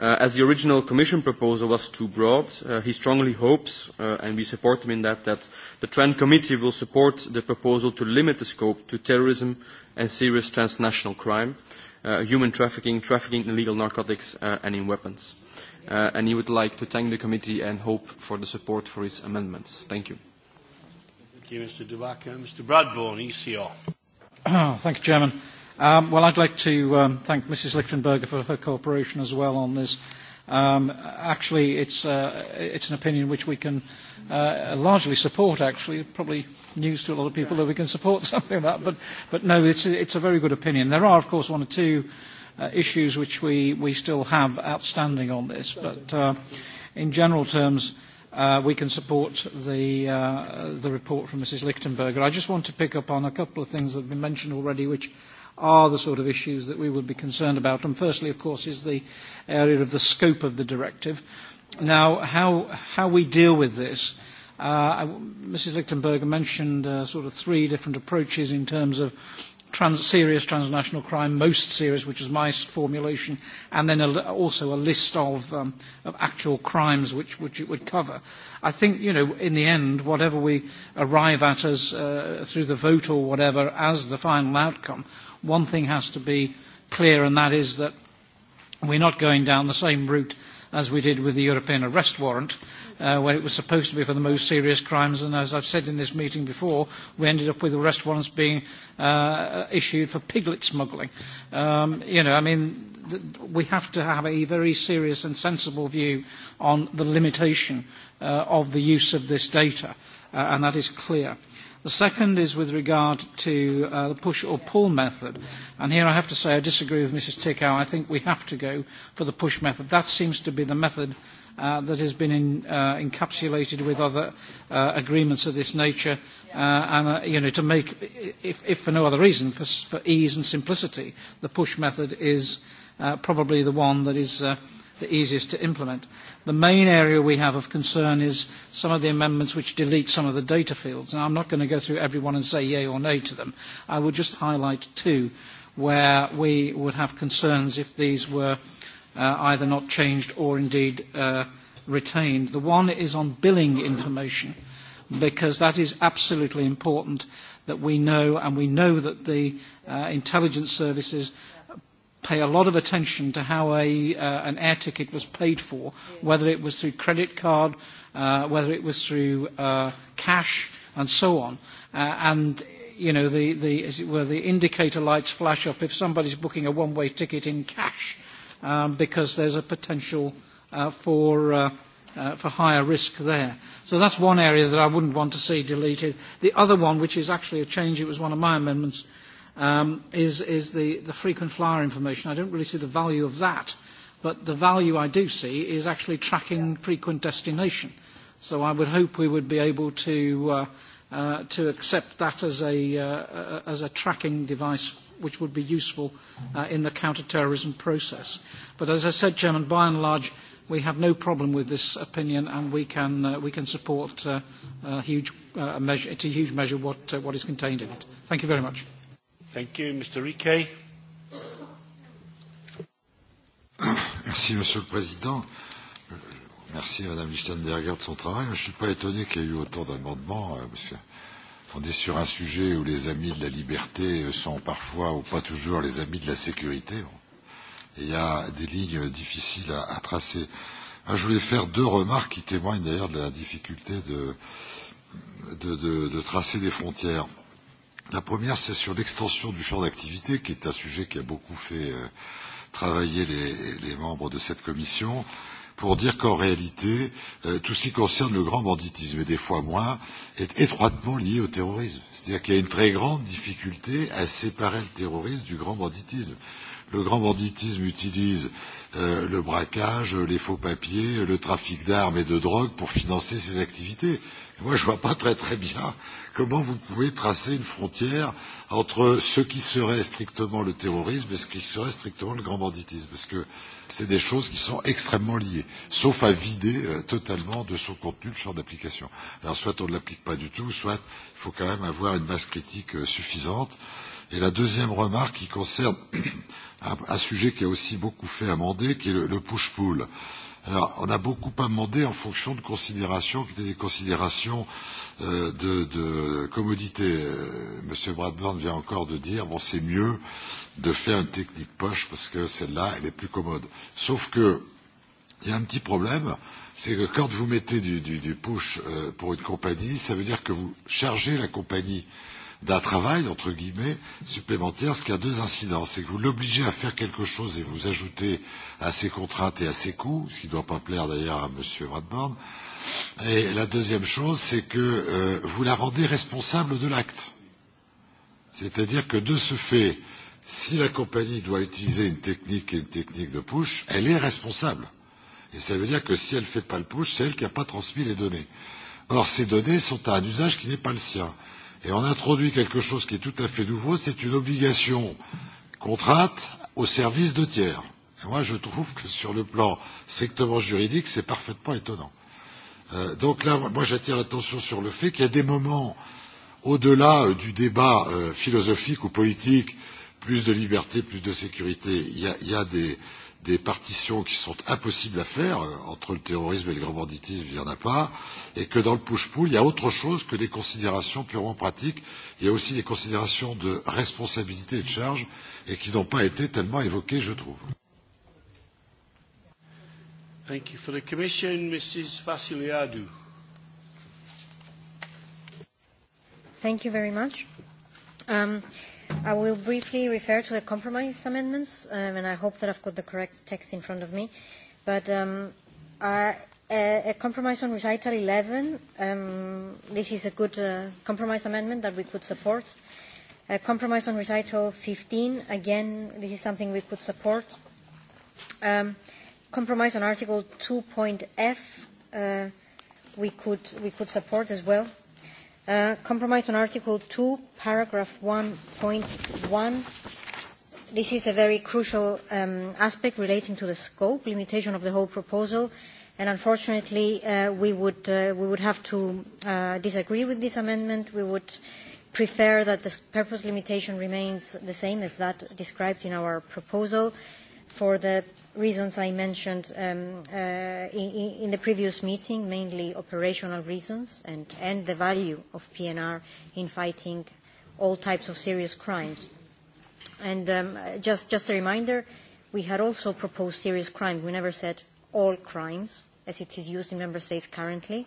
Uh, as the original Commission proposal was too broad, uh, he strongly hopes, uh, and we support him in that, that the TRAN Committee will support the proposal to limit the scope to terrorism and serious transnational crime, uh, human trafficking, trafficking in illegal narcotics, uh, and in weapons. Uh, uh, and he would like to thank the committee and hope for the support for his amendments. Thank you. Thank you, Mr. Dubaka. Mr. Bradbourne, ECR. thank you, Chairman. Um, well, I'd like to um, thank Mrs. Lichtenberger for her cooperation as well on this. Um, actually, it's, uh, it's an opinion which we can uh, largely support, actually. Probably news to a lot of people that we can support something like that. But, but no, it's, it's a very good opinion. There are, of course, one or two issues which we, we still have outstanding on this. But uh, in general terms, uh, we can support the, uh, the report from Mrs. Lichtenberger. I just want to pick up on a couple of things that have been mentioned already, which are the sort of issues that we would be concerned about. And firstly, of course, is the area of the scope of the directive. Now, how, how we deal with this, uh, Mrs. Lichtenberger mentioned uh, sort of three different approaches in terms of trans, serious transnational crime, most serious, which is my formulation, and then a, also a list of, um, of actual crimes which, which it would cover. I think, you know, in the end, whatever we arrive at as, uh, through the vote or whatever as the final outcome, one thing has to be clear, and that is that we're not going down the same route as we did with the European arrest warrant, uh, when it was supposed to be for the most serious crimes. And as I've said in this meeting before, we ended up with arrest warrants being uh, issued for piglet smuggling. Um, you know, I mean, we have to have a very serious and sensible view on the limitation uh, of the use of this data, uh, and that is clear. The second is with regard to uh, the push or pull method. And here I have to say I disagree with Mrs. Tickow. I think we have to go for the push method. That seems to be the method uh, that has been in, uh, encapsulated with other uh, agreements of this nature, uh, and uh, you know to make, if, if for no other reason, for, for ease and simplicity, the push method is uh, probably the one that is uh, the easiest to implement. The main area we have of concern is some of the amendments which delete some of the data fields. Now, I'm not going to go through every one and say yay or nay to them. I will just highlight two where we would have concerns if these were uh, either not changed or indeed uh, retained. The one is on billing information, because that is absolutely important that we know, and we know that the uh, intelligence services pay a lot of attention to how a, uh, an air ticket was paid for, whether it was through credit card, uh, whether it was through uh, cash, and so on. Uh, and you know, the, the, as it were, the indicator lights flash up if somebody's booking a one-way ticket in cash, um, because there's a potential uh, for, uh, uh, for higher risk there. So that's one area that I wouldn't want to see deleted. The other one, which is actually a change, it was one of my amendments, um, is, is the, the frequent flyer information. I don't really see the value of that, but the value I do see is actually tracking frequent destination. So I would hope we would be able to, accept that as a, as a tracking device which would be useful in the counter-terrorism process. But as I said, Chairman, by and large, we have no problem with this opinion and we can, support to a huge measure what is contained in it. Thank you very much. Thank you, Mr. Riquet. Merci, Monsieur le Président. Merci, Madame Lichtenberger, de son travail. Je ne suis pas étonné qu'il y ait eu autant d'amendements, parce qu'on est sur un sujet où les amis de la liberté sont parfois, ou pas toujours, les amis de la sécurité. Et il y a des lignes difficiles à, à tracer. Ah, je voulais faire deux remarques qui témoignent d'ailleurs de la difficulté de, de, de, de tracer des frontières. La première, c'est sur l'extension du champ d'activité, qui est un sujet qui a beaucoup fait travailler les, les membres de cette commission, pour dire qu'en réalité, tout ce qui concerne le grand banditisme, et des fois moins, est étroitement lié au terrorisme. C'est-à-dire qu'il y a une très grande difficulté à séparer le terrorisme du grand banditisme. Le grand banditisme utilise euh, le braquage, les faux papiers, le trafic d'armes et de drogue pour financer ses activités. Moi, je ne vois pas très très bien euh, Comment vous pouvez tracer une frontière entre ce qui serait strictement le terrorisme et ce qui serait strictement le grand banditisme Parce que c'est des choses qui sont extrêmement liées, sauf à vider euh, totalement de son contenu le champ d'application. Alors soit on ne l'applique pas du tout, soit il faut quand même avoir une masse critique euh, suffisante. Et la deuxième remarque qui concerne un, un sujet qui a aussi beaucoup fait amender, qui est le, le push-pull. Euh, Alors, on a beaucoup amendé en fonction de considérations qui étaient des considérations euh, de, de commodité. Monsieur Bradburn vient encore de dire bon, c'est mieux de faire une technique poche parce que celle-là, elle est plus commode. Sauf que il y a un petit problème, c'est que quand vous mettez du, du, du push euh, pour une compagnie, ça veut dire que vous chargez la compagnie euh, d'un travail, entre guillemets, supplémentaire, ce qui a deux incidences. C'est que vous l'obligez à faire quelque chose et vous ajoutez à ses contraintes et à ses coûts, ce qui ne doit pas plaire d'ailleurs à M. Bradburn. Et la deuxième chose, c'est que euh, vous la rendez responsable de l'acte. C'est-à-dire que de ce fait, si la compagnie doit utiliser une technique et une technique de push, elle est responsable. Et ça veut dire que si elle ne fait pas le push, c'est elle qui n'a pas transmis les données. Or, ces données sont à un usage qui n'est pas le sien. Et on introduit quelque chose qui est tout à fait nouveau, c'est une obligation contrainte au service de tiers. Et moi, je trouve que sur le plan strictement juridique, c'est parfaitement étonnant. Euh, donc là, moi, j'attire l'attention sur le fait qu'il y a des moments, au-delà du débat euh, philosophique ou politique, plus de liberté, plus de sécurité, il y a, il y a des, euh, des partitions qui sont impossibles à faire entre le terrorisme et le grand banditisme, il n'y en a pas, et que dans le push-pull, il y a autre chose que des considérations purement pratiques. Il y a aussi des considérations de responsabilité et de charge, et qui n'ont pas été tellement évoquées, je trouve. Thank you. For the Commission, Mrs. Vassiliadou. Thank you very much. Um, I will briefly refer to the compromise amendments, um, and I hope that I've got the correct text in front of me. But um, I, a compromise on recital 11, um, this is a good uh, compromise amendment that we could support. A compromise on recital 15, again, this is something we could support. Um, compromise on article 2.f, uh, we could, we could support as well compromise on Article 2, paragraph 1.1. This is a very crucial um, aspect relating to the scope, limitation of the whole proposal, and unfortunately uh, we, would, uh, we would have to uh, disagree with this amendment. We would prefer that the purpose limitation remains the same as that described in our proposal, for the reasons I mentioned in the previous meeting, mainly operational reasons and and the value of PNR in fighting all types of serious crimes. And Just a reminder, we had also proposed serious crime. We never said all crimes, as it is used in member states currently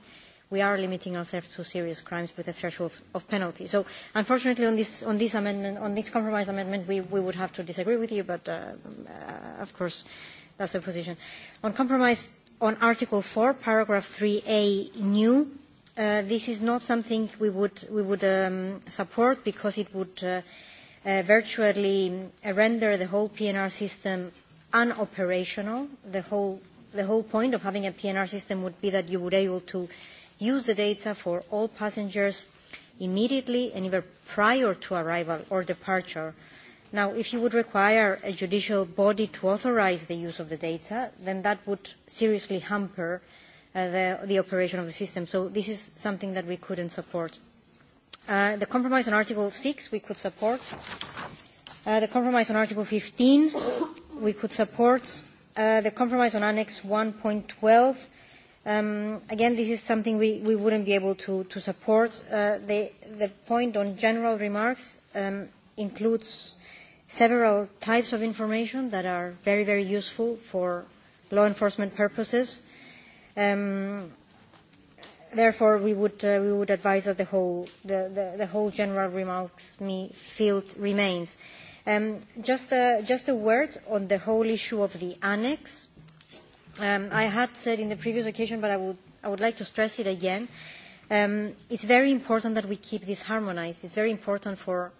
we are limiting ourselves to serious crimes with a threshold of, penalty. So unfortunately on this, on this amendment, on this compromise amendment, we, we would have to disagree with you, but uh, uh of course that's the position. On compromise on Article 4, paragraph 3a new, uh, this is not something we would, we would um, support because it would uh, uh, virtually render the whole PNR system unoperational. The whole, the whole point of having a PNR system would be that you would able to use the data for all passengers immediately and even prior to arrival or departure. Now, if you would require a judicial body to authorize the use of the data, then that would seriously hamper uh, the, the operation of the system. So this is something that we couldn't support. Uh, the compromise on Article 6 we could support. Uh, the compromise on Article 15 we could support. Uh, the compromise on Annex 1.12 Um, again, this is something we, we wouldn't be able to, to support. Uh, the, the point on general remarks um, includes several types of information that are very, very useful for law enforcement purposes. Um, therefore, we would, uh, we would advise that the whole, the, the, the whole general remarks me field remains. Um, just, a, just a word on the whole issue of the annex um, I had said in the previous occasion, but I would, I would like to stress it again. Um, it's very important that we keep this harmonized. It's very important for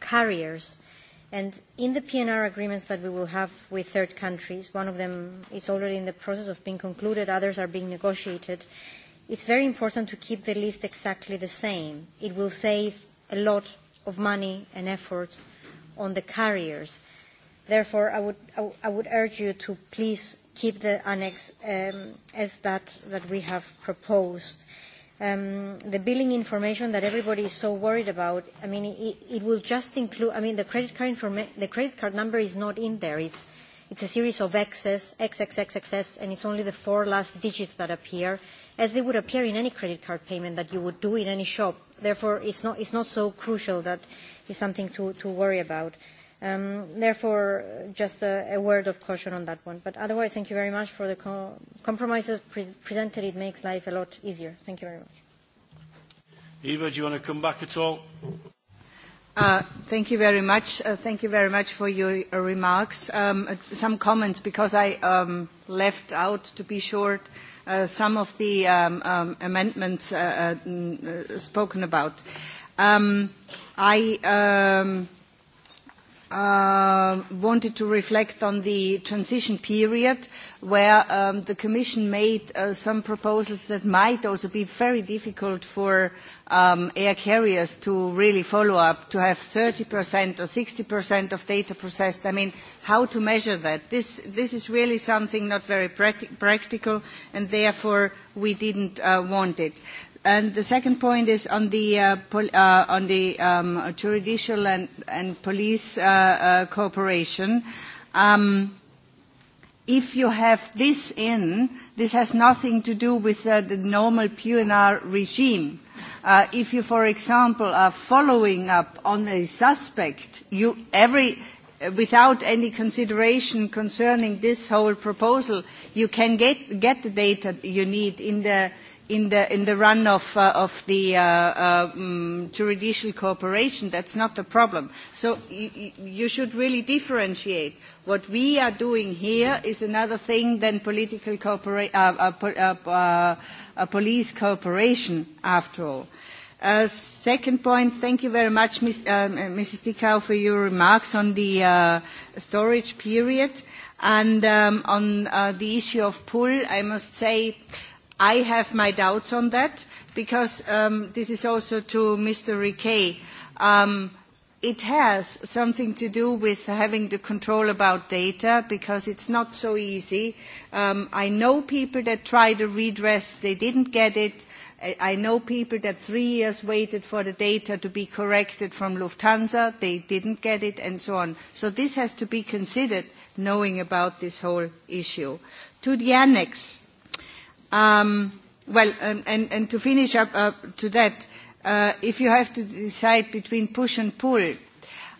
carriers. And in the PNR agreements that we will have with third countries, one of them is already in the process of being concluded, others are being negotiated. It's very important to keep the list exactly the same. It will save a lot of money and effort on the carriers. Therefore, I would, I would urge you to please keep the annex um, as that that we have proposed. Um, the billing information that everybody is so worried about, I mean, it, it will just include, I mean, the credit card information the credit card number is not in there. It's, it's a series of X's, XXXXS, and it's only the four last digits that appear, as they would appear in any credit card payment that you would do in any shop. Therefore, it's not, it's not so crucial that it's something to, to worry about. Therefore, just a word of caution on that one. But otherwise, thank you very much for the compromises presented. It makes life a lot easier. Thank you very much. Eva, do you want to come back at all? Thank you very much. Thank you very much for your remarks. Um Some comments, because I um left out, to be short, uh some of the um um amendments uh uh spoken about. Um I um wanted to reflect on the transition period where the Commission made some proposals that might also be very difficult for air carriers to really follow up, to have 30% or 60% of data processed. I mean, how to measure that? This, this is really something not very practical, and therefore we didn't want it. And the second point is on the, judicial and, police cooperation. if you have this in, this has nothing to do with the normal PNR regime. if you, for example, are following up on a suspect, without any consideration concerning this whole proposal, you can get the data you need in the in the in the run of uh, of the uh, uh, um, judicial cooperation that's not the problem so you, you should really differentiate what we are doing here is another thing than political coopera- uh, uh, uh, uh, police cooperation after all uh, second point, thank you very much, Ms, uh, Mrs. Dickau, for your remarks on the uh, storage period. And um, on uh, the issue of pull, I must say I have my doubts on that because this is also to Mr. Riquet. it has something to do with having the control about data because it's not so easy. I know people that tried a redress, they didn't get it. I know people that three years waited for the data to be corrected from Lufthansa, they didn't get it, and so on. So this has to be considered, knowing about this whole issue. To the annex, Um, well, and, and, and to finish up, uh, to that, uh, if you have to decide between push and pull,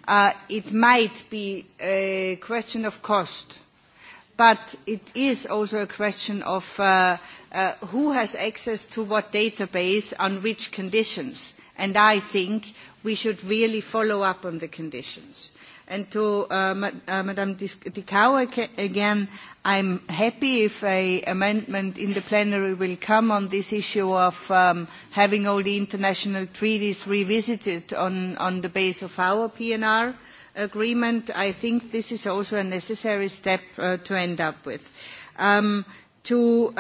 uh, it might be a question of cost, but it is also a question of uh, uh, who has access to what database on which conditions. And I think we should really follow up on the conditions. And to uh, Madame Dicau again, I'm happy if an amendment in the plenary will come on this issue of having all the international treaties revisited on, the basis of our PNR agreement. I think this is also a necessary step to end up with. to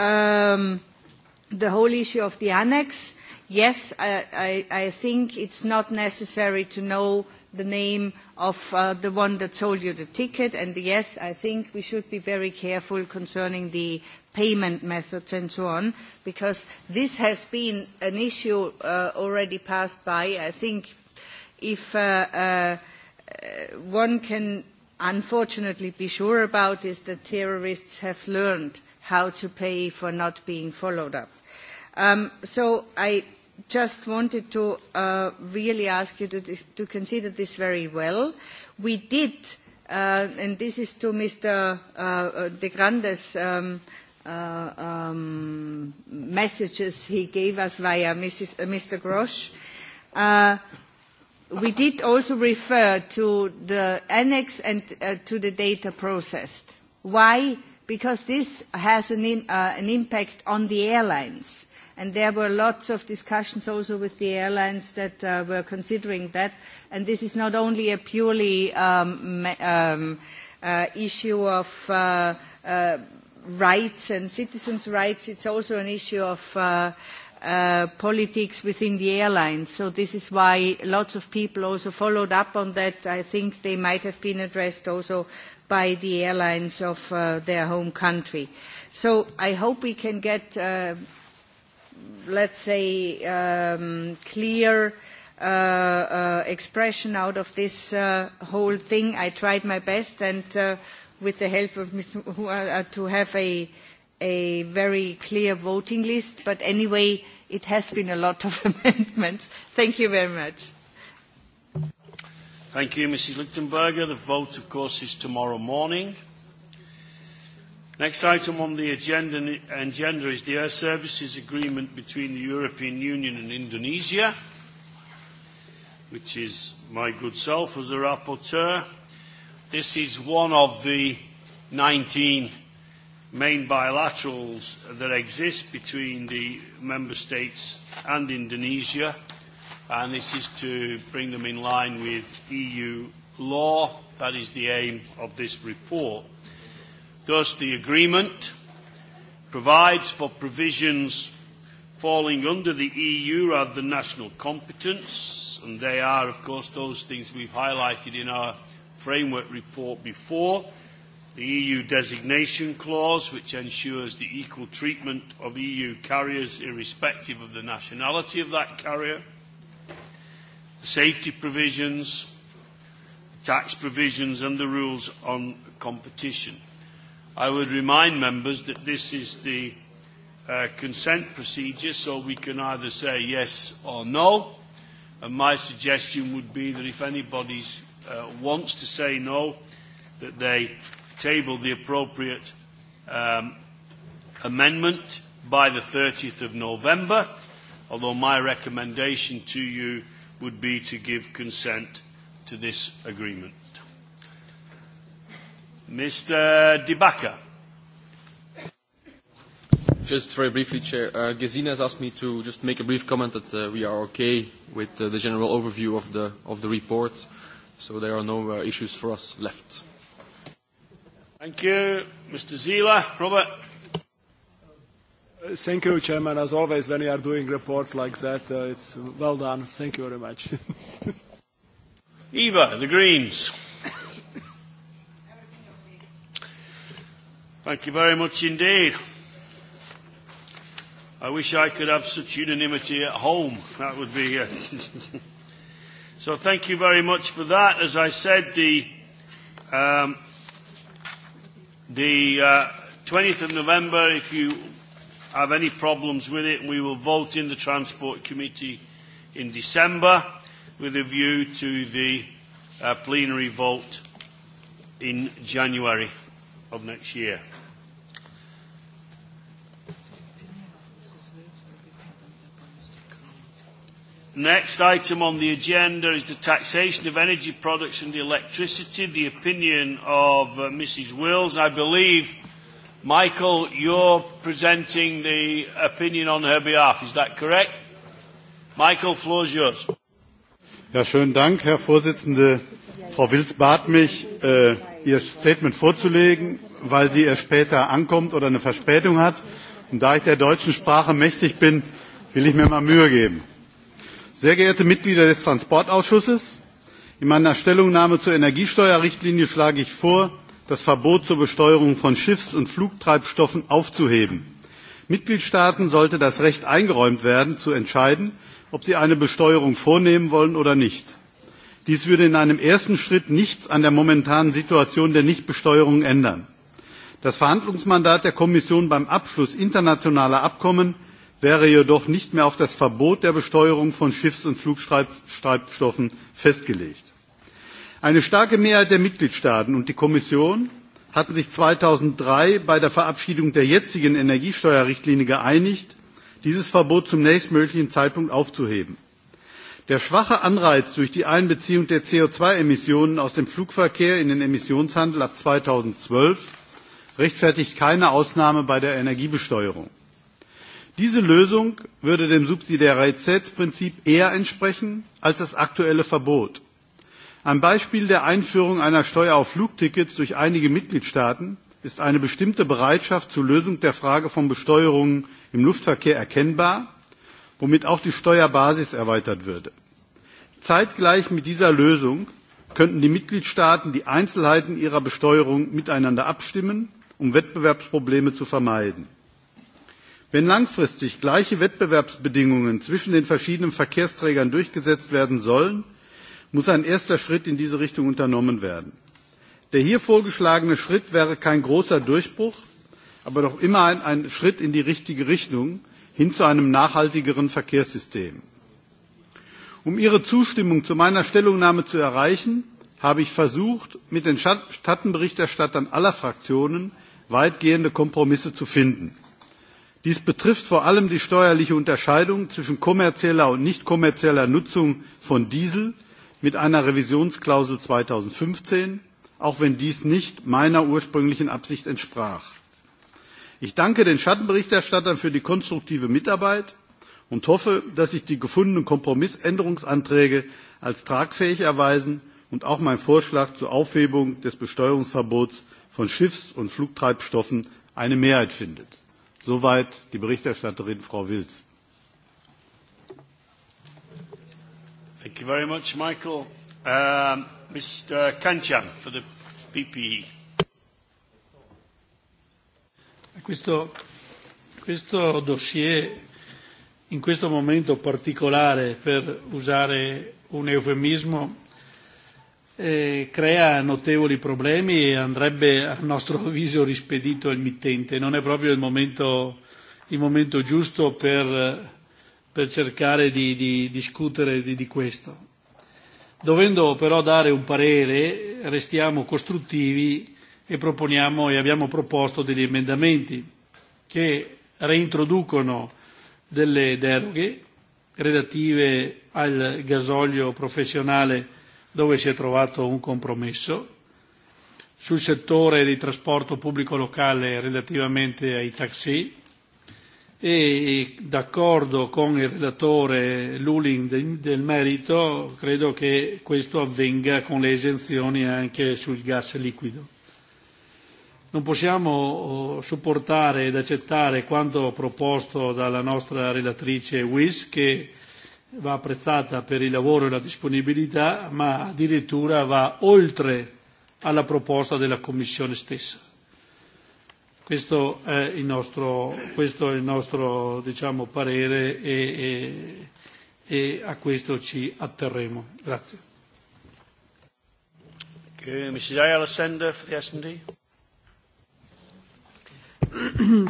the whole issue of the annex, yes, I, I, I think it's not necessary to know the name of uh, the one that sold you the ticket. And yes, I think we should be very careful concerning the payment methods and so on, because this has been an issue uh, already passed by. I think if uh, uh, one can unfortunately be sure about is that terrorists have learned how to pay for not being followed up. Um, so I just wanted to uh, really ask you to, to consider this very well. We did, uh, and this is to Mr. Uh, De Grandes. Um, uh, um, messages he gave us via Mrs., uh, Mr. Grosch. Uh, we did also refer to the annex and uh, to the data processed. Why? Because this has an, in, uh, an impact on the airlines And there were lots of discussions also with the airlines that were considering that. And this is not only a purely issue of rights and citizens' rights, it's also an issue of politics within the airlines. So this is why lots of people also followed up on that. I think they might have been addressed also by the airlines of their home country. So I hope we can get let's say, um, clear uh, uh, expression out of this uh, whole thing. I tried my best, and uh, with the help of Mr. Uh, to have a, a very clear voting list. But anyway, it has been a lot of amendments. Thank you very much. Thank you, Mrs. Lichtenberger. The vote, of course, is tomorrow morning. Next item on the agenda, agenda is the Air Services Agreement between the European Union and Indonesia, which is my good self as a rapporteur. This is one of the 19 main bilaterals that exist between the member states and Indonesia, and this is to bring them in line with EU law. That is the aim of this report. Thus, the agreement provides for provisions falling under the EU rather than national competence, and they are, of course, those things we've highlighted in our framework report before. The EU designation clause, which ensures the equal treatment of EU carriers irrespective of the nationality of that carrier, the safety provisions, the tax provisions, and the rules on competition. I would remind members that this is the uh, consent procedure, so we can either say yes or no. And my suggestion would be that if anybody uh, wants to say no, that they table the appropriate um, amendment by the 30th of November, although my recommendation to you would be to give consent to this agreement. Mr. DeBacker. Just very briefly, Chair. Uh, Gesine has asked me to just make a brief comment that uh, we are okay with uh, the general overview of the, of the report, so there are no uh, issues for us left. Thank you. Mr. Zila, Robert. Uh, Thank you, Chairman. As always, when you are doing reports like that, uh, it's well done. Thank you very much. Eva, the Greens. Thank you very much indeed. I wish I could have such unanimity at home. That would be. Uh, so thank you very much for that. As I said, the um, the uh, 20th of November. If you have any problems with it, we will vote in the Transport Committee in December, with a view to the uh, plenary vote in January of next year. Next item on the agenda is the taxation of energy products and electricity, the opinion of uh, Mrs. Wills. I believe, Michael, you're presenting the opinion on her behalf. Is that correct? Michael, floor is yours. Ja, schönen Dank, Herr Vorsitzende. Frau Wills bat mich, äh, ihr Statement vorzulegen, weil sie erst später ankommt oder eine Verspätung hat. Und da ich der deutschen Sprache mächtig bin, will ich mir mal Mühe geben. Sehr geehrte Mitglieder des Transportausschusses, in meiner Stellungnahme zur Energiesteuerrichtlinie schlage ich vor, das Verbot zur Besteuerung von Schiffs- und Flugtreibstoffen aufzuheben. Mitgliedstaaten sollte das Recht eingeräumt werden, zu entscheiden, ob sie eine Besteuerung vornehmen wollen oder nicht. Dies würde in einem ersten Schritt nichts an der momentanen Situation der Nichtbesteuerung ändern. Das Verhandlungsmandat der Kommission beim Abschluss internationaler Abkommen wäre jedoch nicht mehr auf das Verbot der Besteuerung von Schiffs- und Flugtreibstoffen festgelegt. Eine starke Mehrheit der Mitgliedstaaten und die Kommission hatten sich 2003 bei der Verabschiedung der jetzigen Energiesteuerrichtlinie geeinigt, dieses Verbot zum nächstmöglichen Zeitpunkt aufzuheben. Der schwache Anreiz durch die Einbeziehung der CO2-Emissionen aus dem Flugverkehr in den Emissionshandel ab 2012 rechtfertigt keine Ausnahme bei der Energiebesteuerung. Diese Lösung würde dem Subsidiaritätsprinzip eher entsprechen als das aktuelle Verbot. Am Beispiel der Einführung einer Steuer auf Flugtickets durch einige Mitgliedstaaten ist eine bestimmte Bereitschaft zur Lösung der Frage von Besteuerungen im Luftverkehr erkennbar, womit auch die Steuerbasis erweitert würde. Zeitgleich mit dieser Lösung könnten die Mitgliedstaaten die Einzelheiten ihrer Besteuerung miteinander abstimmen, um Wettbewerbsprobleme zu vermeiden. Wenn langfristig gleiche Wettbewerbsbedingungen zwischen den verschiedenen Verkehrsträgern durchgesetzt werden sollen, muss ein erster Schritt in diese Richtung unternommen werden. Der hier vorgeschlagene Schritt wäre kein großer Durchbruch, aber doch immerhin ein Schritt in die richtige Richtung hin zu einem nachhaltigeren Verkehrssystem. Um Ihre Zustimmung zu meiner Stellungnahme zu erreichen, habe ich versucht, mit den Schattenberichterstattern aller Fraktionen weitgehende Kompromisse zu finden. Dies betrifft vor allem die steuerliche Unterscheidung zwischen kommerzieller und nicht kommerzieller Nutzung von Diesel mit einer Revisionsklausel 2015, auch wenn dies nicht meiner ursprünglichen Absicht entsprach. Ich danke den Schattenberichterstattern für die konstruktive Mitarbeit und hoffe, dass sich die gefundenen Kompromissänderungsanträge als tragfähig erweisen und auch mein Vorschlag zur Aufhebung des Besteuerungsverbots von Schiffs- und Flugtreibstoffen eine Mehrheit findet. Soweit die Berichterstatterin Frau Wils. Thank you very much, Michael. uh, Mr. Kanchan for the PPE. Questo, questo dossier in questo momento particolare, per usare un eufemismo, eh, crea notevoli problemi e andrebbe a nostro avviso rispedito al mittente. Non è proprio il momento, il momento giusto per, per cercare di, di discutere di, di questo. Dovendo però dare un parere, restiamo costruttivi e proponiamo e abbiamo proposto degli emendamenti che reintroducono delle deroghe relative al gasolio professionale dove si è trovato un compromesso. Sul settore di trasporto pubblico locale relativamente ai taxi e d'accordo con il relatore Luling del merito credo che questo avvenga con le esenzioni anche sul gas liquido. Non possiamo supportare ed accettare quanto proposto dalla nostra relatrice Wis che va apprezzata per il lavoro e la disponibilità, ma addirittura va oltre alla proposta della Commissione stessa. Questo è il nostro, questo è il nostro diciamo, parere e, e, e a questo ci atterremo. Grazie. Mrs. Ayala Sender for the S&D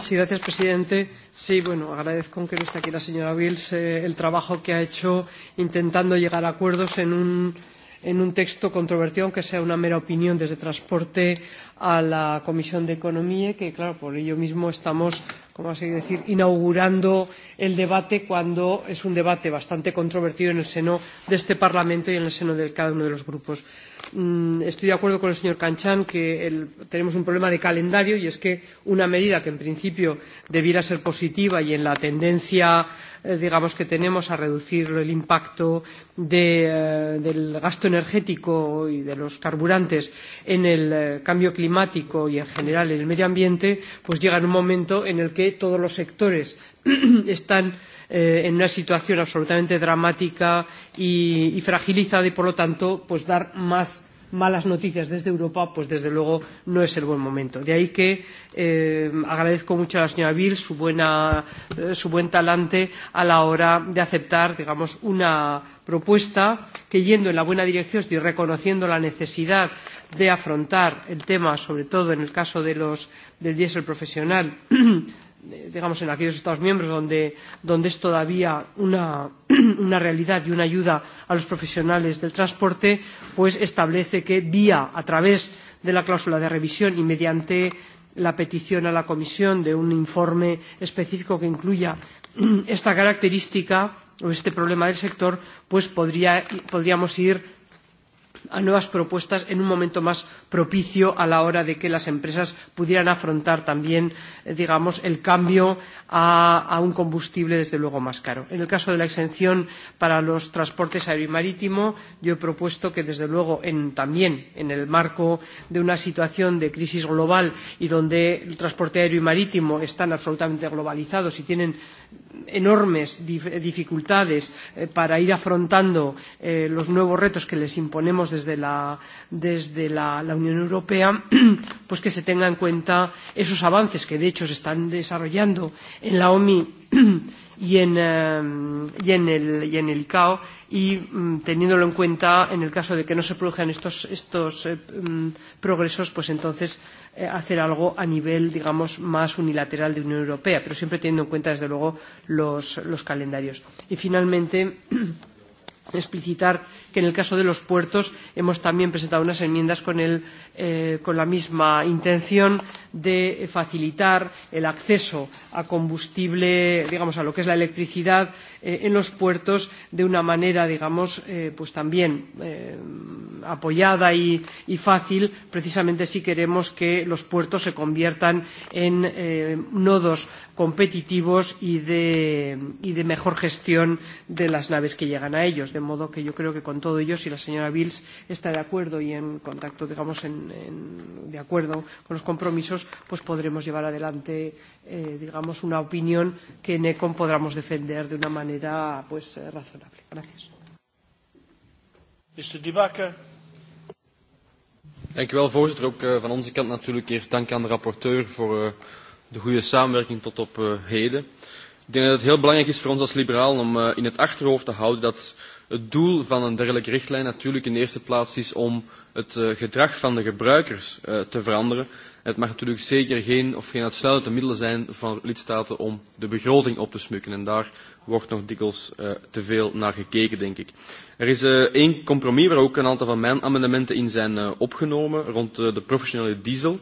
señor presidente. Sí, bueno, agradezco, aunque no esté aquí la señora Wills, el trabajo que ha hecho intentando llegar a acuerdos en un, en un texto controvertido, aunque sea una mera opinión desde transporte a la Comisión de Economía, que claro, por ello mismo estamos, como así decir, inaugurando el debate cuando es un debate bastante controvertido en el seno de este Parlamento y en el seno de cada uno de los grupos estoy de acuerdo con el señor Canchán que tenemos un problema de calendario y es que una medida que en principio debiera ser positiva y en la tendencia digamos que tenemos a reducir el impacto del gasto energético y de los carburantes en el cambio climático y en general en el medio ambiente pues llega en un momento en el que todos los sectores están en una situación absolutamente dramática y, fragilizada y por lo tanto pues dar más malas noticias desde Europa, pues desde luego no es el buen momento. De ahí que eh, agradezco mucho a la señora Bill su, buena, eh, su buen talante a la hora de aceptar, digamos, una propuesta que yendo en la buena dirección y reconociendo la necesidad de afrontar el tema, sobre todo en el caso de los, del diésel profesional, digamos, en aquellos Estados miembros donde, donde es todavía una, una realidad y una ayuda a los profesionales del transporte, pues establece que vía a través de la cláusula de revisión y mediante la petición a la Comisión de un informe específico que incluya esta característica o este problema del sector, pues podría, podríamos ir a nuevas propuestas en un momento más propicio a la hora de que las empresas pudieran afrontar también, digamos, el cambio a, un combustible, desde luego, más caro. En el caso de la exención para los transportes aéreo y marítimo, yo he propuesto que, desde luego, también en el marco de una situación de crisis global y donde el transporte aéreo y marítimo están absolutamente globalizados y tienen enormes dificultades para ir afrontando los nuevos retos que les imponemos desde la, desde la, la Unión Europea, pues que se tengan en cuenta esos avances que de hecho se están desarrollando en la OMI y en, eh, y en, el, y en el ICAO y mm, teniéndolo en cuenta en el caso de que no se produzcan estos, estos eh, progresos, pues entonces eh, hacer algo a nivel, digamos, más unilateral de Unión Europea, pero siempre teniendo en cuenta, desde luego, los, los calendarios. Y finalmente explicitar que en el caso de los puertos hemos también presentado unas enmiendas con, el, eh, con la misma intención de facilitar el acceso a combustible, digamos, a lo que es la electricidad eh, en los puertos de una manera, digamos, eh, pues también eh, apoyada y, y fácil, precisamente si queremos que los puertos se conviertan en eh, nodos competitivos y de, y de mejor gestión de las naves que llegan a ellos. De modo que yo creo que con todo ello, si la señora Bills está de acuerdo y en contacto, digamos, en, en, de acuerdo con los compromisos, pues podremos llevar adelante, eh, digamos, una opinión que en ECOM podamos defender de una manera pues, eh, razonable. Gracias. Mr. Dibaka. Dank u wel, voorzitter. Ook uh, van onze kant natuurlijk eerst dank aan de rapporteur voor uh, de goede samenwerking tot op uh, heden. Ik denk dat het heel belangrijk is voor ons als liberalen om uh, in het achterhoofd te houden dat het doel van een dergelijke richtlijn natuurlijk in de eerste plaats is om het uh, gedrag van de gebruikers uh, te veranderen. Het mag natuurlijk zeker geen of geen uitsluitende middelen zijn van lidstaten om de begroting op te smukken. En daar wordt nog dikwijls uh, te veel naar gekeken, denk ik. Er is uh, één compromis waar ook een aantal van mijn amendementen in zijn uh, opgenomen rond uh, de professionele diesel.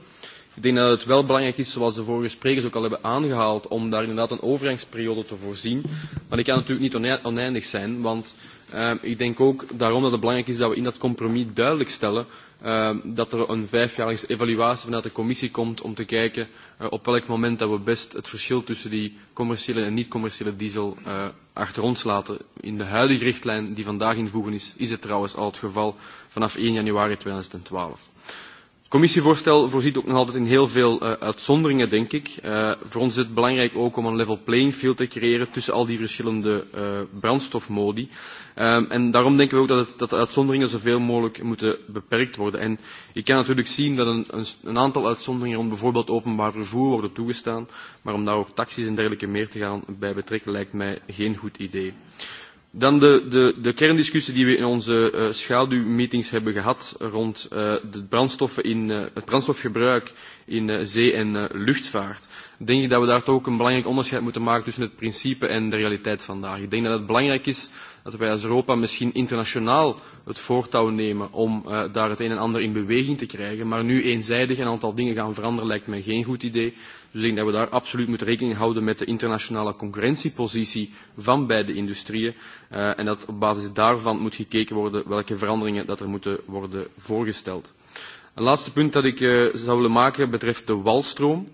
Ik denk dat het wel belangrijk is, zoals de vorige sprekers ook al hebben aangehaald, om daar inderdaad een overgangsperiode te voorzien. Maar die kan natuurlijk niet oneindig zijn, want uh, ik denk ook daarom dat het belangrijk is dat we in dat compromis duidelijk stellen uh, dat er een vijfjarige evaluatie vanuit de commissie komt om te kijken uh, op welk moment dat we best het verschil tussen die commerciële en niet-commerciële diesel uh, achter ons laten. In de huidige richtlijn die vandaag invoegen is, is het trouwens al het geval vanaf 1 januari 2012. Het commissievoorstel voorziet ook nog altijd in heel veel uh, uitzonderingen, denk ik. Uh, voor ons is het belangrijk ook om een level playing field te creëren tussen al die verschillende uh, brandstofmodi. Um, en daarom denken we ook dat, het, dat de uitzonderingen zoveel mogelijk moeten beperkt worden. En je kan natuurlijk zien dat een, een, een aantal uitzonderingen rond bijvoorbeeld openbaar vervoer worden toegestaan, maar om daar ook taxis en dergelijke meer te gaan bij betrekken lijkt mij geen goed idee. Dan de, de, de kerndiscussie die we in onze uh, schaduwmeetings hebben gehad rond uh, de brandstoffen in, uh, het brandstofgebruik in uh, zee- en uh, luchtvaart. Denk ik dat we daar toch ook een belangrijk onderscheid moeten maken tussen het principe en de realiteit vandaag. Ik denk dat het belangrijk is dat wij als Europa misschien internationaal het voortouw nemen om uh, daar het een en ander in beweging te krijgen. Maar nu eenzijdig een aantal dingen gaan veranderen lijkt mij geen goed idee. Dus ik denk dat we daar absoluut moeten rekening houden met de internationale concurrentiepositie van beide industrieën. Uh, en dat op basis daarvan moet gekeken worden welke veranderingen dat er moeten worden voorgesteld. Een laatste punt dat ik uh, zou willen maken betreft de walstroom.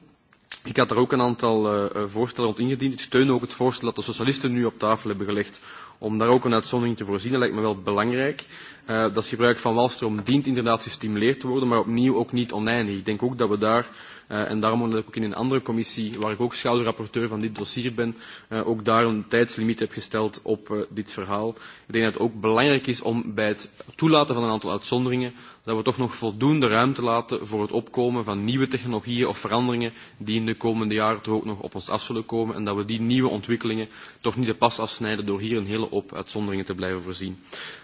Ik had daar ook een aantal uh, voorstellen rond ingediend. Ik steun ook het voorstel dat de socialisten nu op tafel hebben gelegd om daar ook een uitzondering te voorzien. Dat lijkt me wel belangrijk. Uh, dat gebruik van walstroom dient inderdaad gestimuleerd te worden, maar opnieuw ook niet oneindig. Ik denk ook dat we daar en daarom omdat ik ook in een andere commissie, waar ik ook schaduwrapporteur van dit dossier ben, ook daar een tijdslimiet heb gesteld op dit verhaal. Ik denk dat het ook belangrijk is om bij het toelaten van een aantal uitzonderingen dat we toch nog voldoende ruimte laten voor het opkomen van nieuwe technologieën of veranderingen die in de komende jaren toch ook nog op ons af zullen komen en dat we die nieuwe ontwikkelingen toch niet de pas afsnijden door hier een hele hoop uitzonderingen te blijven voorzien.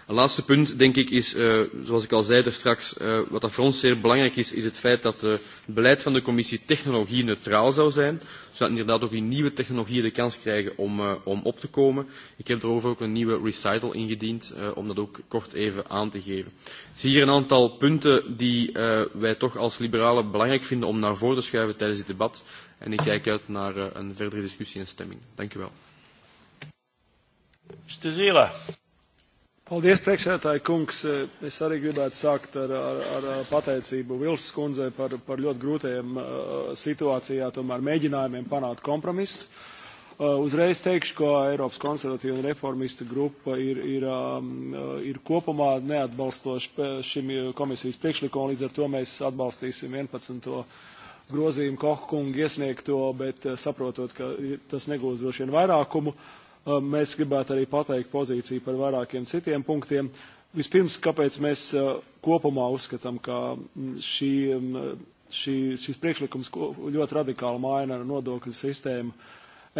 Een laatste punt, denk ik, is, uh, zoals ik al zei er straks, uh, wat dat voor ons zeer belangrijk is, is het feit dat het beleid van de commissie technologie-neutraal zou zijn zodat inderdaad ook die nieuwe technologieën de kans krijgen om, uh, om op te komen. Ik heb erover ook een nieuwe recital ingediend, uh, om dat ook kort even aan te geven. Ik zie hier een aantal punten die uh, wij toch als liberalen belangrijk vinden om naar voren te schuiven tijdens dit debat. En ik kijk uit naar uh, een verdere discussie en stemming. Dank u wel. Mr. Zila. Paldies, priekšsēdētāji kungs. Es arī gribētu sākt ar, ar, ar pateicību Vils kundzē par, par ļoti grūtajiem situācijā, tomēr mēģinājumiem panākt kompromisu. Uzreiz teikšu, ka Eiropas konservatīva un reformista grupa ir, ir, ir kopumā neatbalstoši šim komisijas priekšlikumam, līdz ar to mēs atbalstīsim 11 grozījumu Kohkungu iesniegto, bet saprotot, ka tas negūs droši vien vairākumu. Mēs gribētu arī pateikt pozīciju par vairākiem citiem punktiem. Vispirms, kāpēc mēs kopumā uzskatām, ka šī, šī, šis priekšlikums ļoti radikāli maina nodokļu sistēmu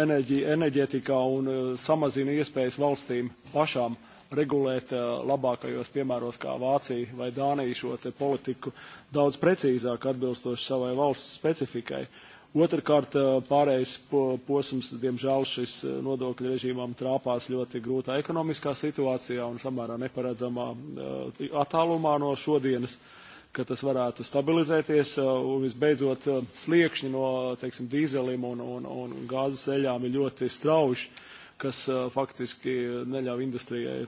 enerģētikā un samazina iespējas valstīm pašām regulēt labākajos piemēros kā Vācija vai Dānija šo te politiku daudz precīzāk atbilstoši savai valsts specifikai. Uh, Otrakārt, pārējais posms, diemžēl, šis nodokļu režīmām trāpās ļoti grūtā ekonomiskā situācijā un samērā neparedzamā attālumā no šodienas, ka tas varētu stabilizēties. Un visbeidzot, sliekšņi no, teiksim, dīzelim un, un, un gāzes eļām ir ļoti strauši, kas faktiski neļauj industrijai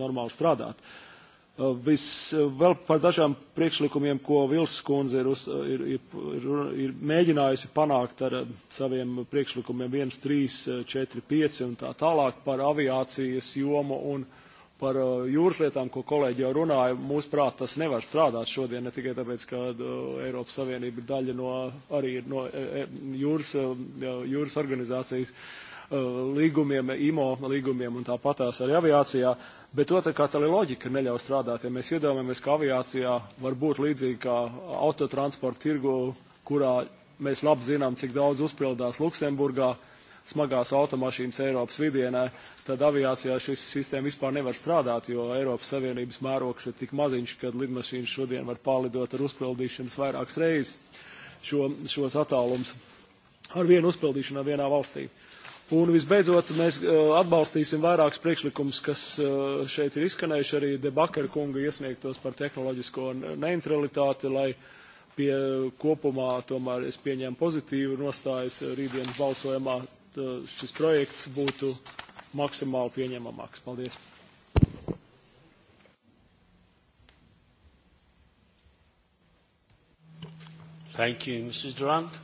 normāli strādāt. Vēl par dažām priekšlikumiem, ko Vils kundze ir, uz, ir, ir, ir mēģinājusi panākt ar saviem priekšlikumiem 1, 3, 4, 5 un tā tālāk par aviācijas jomu un par jūras lietām, ko kolēģi jau runāja, mūsuprāt, tas nevar strādāt šodien, ne tikai tāpēc, ka Eiropas Savienība ir daļa no, arī no jūras, jūras organizācijas līgumiem, IMO līgumiem un tāpatās arī aviācijā, bet to tā kā tā loģika neļauj strādāt. Ja mēs iedomājamies, ka aviācijā var būt līdzīgi kā autotransporta tirgu, kurā mēs labi zinām, cik daudz uzpildās Luksemburgā, smagās automašīnas Eiropas vidienē, tad aviācijā šis sistēma vispār nevar strādāt, jo Eiropas Savienības mērogs ir tik maziņš, ka lidmašīnas šodien var pārlidot ar uzpildīšanas vairākas reizes šo, šos attālums ar vienu uzpildīšanu vienā valstī. Uh, Un visbeidzot, mēs atbalstīsim vairākus priekšlikumus, kas šeit ir izskanējuši arī debakara kunga iesniegtos par tehnoloģisko neutralitāti, lai pie kopumā tomēr es pieņēmu pozitīvu nostājas rītdienas balsojumā šis projekts būtu maksimāli pieņemamāks. Paldies! Thank you, Mrs. Durant.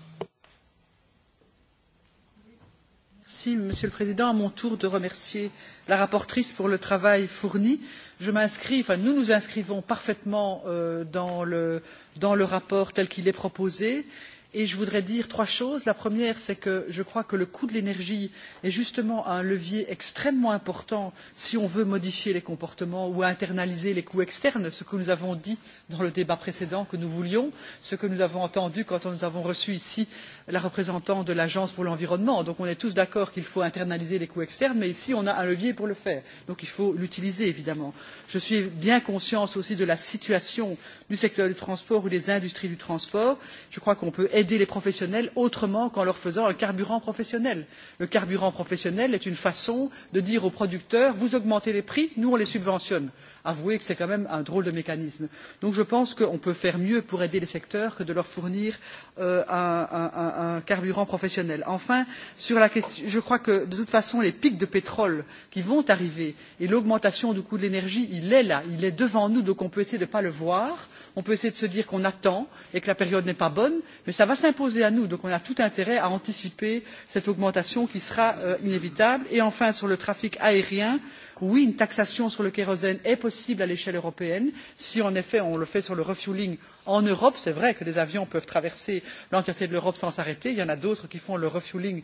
monsieur le président à mon tour de remercier la rapporteure pour le travail fourni. je m'inscris enfin nous nous inscrivons parfaitement dans le rapport tel qu'il est proposé et et je voudrais dire trois choses. La première, c'est que je crois que le coût de l'énergie est justement un levier extrêmement important si on veut modifier les comportements ou internaliser les coûts externes, ce que nous avons dit dans le débat précédent que nous voulions, ce que nous avons entendu quand nous avons reçu ici la représentante de l'Agence pour l'environnement. Donc on est tous d'accord qu'il faut internaliser les coûts externes, mais ici on a un levier pour le faire. Donc il faut l'utiliser évidemment. Je suis bien consciente aussi de la situation du secteur du transport ou des industries du transport. Je crois qu'on peut aider les professionnels autrement qu'en leur faisant un carburant professionnel. le carburant professionnel est une façon de dire aux producteurs vous augmentez les prix nous on les subventionne avouer que c'est quand même un drôle de mécanisme. donc je pense qu'on peut faire mieux pour aider les secteurs que de leur fournir un carburant professionnel. enfin je crois que de toute façon les pics de pétrole qui vont arriver et l'augmentation du coût de l'énergie il est là il est devant nous donc on peut essayer de ne pas le voir on peut essayer de se dire qu'on attend et que la période n'est pas bonne mais ça va s'imposer à nous donc on a tout intérêt à anticiper cette augmentation qui sera inévitable. et enfin sur le trafic aérien oui, une taxation sur le kérosène est possible à l'échelle européenne si en effet on le fait sur le refueling en Europe. C'est vrai que des avions peuvent traverser l'entièreté de l'Europe sans s'arrêter. Il y en a d'autres qui font le refueling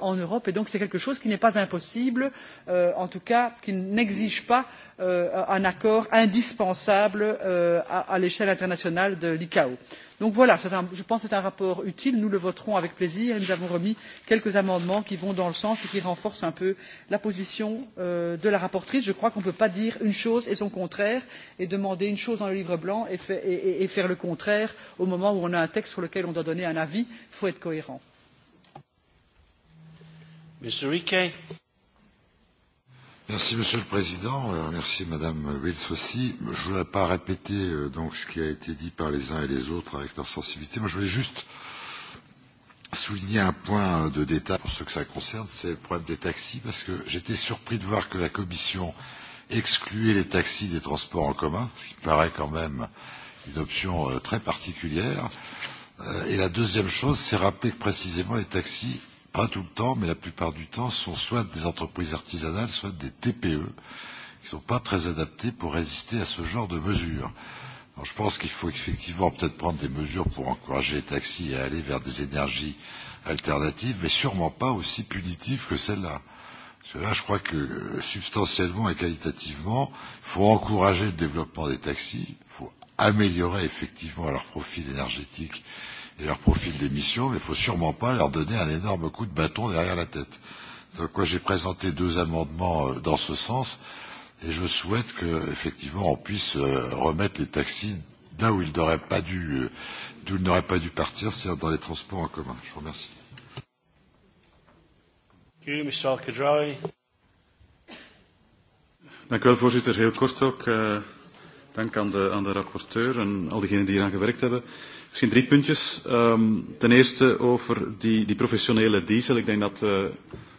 en Europe. Et donc c'est quelque chose qui n'est pas impossible, en tout cas qui n'exige pas un accord indispensable à, l'échelle internationale de l'ICAO donc voilà je pense que c'est un rapport utile nous le voterons avec plaisir et nous avons remis quelques amendements qui vont dans le sens et qui renforcent un peu la position de la rapporteure. je crois qu'on ne peut pas dire une chose et son contraire et demander une chose dans le livre blanc et faire le contraire au moment où on a un texte sur lequel on doit donner un avis. il faut être cohérent. Merci Monsieur le Président, merci Madame Wills aussi. Je ne voudrais pas répéter donc ce qui a été dit par les uns et les autres avec leur sensibilité. Moi, je voulais juste souligner un point de détail pour ce que ça concerne, c'est le problème des taxis, parce que j'étais surpris de voir que la Commission excluait les taxis des transports en commun, ce qui me paraît quand même une option très particulière. et la deuxième chose, c'est rappeler que précisément les taxis pas tout le temps, mais la plupart du temps, sont soit des entreprises artisanales, soit des TPE, qui ne sont pas très adaptées pour résister à ce genre de mesures. Donc, je pense qu'il faut effectivement peut-être prendre des mesures pour encourager les taxis à aller vers des énergies alternatives, mais sûrement pas aussi punitives que celles-là. Parce que là, je crois que substantiellement et qualitativement, il faut encourager le développement des taxis, il faut améliorer effectivement leur profil énergétique et leur profil d'émission, mais il ne faut sûrement pas leur donner un énorme coup de bâton derrière la tête. Donc moi j'ai présenté deux amendements dans ce sens et je souhaite qu'effectivement on puisse remettre les taxis là où ils n'auraient pas dû pas dû partir, c'est-à-dire dans les transports en commun. Je vous remercie. Dank u wel, voorzitter. Heel kort ook. Uh, dank aan de, aan de rapporteur en al diegenen die eraan gewerkt hebben. Misschien drie puntjes. Um, ten eerste over die, die professionele diesel. Ik denk dat we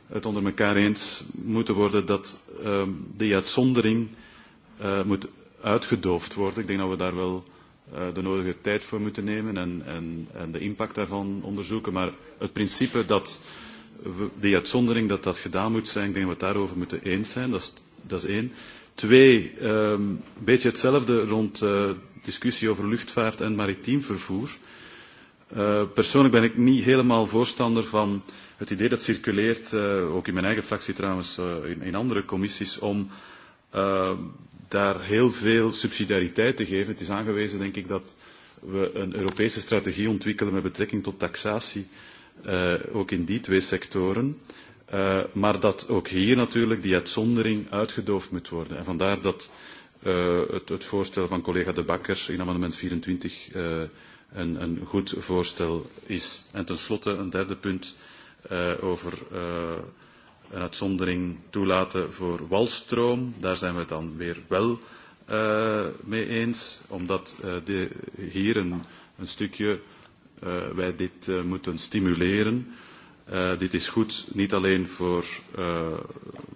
het onder elkaar eens moeten worden dat um, die uitzondering uh, moet uitgedoofd worden. Ik denk dat we daar wel uh, de nodige tijd voor moeten nemen en, en, en de impact daarvan onderzoeken. Maar het principe dat we, die uitzondering dat dat gedaan moet zijn, ik denk dat we het daarover moeten eens zijn. Dat is, dat is één. Twee, een beetje hetzelfde rond de discussie over luchtvaart en maritiem vervoer. persoonlijk ben ik niet helemaal voorstander van het idee dat circuleert, ook in mijn eigen fractie trouwens, in, andere commissies, om daar heel veel subsidiariteit te geven. Het is aangewezen, denk ik, dat we een Europese strategie ontwikkelen met betrekking tot taxatie, ook in die twee sectoren. Uh, maar dat ook hier natuurlijk die uitzondering uitgedoofd moet worden. En vandaar dat het, voorstel van collega De Bakker in amendement 24 een, goed voorstel is. En tenslotte een derde punt over een uitzondering toelaten voor walstroom. Daar zijn we het dan weer wel mee eens, omdat hier een, stukje wij dit moeten stimuleren Uh, dit is goed niet alleen voor uh,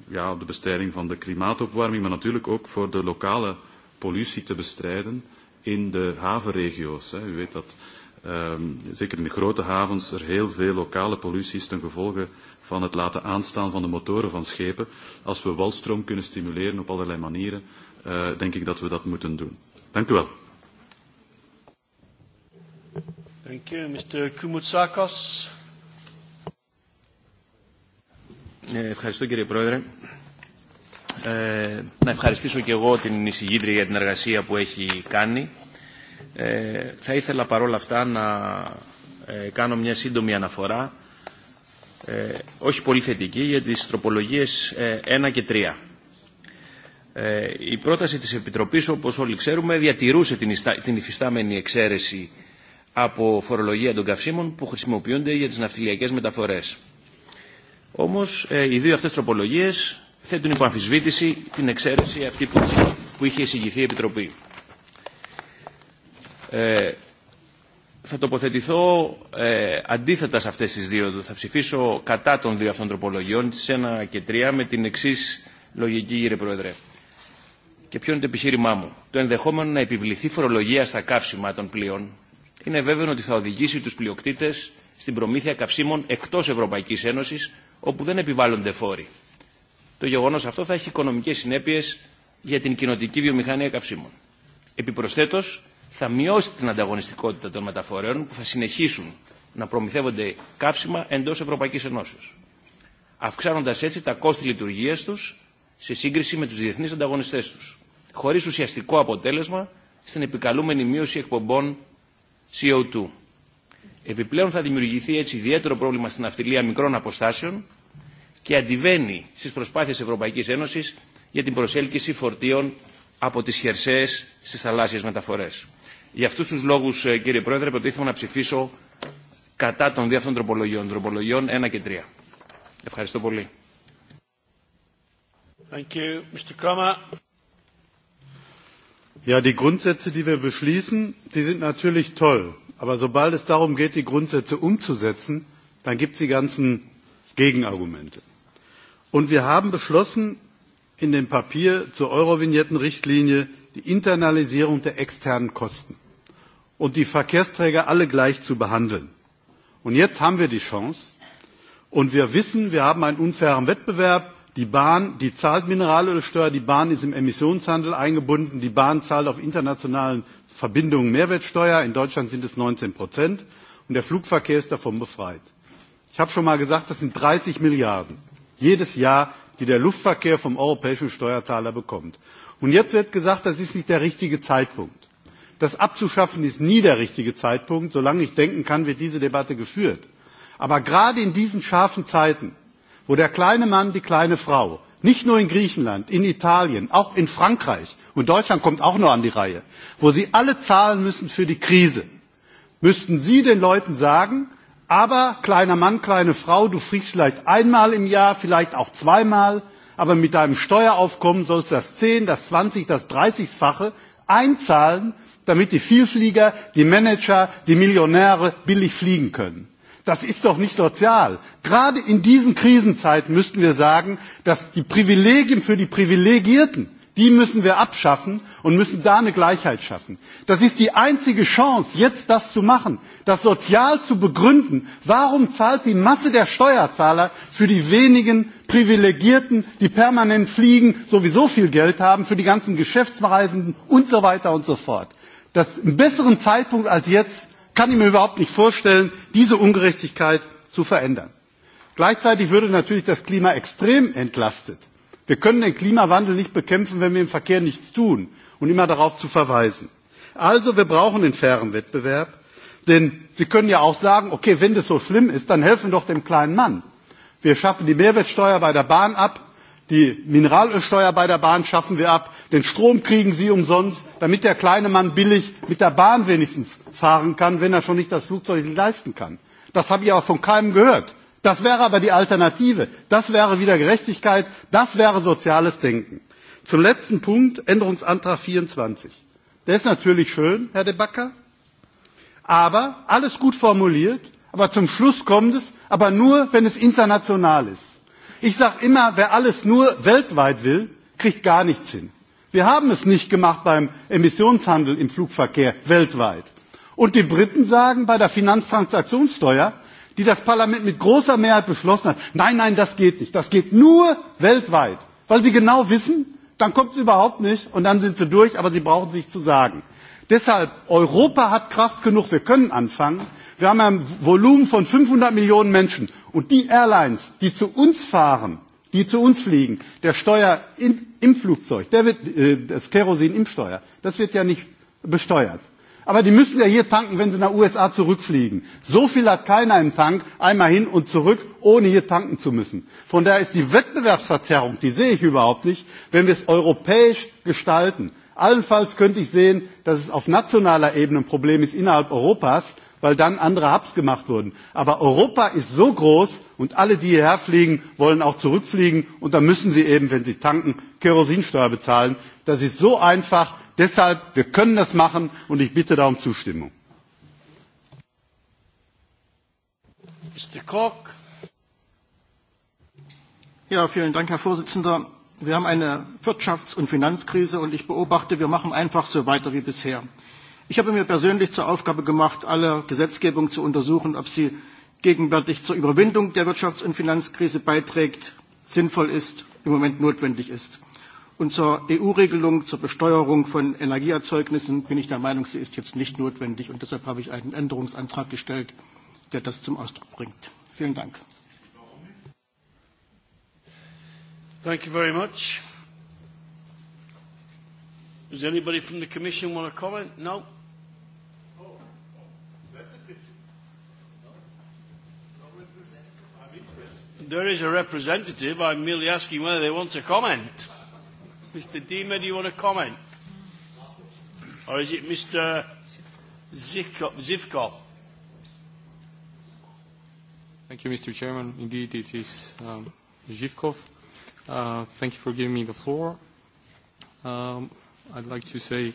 ja, de bestrijding van de klimaatopwarming, maar natuurlijk ook voor de lokale pollutie te bestrijden in de havenregio's. Hè. U weet dat um, zeker in de grote havens er heel veel lokale pollutie is ten gevolge van het laten aanstaan van de motoren van schepen. Als we walstroom kunnen stimuleren op allerlei manieren, uh, denk ik dat we dat moeten doen. Dank u wel. Dank u, Mr. Kumutsakas. Ευχαριστώ κύριε Πρόεδρε. Ε, να ευχαριστήσω και εγώ την εισηγήτρια για την εργασία που έχει κάνει. Ε, θα ήθελα παρόλα αυτά να ε, κάνω μια σύντομη αναφορά, ε, όχι πολύ θετική, για τις τροπολογίες ε, 1 και 3. Ε, η πρόταση της Επιτροπής, όπως όλοι ξέρουμε, διατηρούσε την, ιστα, την υφιστάμενη εξαίρεση από φορολογία των καυσίμων που χρησιμοποιούνται για τις ναυτιλιακές μεταφορές. Όμως ε, οι δύο αυτές τροπολογίες θέτουν υπό αμφισβήτηση την εξαίρεση αυτή που, που είχε εισηγηθεί η Επιτροπή. Ε, θα τοποθετηθώ ε, αντίθετα σε αυτές τις δύο. Θα ψηφίσω κατά των δύο αυτών τροπολογιών, τις 1 και 3, με την εξή λογική, κύριε Πρόεδρε. Και ποιο είναι το επιχείρημά μου. Το ενδεχόμενο να επιβληθεί φορολογία στα καύσιμα των πλοίων είναι βέβαιο ότι θα οδηγήσει τους πλειοκτήτες στην προμήθεια καυσίμων εκτός Ευρωπαϊκής Ένωσης όπου δεν επιβάλλονται φόροι. Το γεγονός αυτό θα έχει οικονομικές συνέπειες για την κοινοτική βιομηχανία καυσίμων. Επιπροσθέτως, θα μειώσει την ανταγωνιστικότητα των μεταφορέων που θα συνεχίσουν να προμηθεύονται καύσιμα εντός Ευρωπαϊκής Ενώσεως, αυξάνοντας έτσι τα κόστη λειτουργίας τους σε σύγκριση με τους διεθνείς ανταγωνιστές τους, χωρίς ουσιαστικό αποτέλεσμα στην επικαλούμενη μείωση εκπομπών CO2. Επιπλέον θα δημιουργηθεί έτσι ιδιαίτερο πρόβλημα στην αυτιλία μικρών αποστάσεων και αντιβαίνει στις προσπάθειες Ευρωπαϊκής Ένωσης για την προσέλκυση φορτίων από τις χερσαίες στις θαλάσσιες μεταφορές. Για αυτούς τους λόγους, κύριε Πρόεδρε, προτίθεμαι να ψηφίσω κατά των δύο τροπολογιών, τροπολογιών 1 και 3. Ευχαριστώ πολύ. Thank you. Mr. Kramer. Ja, die Grundsätze, die wir beschließen, die sind natürlich toll. Aber sobald es darum geht, die Grundsätze umzusetzen, dann gibt es die ganzen Gegenargumente. Und wir haben beschlossen, in dem Papier zur Eurovignettenrichtlinie die Internalisierung der externen Kosten und die Verkehrsträger alle gleich zu behandeln. Und jetzt haben wir die Chance. Und wir wissen, wir haben einen unfairen Wettbewerb. Die Bahn, die zahlt Mineralölsteuer, die Bahn ist im Emissionshandel eingebunden, die Bahn zahlt auf internationalen Verbindungen Mehrwertsteuer. In Deutschland sind es 19 Prozent. Und der Flugverkehr ist davon befreit. Ich habe schon mal gesagt, das sind 30 Milliarden jedes Jahr, die der Luftverkehr vom europäischen Steuerzahler bekommt. Und jetzt wird gesagt, das ist nicht der richtige Zeitpunkt. Das abzuschaffen ist nie der richtige Zeitpunkt. Solange ich denken kann, wird diese Debatte geführt. Aber gerade in diesen scharfen Zeiten, wo der kleine Mann, die kleine Frau, nicht nur in Griechenland, in Italien, auch in Frankreich und Deutschland kommt auch noch an die Reihe, wo sie alle zahlen müssen für die Krise, müssten Sie den Leuten sagen, Aber, kleiner Mann, kleine Frau, du fliegst vielleicht einmal im Jahr, vielleicht auch zweimal, aber mit deinem Steueraufkommen sollst du das zehn, das zwanzig, das dreißigfache einzahlen, damit die Vielflieger, die Manager, die Millionäre billig fliegen können. Das ist doch nicht sozial. Gerade in diesen Krisenzeiten müssten wir sagen, dass die Privilegien für die Privilegierten die müssen wir abschaffen und müssen da eine Gleichheit schaffen. Das ist die einzige Chance, jetzt das zu machen, das sozial zu begründen. Warum zahlt die Masse der Steuerzahler für die wenigen Privilegierten, die permanent fliegen, sowieso viel Geld haben, für die ganzen Geschäftsreisenden und so weiter und so fort? Das, einen besseren Zeitpunkt als jetzt kann ich mir überhaupt nicht vorstellen, diese Ungerechtigkeit zu verändern. Gleichzeitig würde natürlich das Klima extrem entlastet Wir können den Klimawandel nicht bekämpfen, wenn wir im Verkehr nichts tun und immer darauf zu verweisen. Also wir brauchen den fairen Wettbewerb, denn Sie können ja auch sagen, okay, wenn das so schlimm ist, dann helfen doch dem kleinen Mann. Wir schaffen die Mehrwertsteuer bei der Bahn ab, die Mineralölsteuer bei der Bahn schaffen wir ab, den Strom kriegen Sie umsonst, damit der kleine Mann billig mit der Bahn wenigstens fahren kann, wenn er schon nicht das Flugzeug leisten kann. Das habe ich aber von keinem gehört. Das wäre aber die Alternative. Das wäre wieder Gerechtigkeit. Das wäre soziales Denken. Zum letzten Punkt, Änderungsantrag 24. Der ist natürlich schön, Herr de Backer, aber alles gut formuliert, aber zum Schluss kommt es, aber nur, wenn es international ist. Ich sage immer, wer alles nur weltweit will, kriegt gar nichts hin. Wir haben es nicht gemacht beim Emissionshandel im Flugverkehr weltweit. Und die Briten sagen bei der Finanztransaktionssteuer, die das Parlament mit großer Mehrheit beschlossen hat. Nein, nein, das geht nicht. Das geht nur weltweit, weil sie genau wissen, dann kommt es überhaupt nicht und dann sind sie durch, aber sie brauchen sich zu sagen. Deshalb, Europa hat Kraft genug, wir können anfangen. Wir haben ein Volumen von 500 Millionen Menschen und die Airlines, die zu uns fahren, die zu uns fliegen, der Steuer im, Flugzeug, der wird, das Kerosin im Steuer, das wird ja nicht besteuert. Aber die müssen ja hier tanken, wenn sie nach USA zurückfliegen. So viel hat keiner im Tank, einmal hin und zurück, ohne hier tanken zu müssen. Von daher ist die Wettbewerbsverzerrung, die sehe ich überhaupt nicht, wenn wir es europäisch gestalten. Allenfalls könnte ich sehen, dass es auf nationaler Ebene ein Problem ist innerhalb Europas, weil dann andere Hubs gemacht wurden. Aber Europa ist so groß und alle, die hierher fliegen, wollen auch zurückfliegen und da müssen sie eben, wenn sie tanken, Kerosinsteuer bezahlen. Das ist so einfach, Deshalb, wir können das machen und ich bitte darum Zustimmung. Mr. Ja, vielen Dank, Herr Vorsitzender. Wir haben eine Wirtschafts- und Finanzkrise und ich beobachte, wir machen einfach so weiter wie bisher. Ich habe mir persönlich zur Aufgabe gemacht, alle Gesetzgebung zu untersuchen, ob sie gegenwärtig zur Überwindung der Wirtschafts- und Finanzkrise beiträgt, sinnvoll ist, im Moment notwendig ist. Und zur EU-Regelung zur Besteuerung von Energieerzeugnissen bin ich der Meinung, sie ist jetzt nicht notwendig. Und deshalb habe ich einen Änderungsantrag gestellt, der das zum Ausdruck bringt. Vielen Dank. Thank you very much. Does anybody from the Commission want to comment? No? There is a representative. I'm merely asking whether they want to comment. Mr. Dima, do you want to comment? Or is it Mr. Zivkov? Thank you, Mr. Chairman. Indeed, it is um, Zivkov. Uh, thank you for giving me the floor. Um, I'd like to say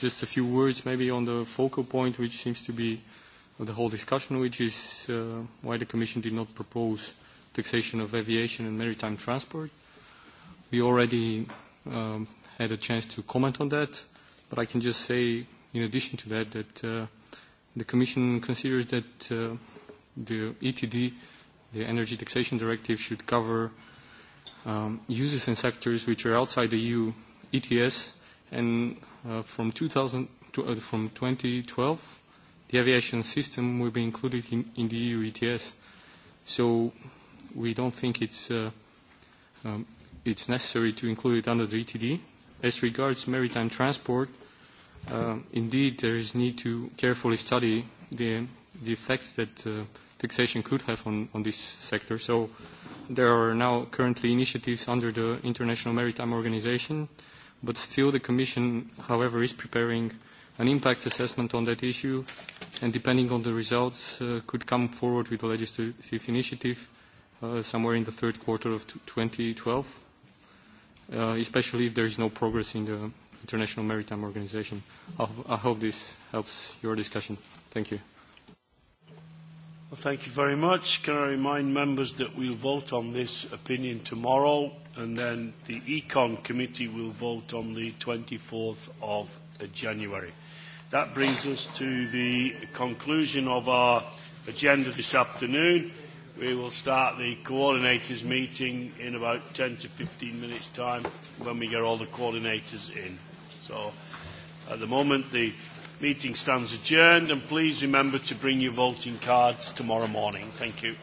just a few words maybe on the focal point, which seems to be of the whole discussion, which is uh, why the Commission did not propose taxation of aviation and maritime transport. We already um, had a chance to comment on that, but I can just say, in addition to that, that uh, the Commission considers that uh, the ETD, the Energy Taxation Directive, should cover um, uses and sectors which are outside the EU ETS, and uh, from 2000 to, uh, from 2012, the aviation system will be included in, in the EU ETS. So we don't think it's uh, um, it's necessary to include it under the ETD. As regards maritime transport, indeed, there is need to carefully study the, the effects that uh, taxation could have on, on this sector. So there are now currently initiatives under the International Maritime Organization, but still the Commission, however, is preparing an impact assessment on that issue, and depending on the results, uh, could come forward with a legislative initiative uh, somewhere in the third quarter of 2012 uh, especially if there is no progress in the International Maritime Organization. I, I hope this helps your discussion. Thank you. Well, thank you very much. Can I remind members that we'll vote on this opinion tomorrow, and then the Econ Committee will vote on the 24th of January. That brings us to the conclusion of our agenda this afternoon. We will start the coordinators meeting in about 10 to 15 minutes time when we get all the coordinators in. So at the moment the meeting stands adjourned and please remember to bring your voting cards tomorrow morning. Thank you.